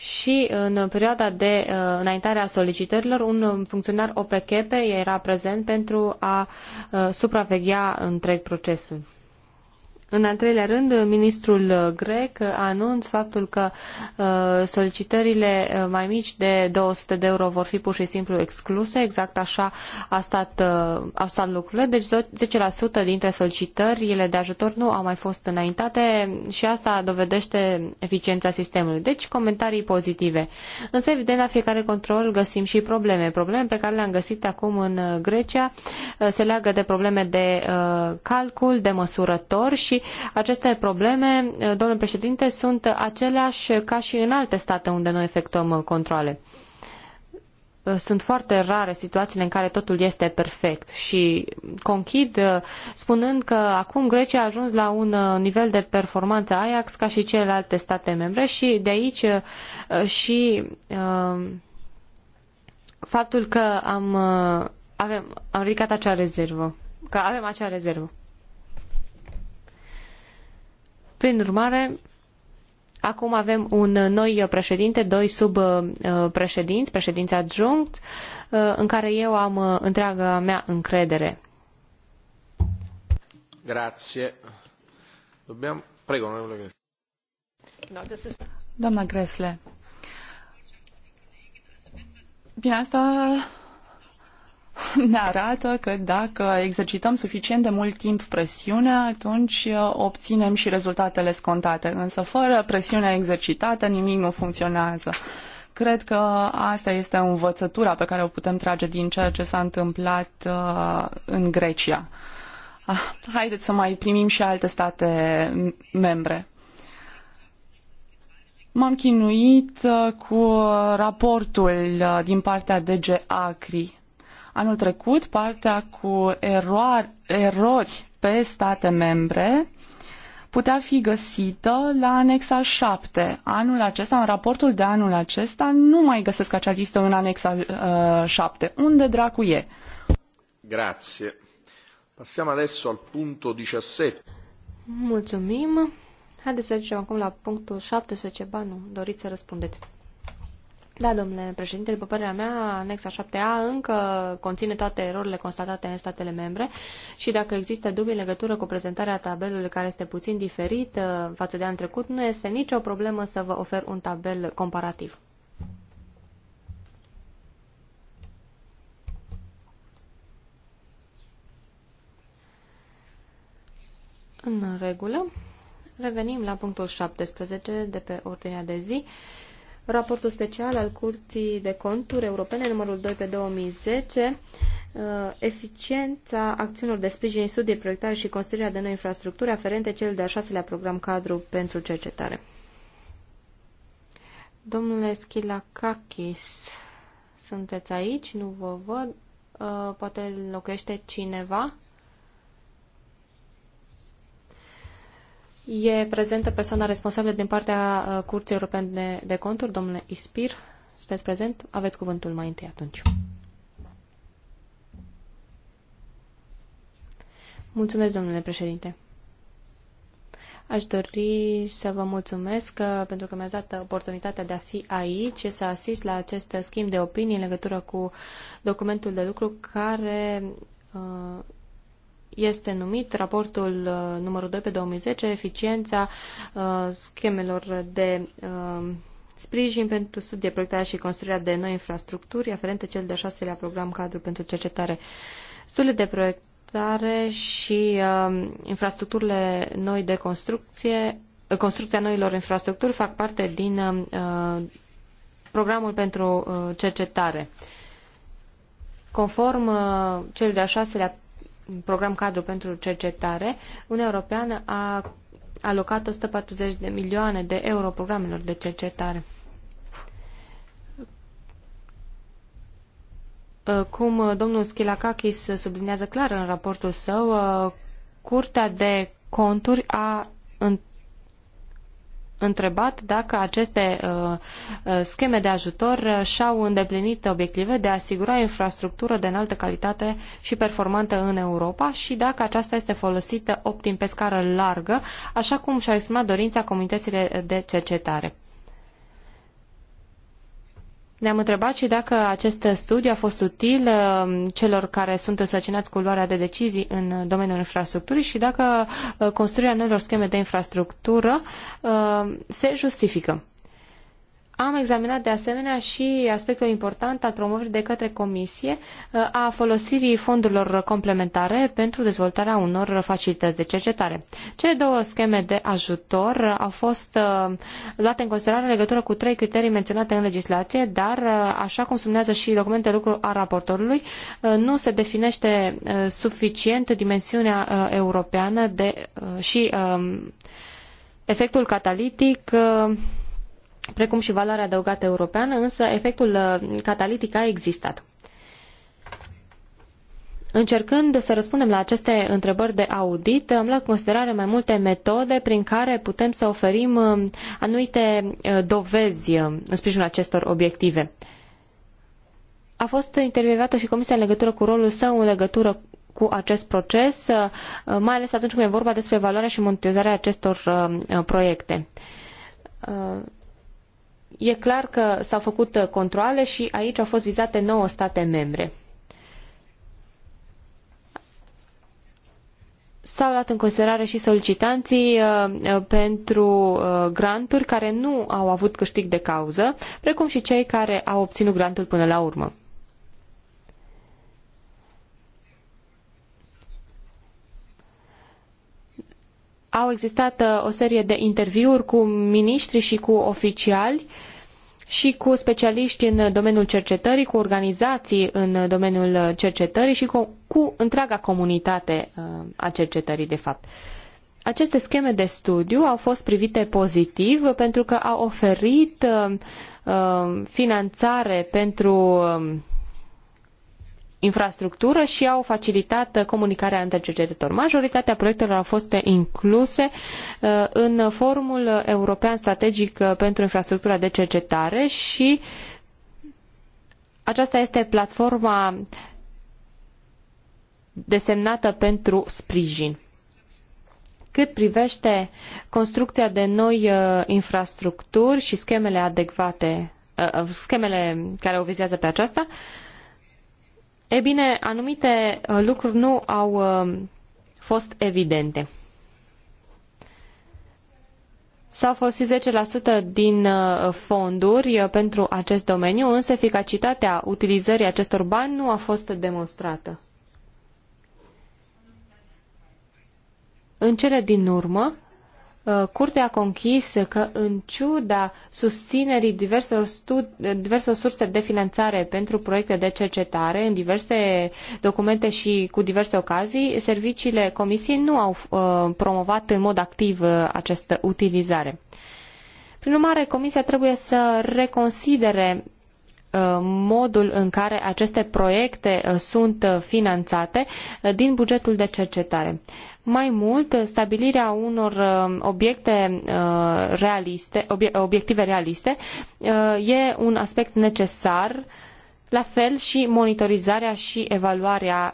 Speaker 2: și în perioada de uh, înaintare a solicitărilor, un um, funcționar OPCP era prezent pentru a uh, supraveghea întreg procesul. În al treilea rând, ministrul uh, grec a anunț faptul că uh, solicitările uh, mai mici de 200 de euro vor fi pur și simplu excluse, exact așa a stat, au stat lucrurile, deci 10% dintre solicitările de ajutor nu au mai fost înaintate și asta dovedește eficiența sistemului. Deci comentarii pozitive. Însă, evident, la fiecare control găsim și probleme. Probleme pe care le-am găsit acum în Grecia se leagă de probleme de calcul, de măsurător și aceste probleme, eh, domnule președinte, sunt aceleași ca și în alte state unde noi efectuăm eh, controle eh, sunt foarte rare situațiile în care totul este perfect și conchid spunând că acum Grecia a ajuns la un nivel de performanță Ajax ca și celelalte state membre și de aici și faptul că am, avem, am ridicat acea rezervă, că avem acea rezervă. Prin urmare, acum avem un noi președinte, doi subpreședinți, uh, președinți adjunct, uh, în care eu am uh, întreaga mea încredere.
Speaker 4: Grazie. Dobbiam... Prego,
Speaker 5: this is...
Speaker 1: Doamna Gresle. Bine, asta ne arată că dacă exercităm suficient de mult timp presiunea, atunci uh, obținem și rezultatele scontate. Însă fără presiunea exercitată nimic nu funcționează. Cred că asta este învățătura pe care o putem trage din ceea ce s-a întâmplat uh, în Grecia. Ah, haideți să mai primim și alte state membre. M-am chinuit uh, cu raportul uh, din partea DG Acri Anul trecut, partea cu eroari, erori pe state membre putea fi găsită la anexa 7. Anul acesta, în raportul de anul acesta, nu mai găsesc acea listă în anexa uh, 7. Unde dracu e?
Speaker 4: Grazie. Passiamo adesso al punto 17.
Speaker 2: Mulțumim. Haideți să ajungem acum la punctul 17. Ba nu, doriți să răspundeți. Da, domnule președinte, după părerea mea, anexa 7A încă conține toate erorile constatate în statele membre și dacă există dubii în legătură cu prezentarea tabelului care este puțin diferit uh, față de anul trecut, nu este nicio problemă să vă ofer un tabel comparativ. În regulă. Revenim la punctul 17 de pe ordinea de zi. Uh, raportul special al Curții de Conturi Europene, numărul 2 pe 2010, uh, eficiența acțiunilor de sprijin, studii, proiectare și construirea de noi infrastructuri aferente cel de a șaselea program cadru pentru cercetare. Domnule Schilakakis, sunteți aici? Nu vă văd. Uh, poate locuiește cineva? E prezentă persoana responsabilă din partea uh, Curții Europene de Conturi, domnule Ispir. Sunteți prezent? Aveți cuvântul mai întâi atunci. Mulțumesc, domnule președinte. Aș dori să vă mulțumesc că, uh, pentru că mi-ați dat oportunitatea de a fi aici și să asist la acest schimb de opinii în legătură cu documentul de lucru care uh, este numit raportul uh, numărul 2 pe 2010, eficiența uh, schemelor de uh, sprijin pentru studie, proiectarea și construirea de noi infrastructuri, aferente cel de-a șaselea program cadru pentru cercetare. Studiile de proiectare și uh, infrastructurile noi de construcție, construcția noilor infrastructuri fac parte din uh, programul pentru uh, cercetare. Conform uh, cel de-a șaselea program cadru pentru cercetare, Uniunea Europeană a alocat 140 de milioane de euro programelor de cercetare. Uh, cum domnul Schilakakis sublinează clar în raportul său, uh, Curtea de Conturi a întrebat dacă aceste uh, uh, scheme de ajutor uh, și-au îndeplinit obiective de a asigura infrastructură de înaltă calitate și performantă în Europa și dacă aceasta este folosită optim pe scară largă, așa cum și-a exprimat dorința comunităților de cercetare. Ne-am întrebat și dacă acest studiu a fost util uh, celor care sunt însăcinați cu luarea de decizii în domeniul infrastructurii și dacă uh, construirea noilor scheme de infrastructură uh, se justifică. Am examinat de asemenea și aspectul important al promovării de către Comisie uh, a folosirii fondurilor complementare pentru dezvoltarea unor facilități de cercetare. Cele două scheme de ajutor uh, au fost uh, luate în considerare în legătură cu trei criterii menționate în legislație, dar, așa cum subliniază și documentul de lucru a raportorului, nu se definește suficient dimensiunea europeană de, și um, efectul catalitic precum și valoarea adăugată europeană, însă efectul uh, catalitic a existat. Încercând să răspundem la aceste întrebări de audit, am luat considerare mai multe metode prin care putem să oferim uh, anumite uh, dovezi în sprijinul acestor obiective. A fost intervievată și Comisia în legătură cu rolul său în legătură cu acest proces, mai ales atunci când e vorba despre valoarea și monetizarea acestor proiecte E clar că s-au făcut uh, controale și aici au fost vizate 9 state membre. s-au luat în considerare și solicitanții uh, uh, pentru granturi care nu au avut câștig de cauză, precum și cei care au obținut grantul până la urmă. Au existat o serie de interviuri cu miniștri și cu oficiali uh, și cu specialiști în domeniul cercetării, cu organizații în domeniul cercetării și cu, cu întreaga comunitate uh, a cercetării, de fapt. Aceste scheme de studiu au fost privite pozitiv pentru că au oferit uh, uh finanțare pentru um, infrastructură și au facilitat comunicarea între cercetători. Majoritatea proiectelor au fost incluse uh, în Forumul European Strategic uh, pentru Infrastructura de Cercetare și aceasta este platforma desemnată pentru sprijin. Cât privește construcția de noi uh, infrastructuri și schemele adecvate, schemele care o vizează pe aceasta, E bine, anumite uh, lucruri nu au uh, fost evidente. S-au folosit 10% din uh, fonduri pentru acest domeniu, însă eficacitatea utilizării acestor bani nu a fost demonstrată. În cele din urmă, Uh, curtea a conchis că, în ciuda susținerii diverselor, diverselor surse de finanțare pentru proiecte de cercetare, în diverse documente și cu diverse ocazii, serviciile Comisiei nu au uh, promovat în mod activ uh, această utilizare. Prin urmare, Comisia trebuie să reconsidere uh, modul în care aceste proiecte uh, sunt finanțate din bugetul de cercetare. Mai mult, stabilirea unor uh, obiecte uh, realiste, obiective realiste uh, e un aspect necesar, la fel și monitorizarea și evaluarea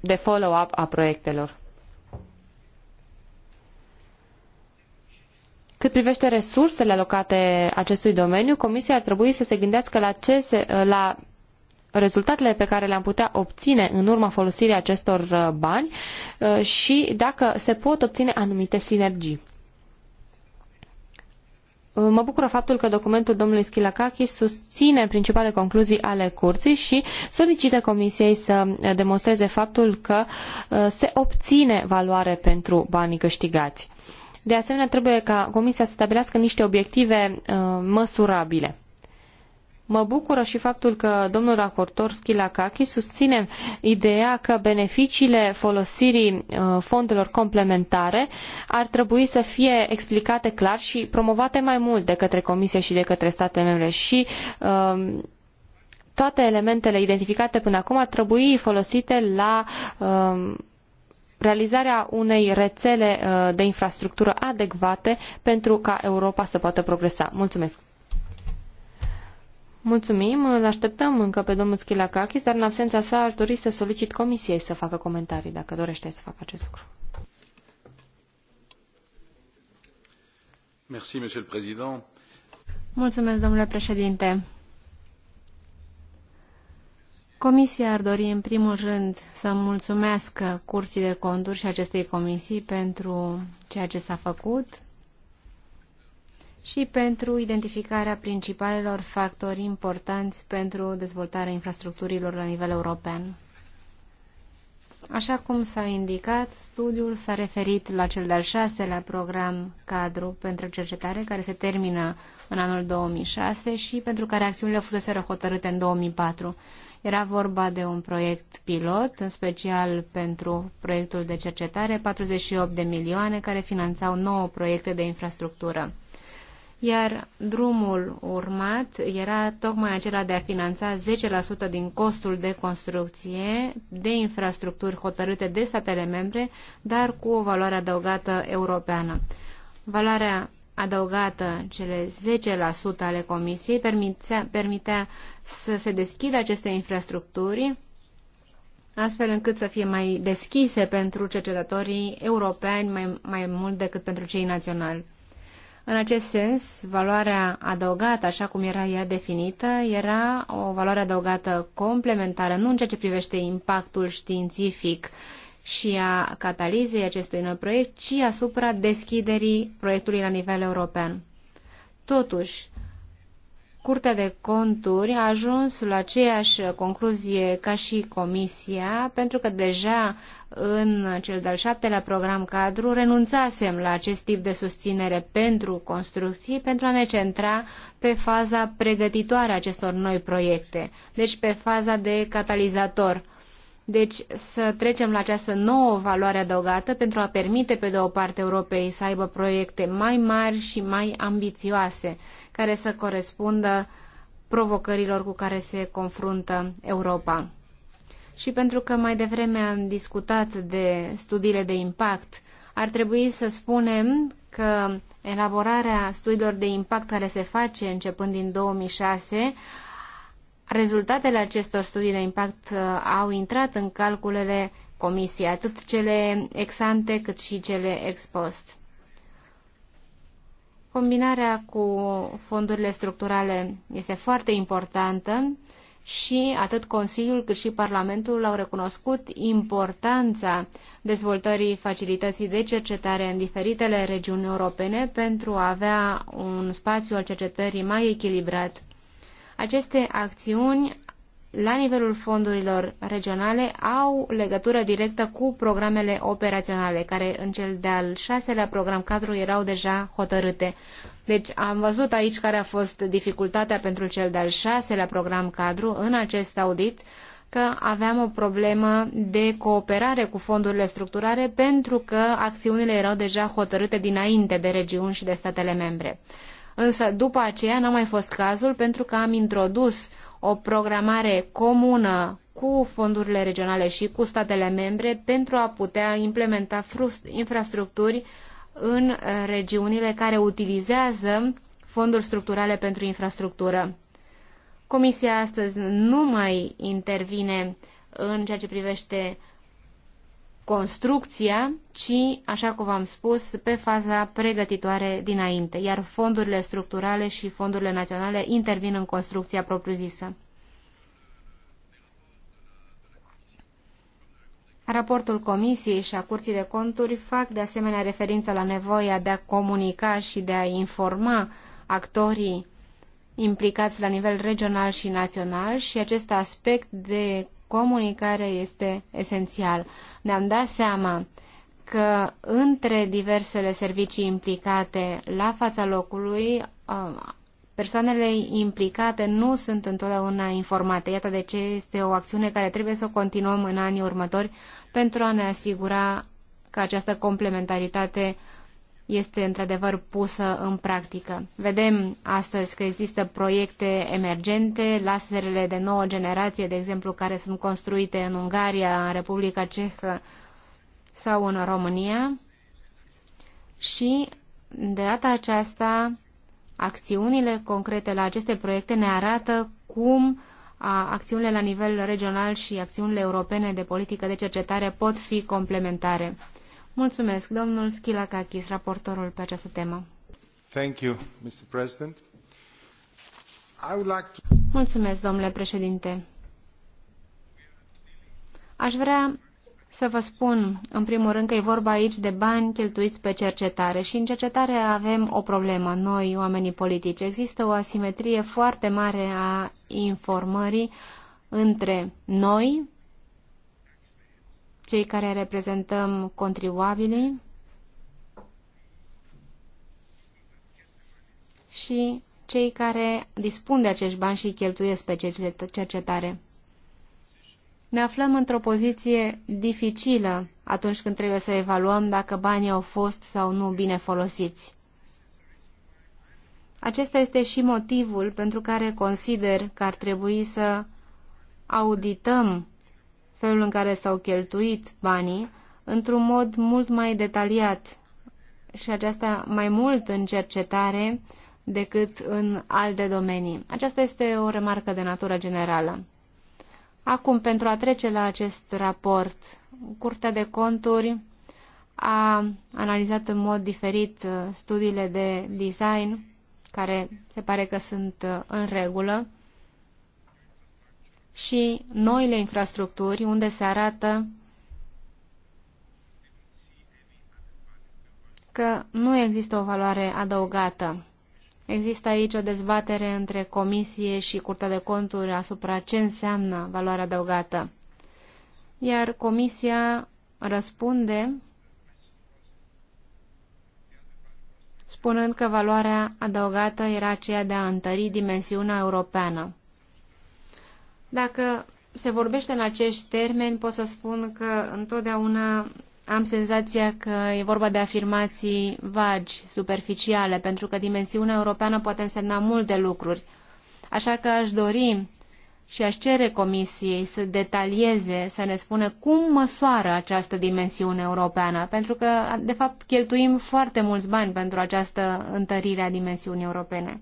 Speaker 2: de follow-up a proiectelor. Cât privește resursele alocate acestui domeniu, Comisia ar trebui să se gândească la, ce se, la rezultatele pe care le-am putea obține în urma folosirii acestor uh, bani uh, și dacă se pot obține anumite sinergii. Uh, mă bucură faptul că documentul domnului Schilacaki susține principale concluzii ale curții și solicită comisiei să demonstreze faptul că se obține valoare pentru banii câștigați. De asemenea, trebuie ca comisia să stabilească niște obiective măsurabile. Mă bucură și faptul că domnul raportor Schilacaki susține ideea că beneficiile folosirii uh, fondelor complementare ar trebui să fie explicate clar și promovate mai mult de către Comisie și de către state membre și um, toate elementele identificate până acum ar trebui folosite la um, realizarea unei rețele de infrastructură adecvate pentru ca Europa să poată progresa. Mulțumesc! Mulțumim, îl așteptăm încă pe domnul Schilacakis, dar în absența sa aș dori să solicit comisiei să facă comentarii, dacă dorește să facă acest lucru.
Speaker 4: Merci, monsieur le président.
Speaker 2: Mulțumesc,
Speaker 5: domnule președinte. Comisia ar dori în primul rând să mulțumesc Curții de Conturi și acestei comisii pentru ceea ce s-a făcut, și pentru identificarea principalelor factori importanți pentru dezvoltarea infrastructurilor la nivel european. Așa cum s-a indicat, studiul s-a referit la cel de-al șaselea program cadru pentru cercetare, care se termină în anul 2006 și pentru care acțiunile fuseseră hotărâte în 2004. Era vorba de un proiect pilot, în special pentru proiectul de cercetare, 48 de milioane, care finanțau 9 proiecte de infrastructură iar drumul urmat era tocmai acela de a finanța 10% din costul de construcție de infrastructuri hotărâte de statele membre, dar cu o valoare adăugată europeană. Valoarea adăugată, cele 10% ale comisiei, permitea, permitea să se deschidă aceste infrastructuri, astfel încât să fie mai deschise pentru cercetătorii europeni mai, mai mult decât pentru cei naționali. În acest sens, valoarea adăugată, așa cum era ea definită, era o valoare adăugată complementară, nu în ceea ce privește impactul științific și a catalizei acestui nou proiect, ci asupra deschiderii proiectului la nivel european. Totuși, Curtea de Conturi a ajuns la aceeași concluzie ca și Comisia, pentru că deja în cel de-al șaptelea program cadru renunțasem la acest tip de susținere pentru construcții pentru a ne centra pe faza pregătitoare a acestor noi proiecte, deci pe faza de catalizator. Deci să trecem la această nouă valoare adăugată pentru a permite pe de o parte Europei să aibă proiecte mai mari și mai ambițioase care să corespundă provocărilor cu care se confruntă Europa. Și pentru că mai devreme am discutat de studiile de impact, ar trebui să spunem că elaborarea studiilor de impact care se face începând din 2006 Rezultatele acestor studii de impact uh, au intrat în calculele comisiei, atât cele ex ante cât și cele ex post. Combinarea cu fondurile structurale este foarte importantă și atât Consiliul cât și Parlamentul au recunoscut importanța dezvoltării facilității de cercetare în diferitele regiuni europene pentru a avea un spațiu al cercetării mai echilibrat. Aceste acțiuni la nivelul fondurilor regionale au legătură directă cu programele operaționale, care în cel de-al șaselea program cadru erau deja hotărâte. Deci am văzut aici care a fost dificultatea pentru cel de-al șaselea program cadru în acest audit, că aveam o problemă de cooperare cu fondurile structurare pentru că acțiunile erau deja hotărâte dinainte de regiuni și de statele membre. Însă după aceea n-a mai fost cazul pentru că am introdus uh, o programare comună cu fondurile regionale și cu statele membre pentru a putea implementa infrastructuri în regiunile care utilizează fonduri structurale pentru infrastructură. Comisia astăzi nu mai intervine în ceea ce privește construcția, ci, așa cum v-am spus, pe faza pregătitoare dinainte, iar fondurile structurale și fondurile naționale intervin în construcția propriu-zisă. Raportul Comisiei și a Curții de Conturi fac de asemenea referință la nevoia de a comunica și de a informa actorii implicați la nivel regional și național și acest aspect de comunicare este esențial. Ne-am dat seama că între diversele servicii implicate la fața locului, persoanele implicate nu sunt întotdeauna informate. Iată de ce este o acțiune care trebuie să o continuăm în anii următori pentru a ne asigura că această complementaritate este într-adevăr pusă în practică. Vedem astăzi că există proiecte emergente, laserele de nouă generație, de exemplu, care sunt construite în Ungaria, în Republica Cehă sau în România. Și de data aceasta, acțiunile concrete la aceste proiecte ne arată cum acțiunile la nivel regional și acțiunile europene de politică de cercetare pot fi complementare. Mulțumesc, domnul Schilakakis, raportorul pe această temă.
Speaker 3: Thank you, Mr. President. I would like to...
Speaker 5: Mulțumesc, domnule președinte. Aș vrea să vă spun, în primul rând, că e vorba aici de bani cheltuiți pe cercetare și în cercetare avem o problemă, noi, oamenii politici. Există o asimetrie foarte mare a informării între noi, cei care reprezentăm contribuabilii și cei care dispun de acești bani și îi cheltuiesc pe cercetare. Ne aflăm într-o poziție dificilă atunci când trebuie să evaluăm dacă banii au fost sau nu bine folosiți. Acesta este și motivul pentru care consider că ar trebui să audităm felul în care s-au cheltuit banii într-un mod mult mai detaliat și aceasta mai mult în cercetare decât în alte domenii. Aceasta este o remarcă de natură generală. Acum, pentru a trece la acest raport, Curtea de Conturi a analizat în mod diferit uh, studiile de design, care se pare că sunt uh, în regulă, și noile infrastructuri unde se arată că nu există o valoare adăugată. Există aici o dezbatere între comisie și Curtea de Conturi asupra ce înseamnă valoarea adăugată. Iar comisia răspunde spunând că valoarea adăugată era aceea de a întări dimensiunea europeană. Dacă se vorbește în acești termeni, pot să spun că întotdeauna am senzația că e vorba de afirmații vagi, superficiale, pentru că dimensiunea europeană poate însemna multe lucruri. Așa că aș dori și aș cere Comisiei să detalieze, să ne spună cum măsoară această dimensiune europeană, pentru că, de fapt, cheltuim foarte mulți bani pentru această întărire a dimensiunii europene.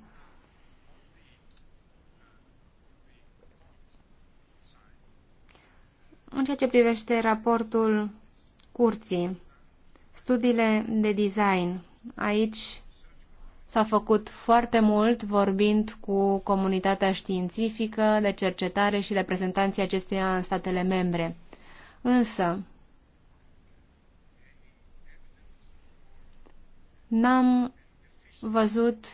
Speaker 5: În ceea ce privește raportul curții, studiile de design, aici s-a făcut foarte mult vorbind cu comunitatea științifică, de cercetare și reprezentanții acesteia în statele membre. Însă, n-am văzut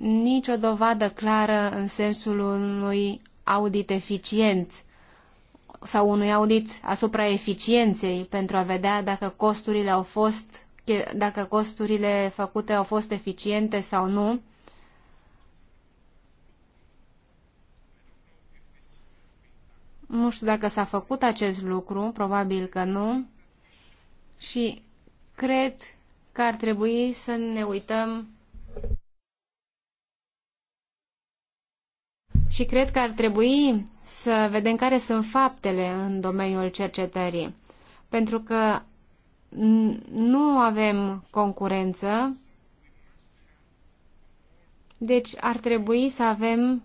Speaker 5: nicio dovadă clară în sensul unui audit eficient sau unui audit asupra eficienței pentru a vedea dacă costurile au fost dacă costurile făcute au fost eficiente sau nu. Nu știu dacă s-a făcut acest lucru, probabil că nu. Și cred că ar trebui să ne uităm și cred că ar trebui să vedem care sunt faptele în domeniul cercetării. Pentru că nu avem concurență, deci ar trebui să avem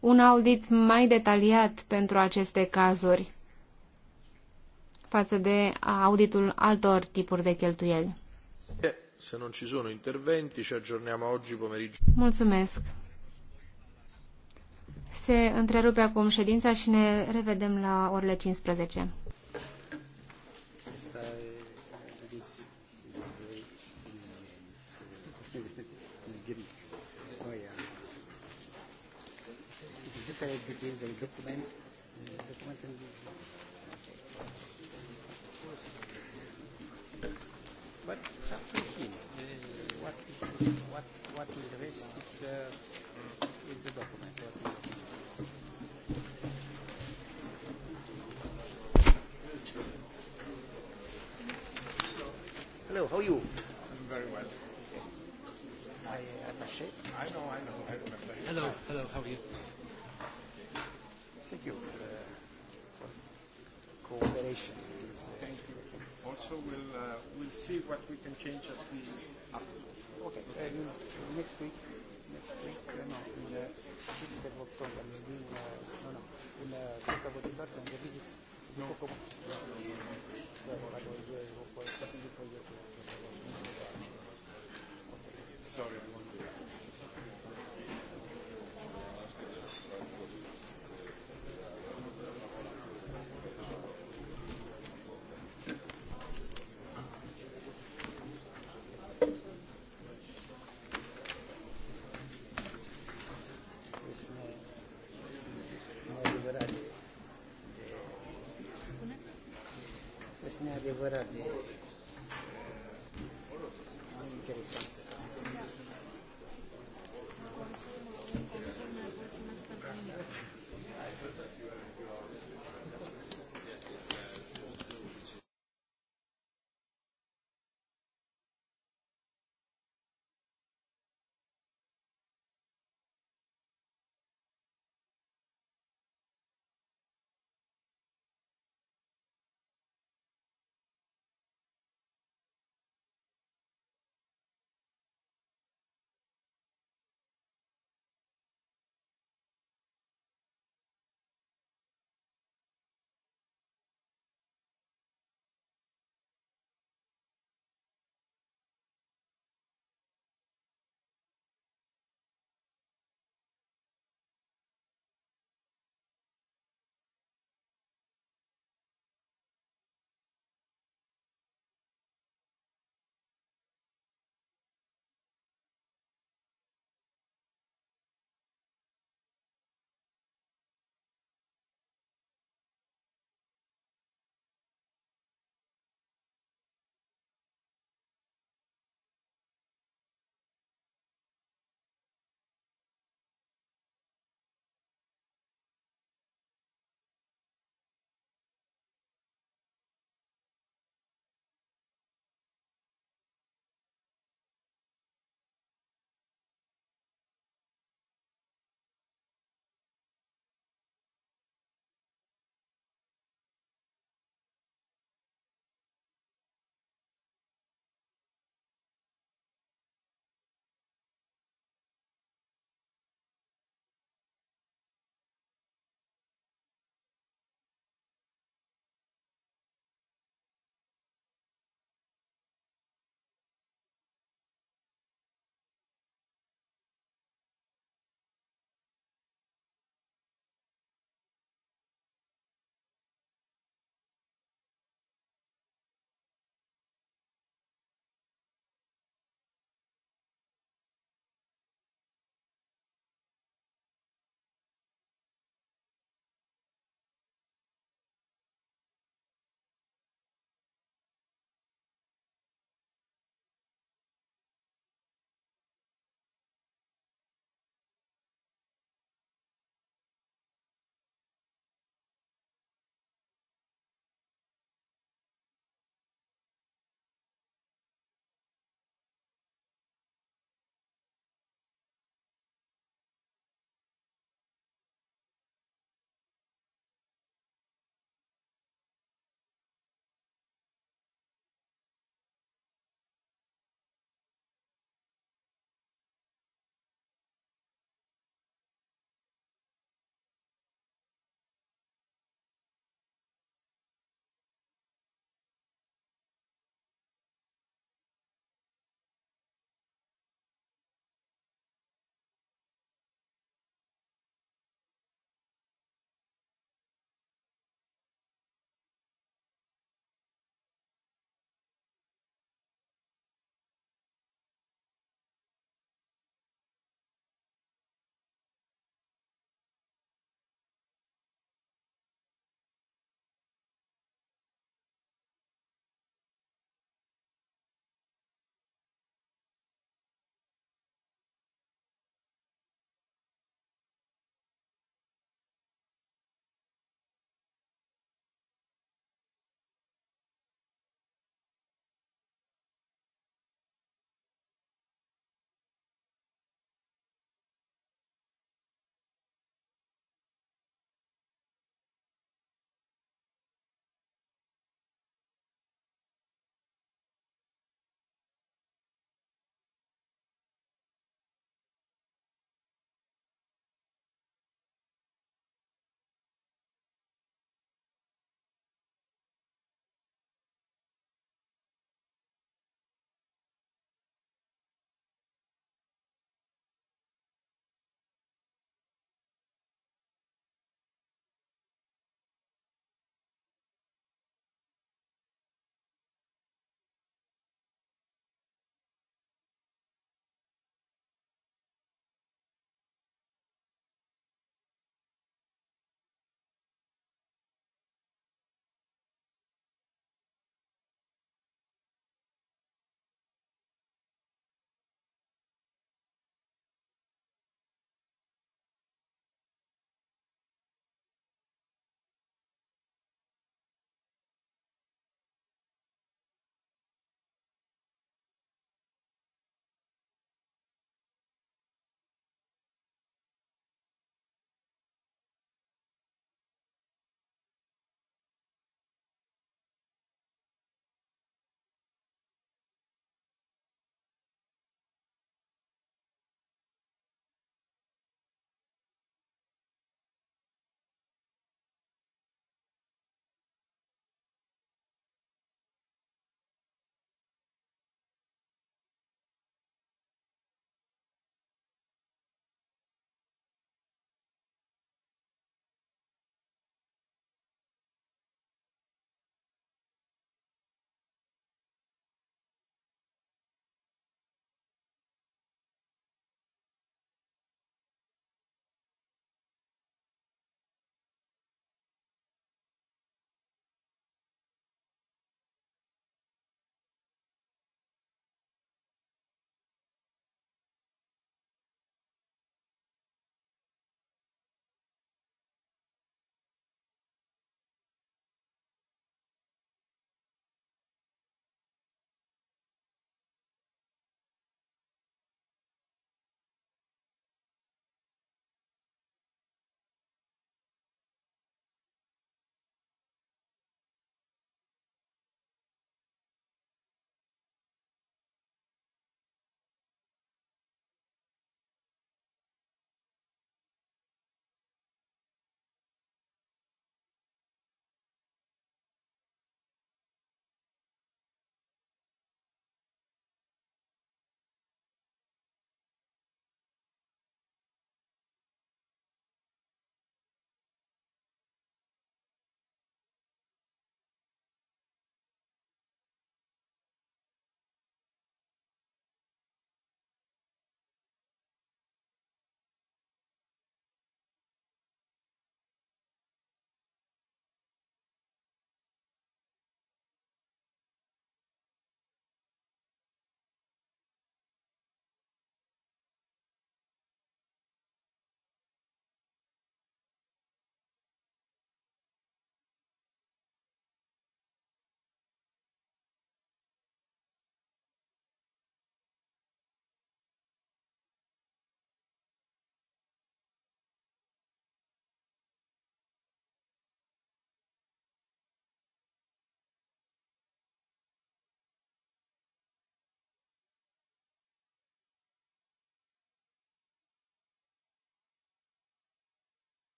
Speaker 5: un audit mai detaliat pentru aceste cazuri față de auditul altor tipuri de cheltuieli.
Speaker 4: Se non ci sono interventi, ci aggiorniamo oggi pomeriggio.
Speaker 5: Mulțumesc. Se întrerupe acum ședința și ne revedem la orele 15.
Speaker 3: Diferența
Speaker 4: are you? I'm very well. I attaché? I know, I know, I remember. Hello,
Speaker 3: hello,
Speaker 1: how are you? Thank you for,
Speaker 4: uh, for cooperation. Is, uh, Thank you. Also, we'll, uh, we'll see what we can change at the
Speaker 3: afternoon. Okay, uh, next week, next week, uh, no, in the 6th of October, we'll mean, in, uh, no, no, in uh, the Bank of Edinburgh, and the visit. No. So I was uh,
Speaker 1: hopeful, hoping for you to
Speaker 3: Sorry.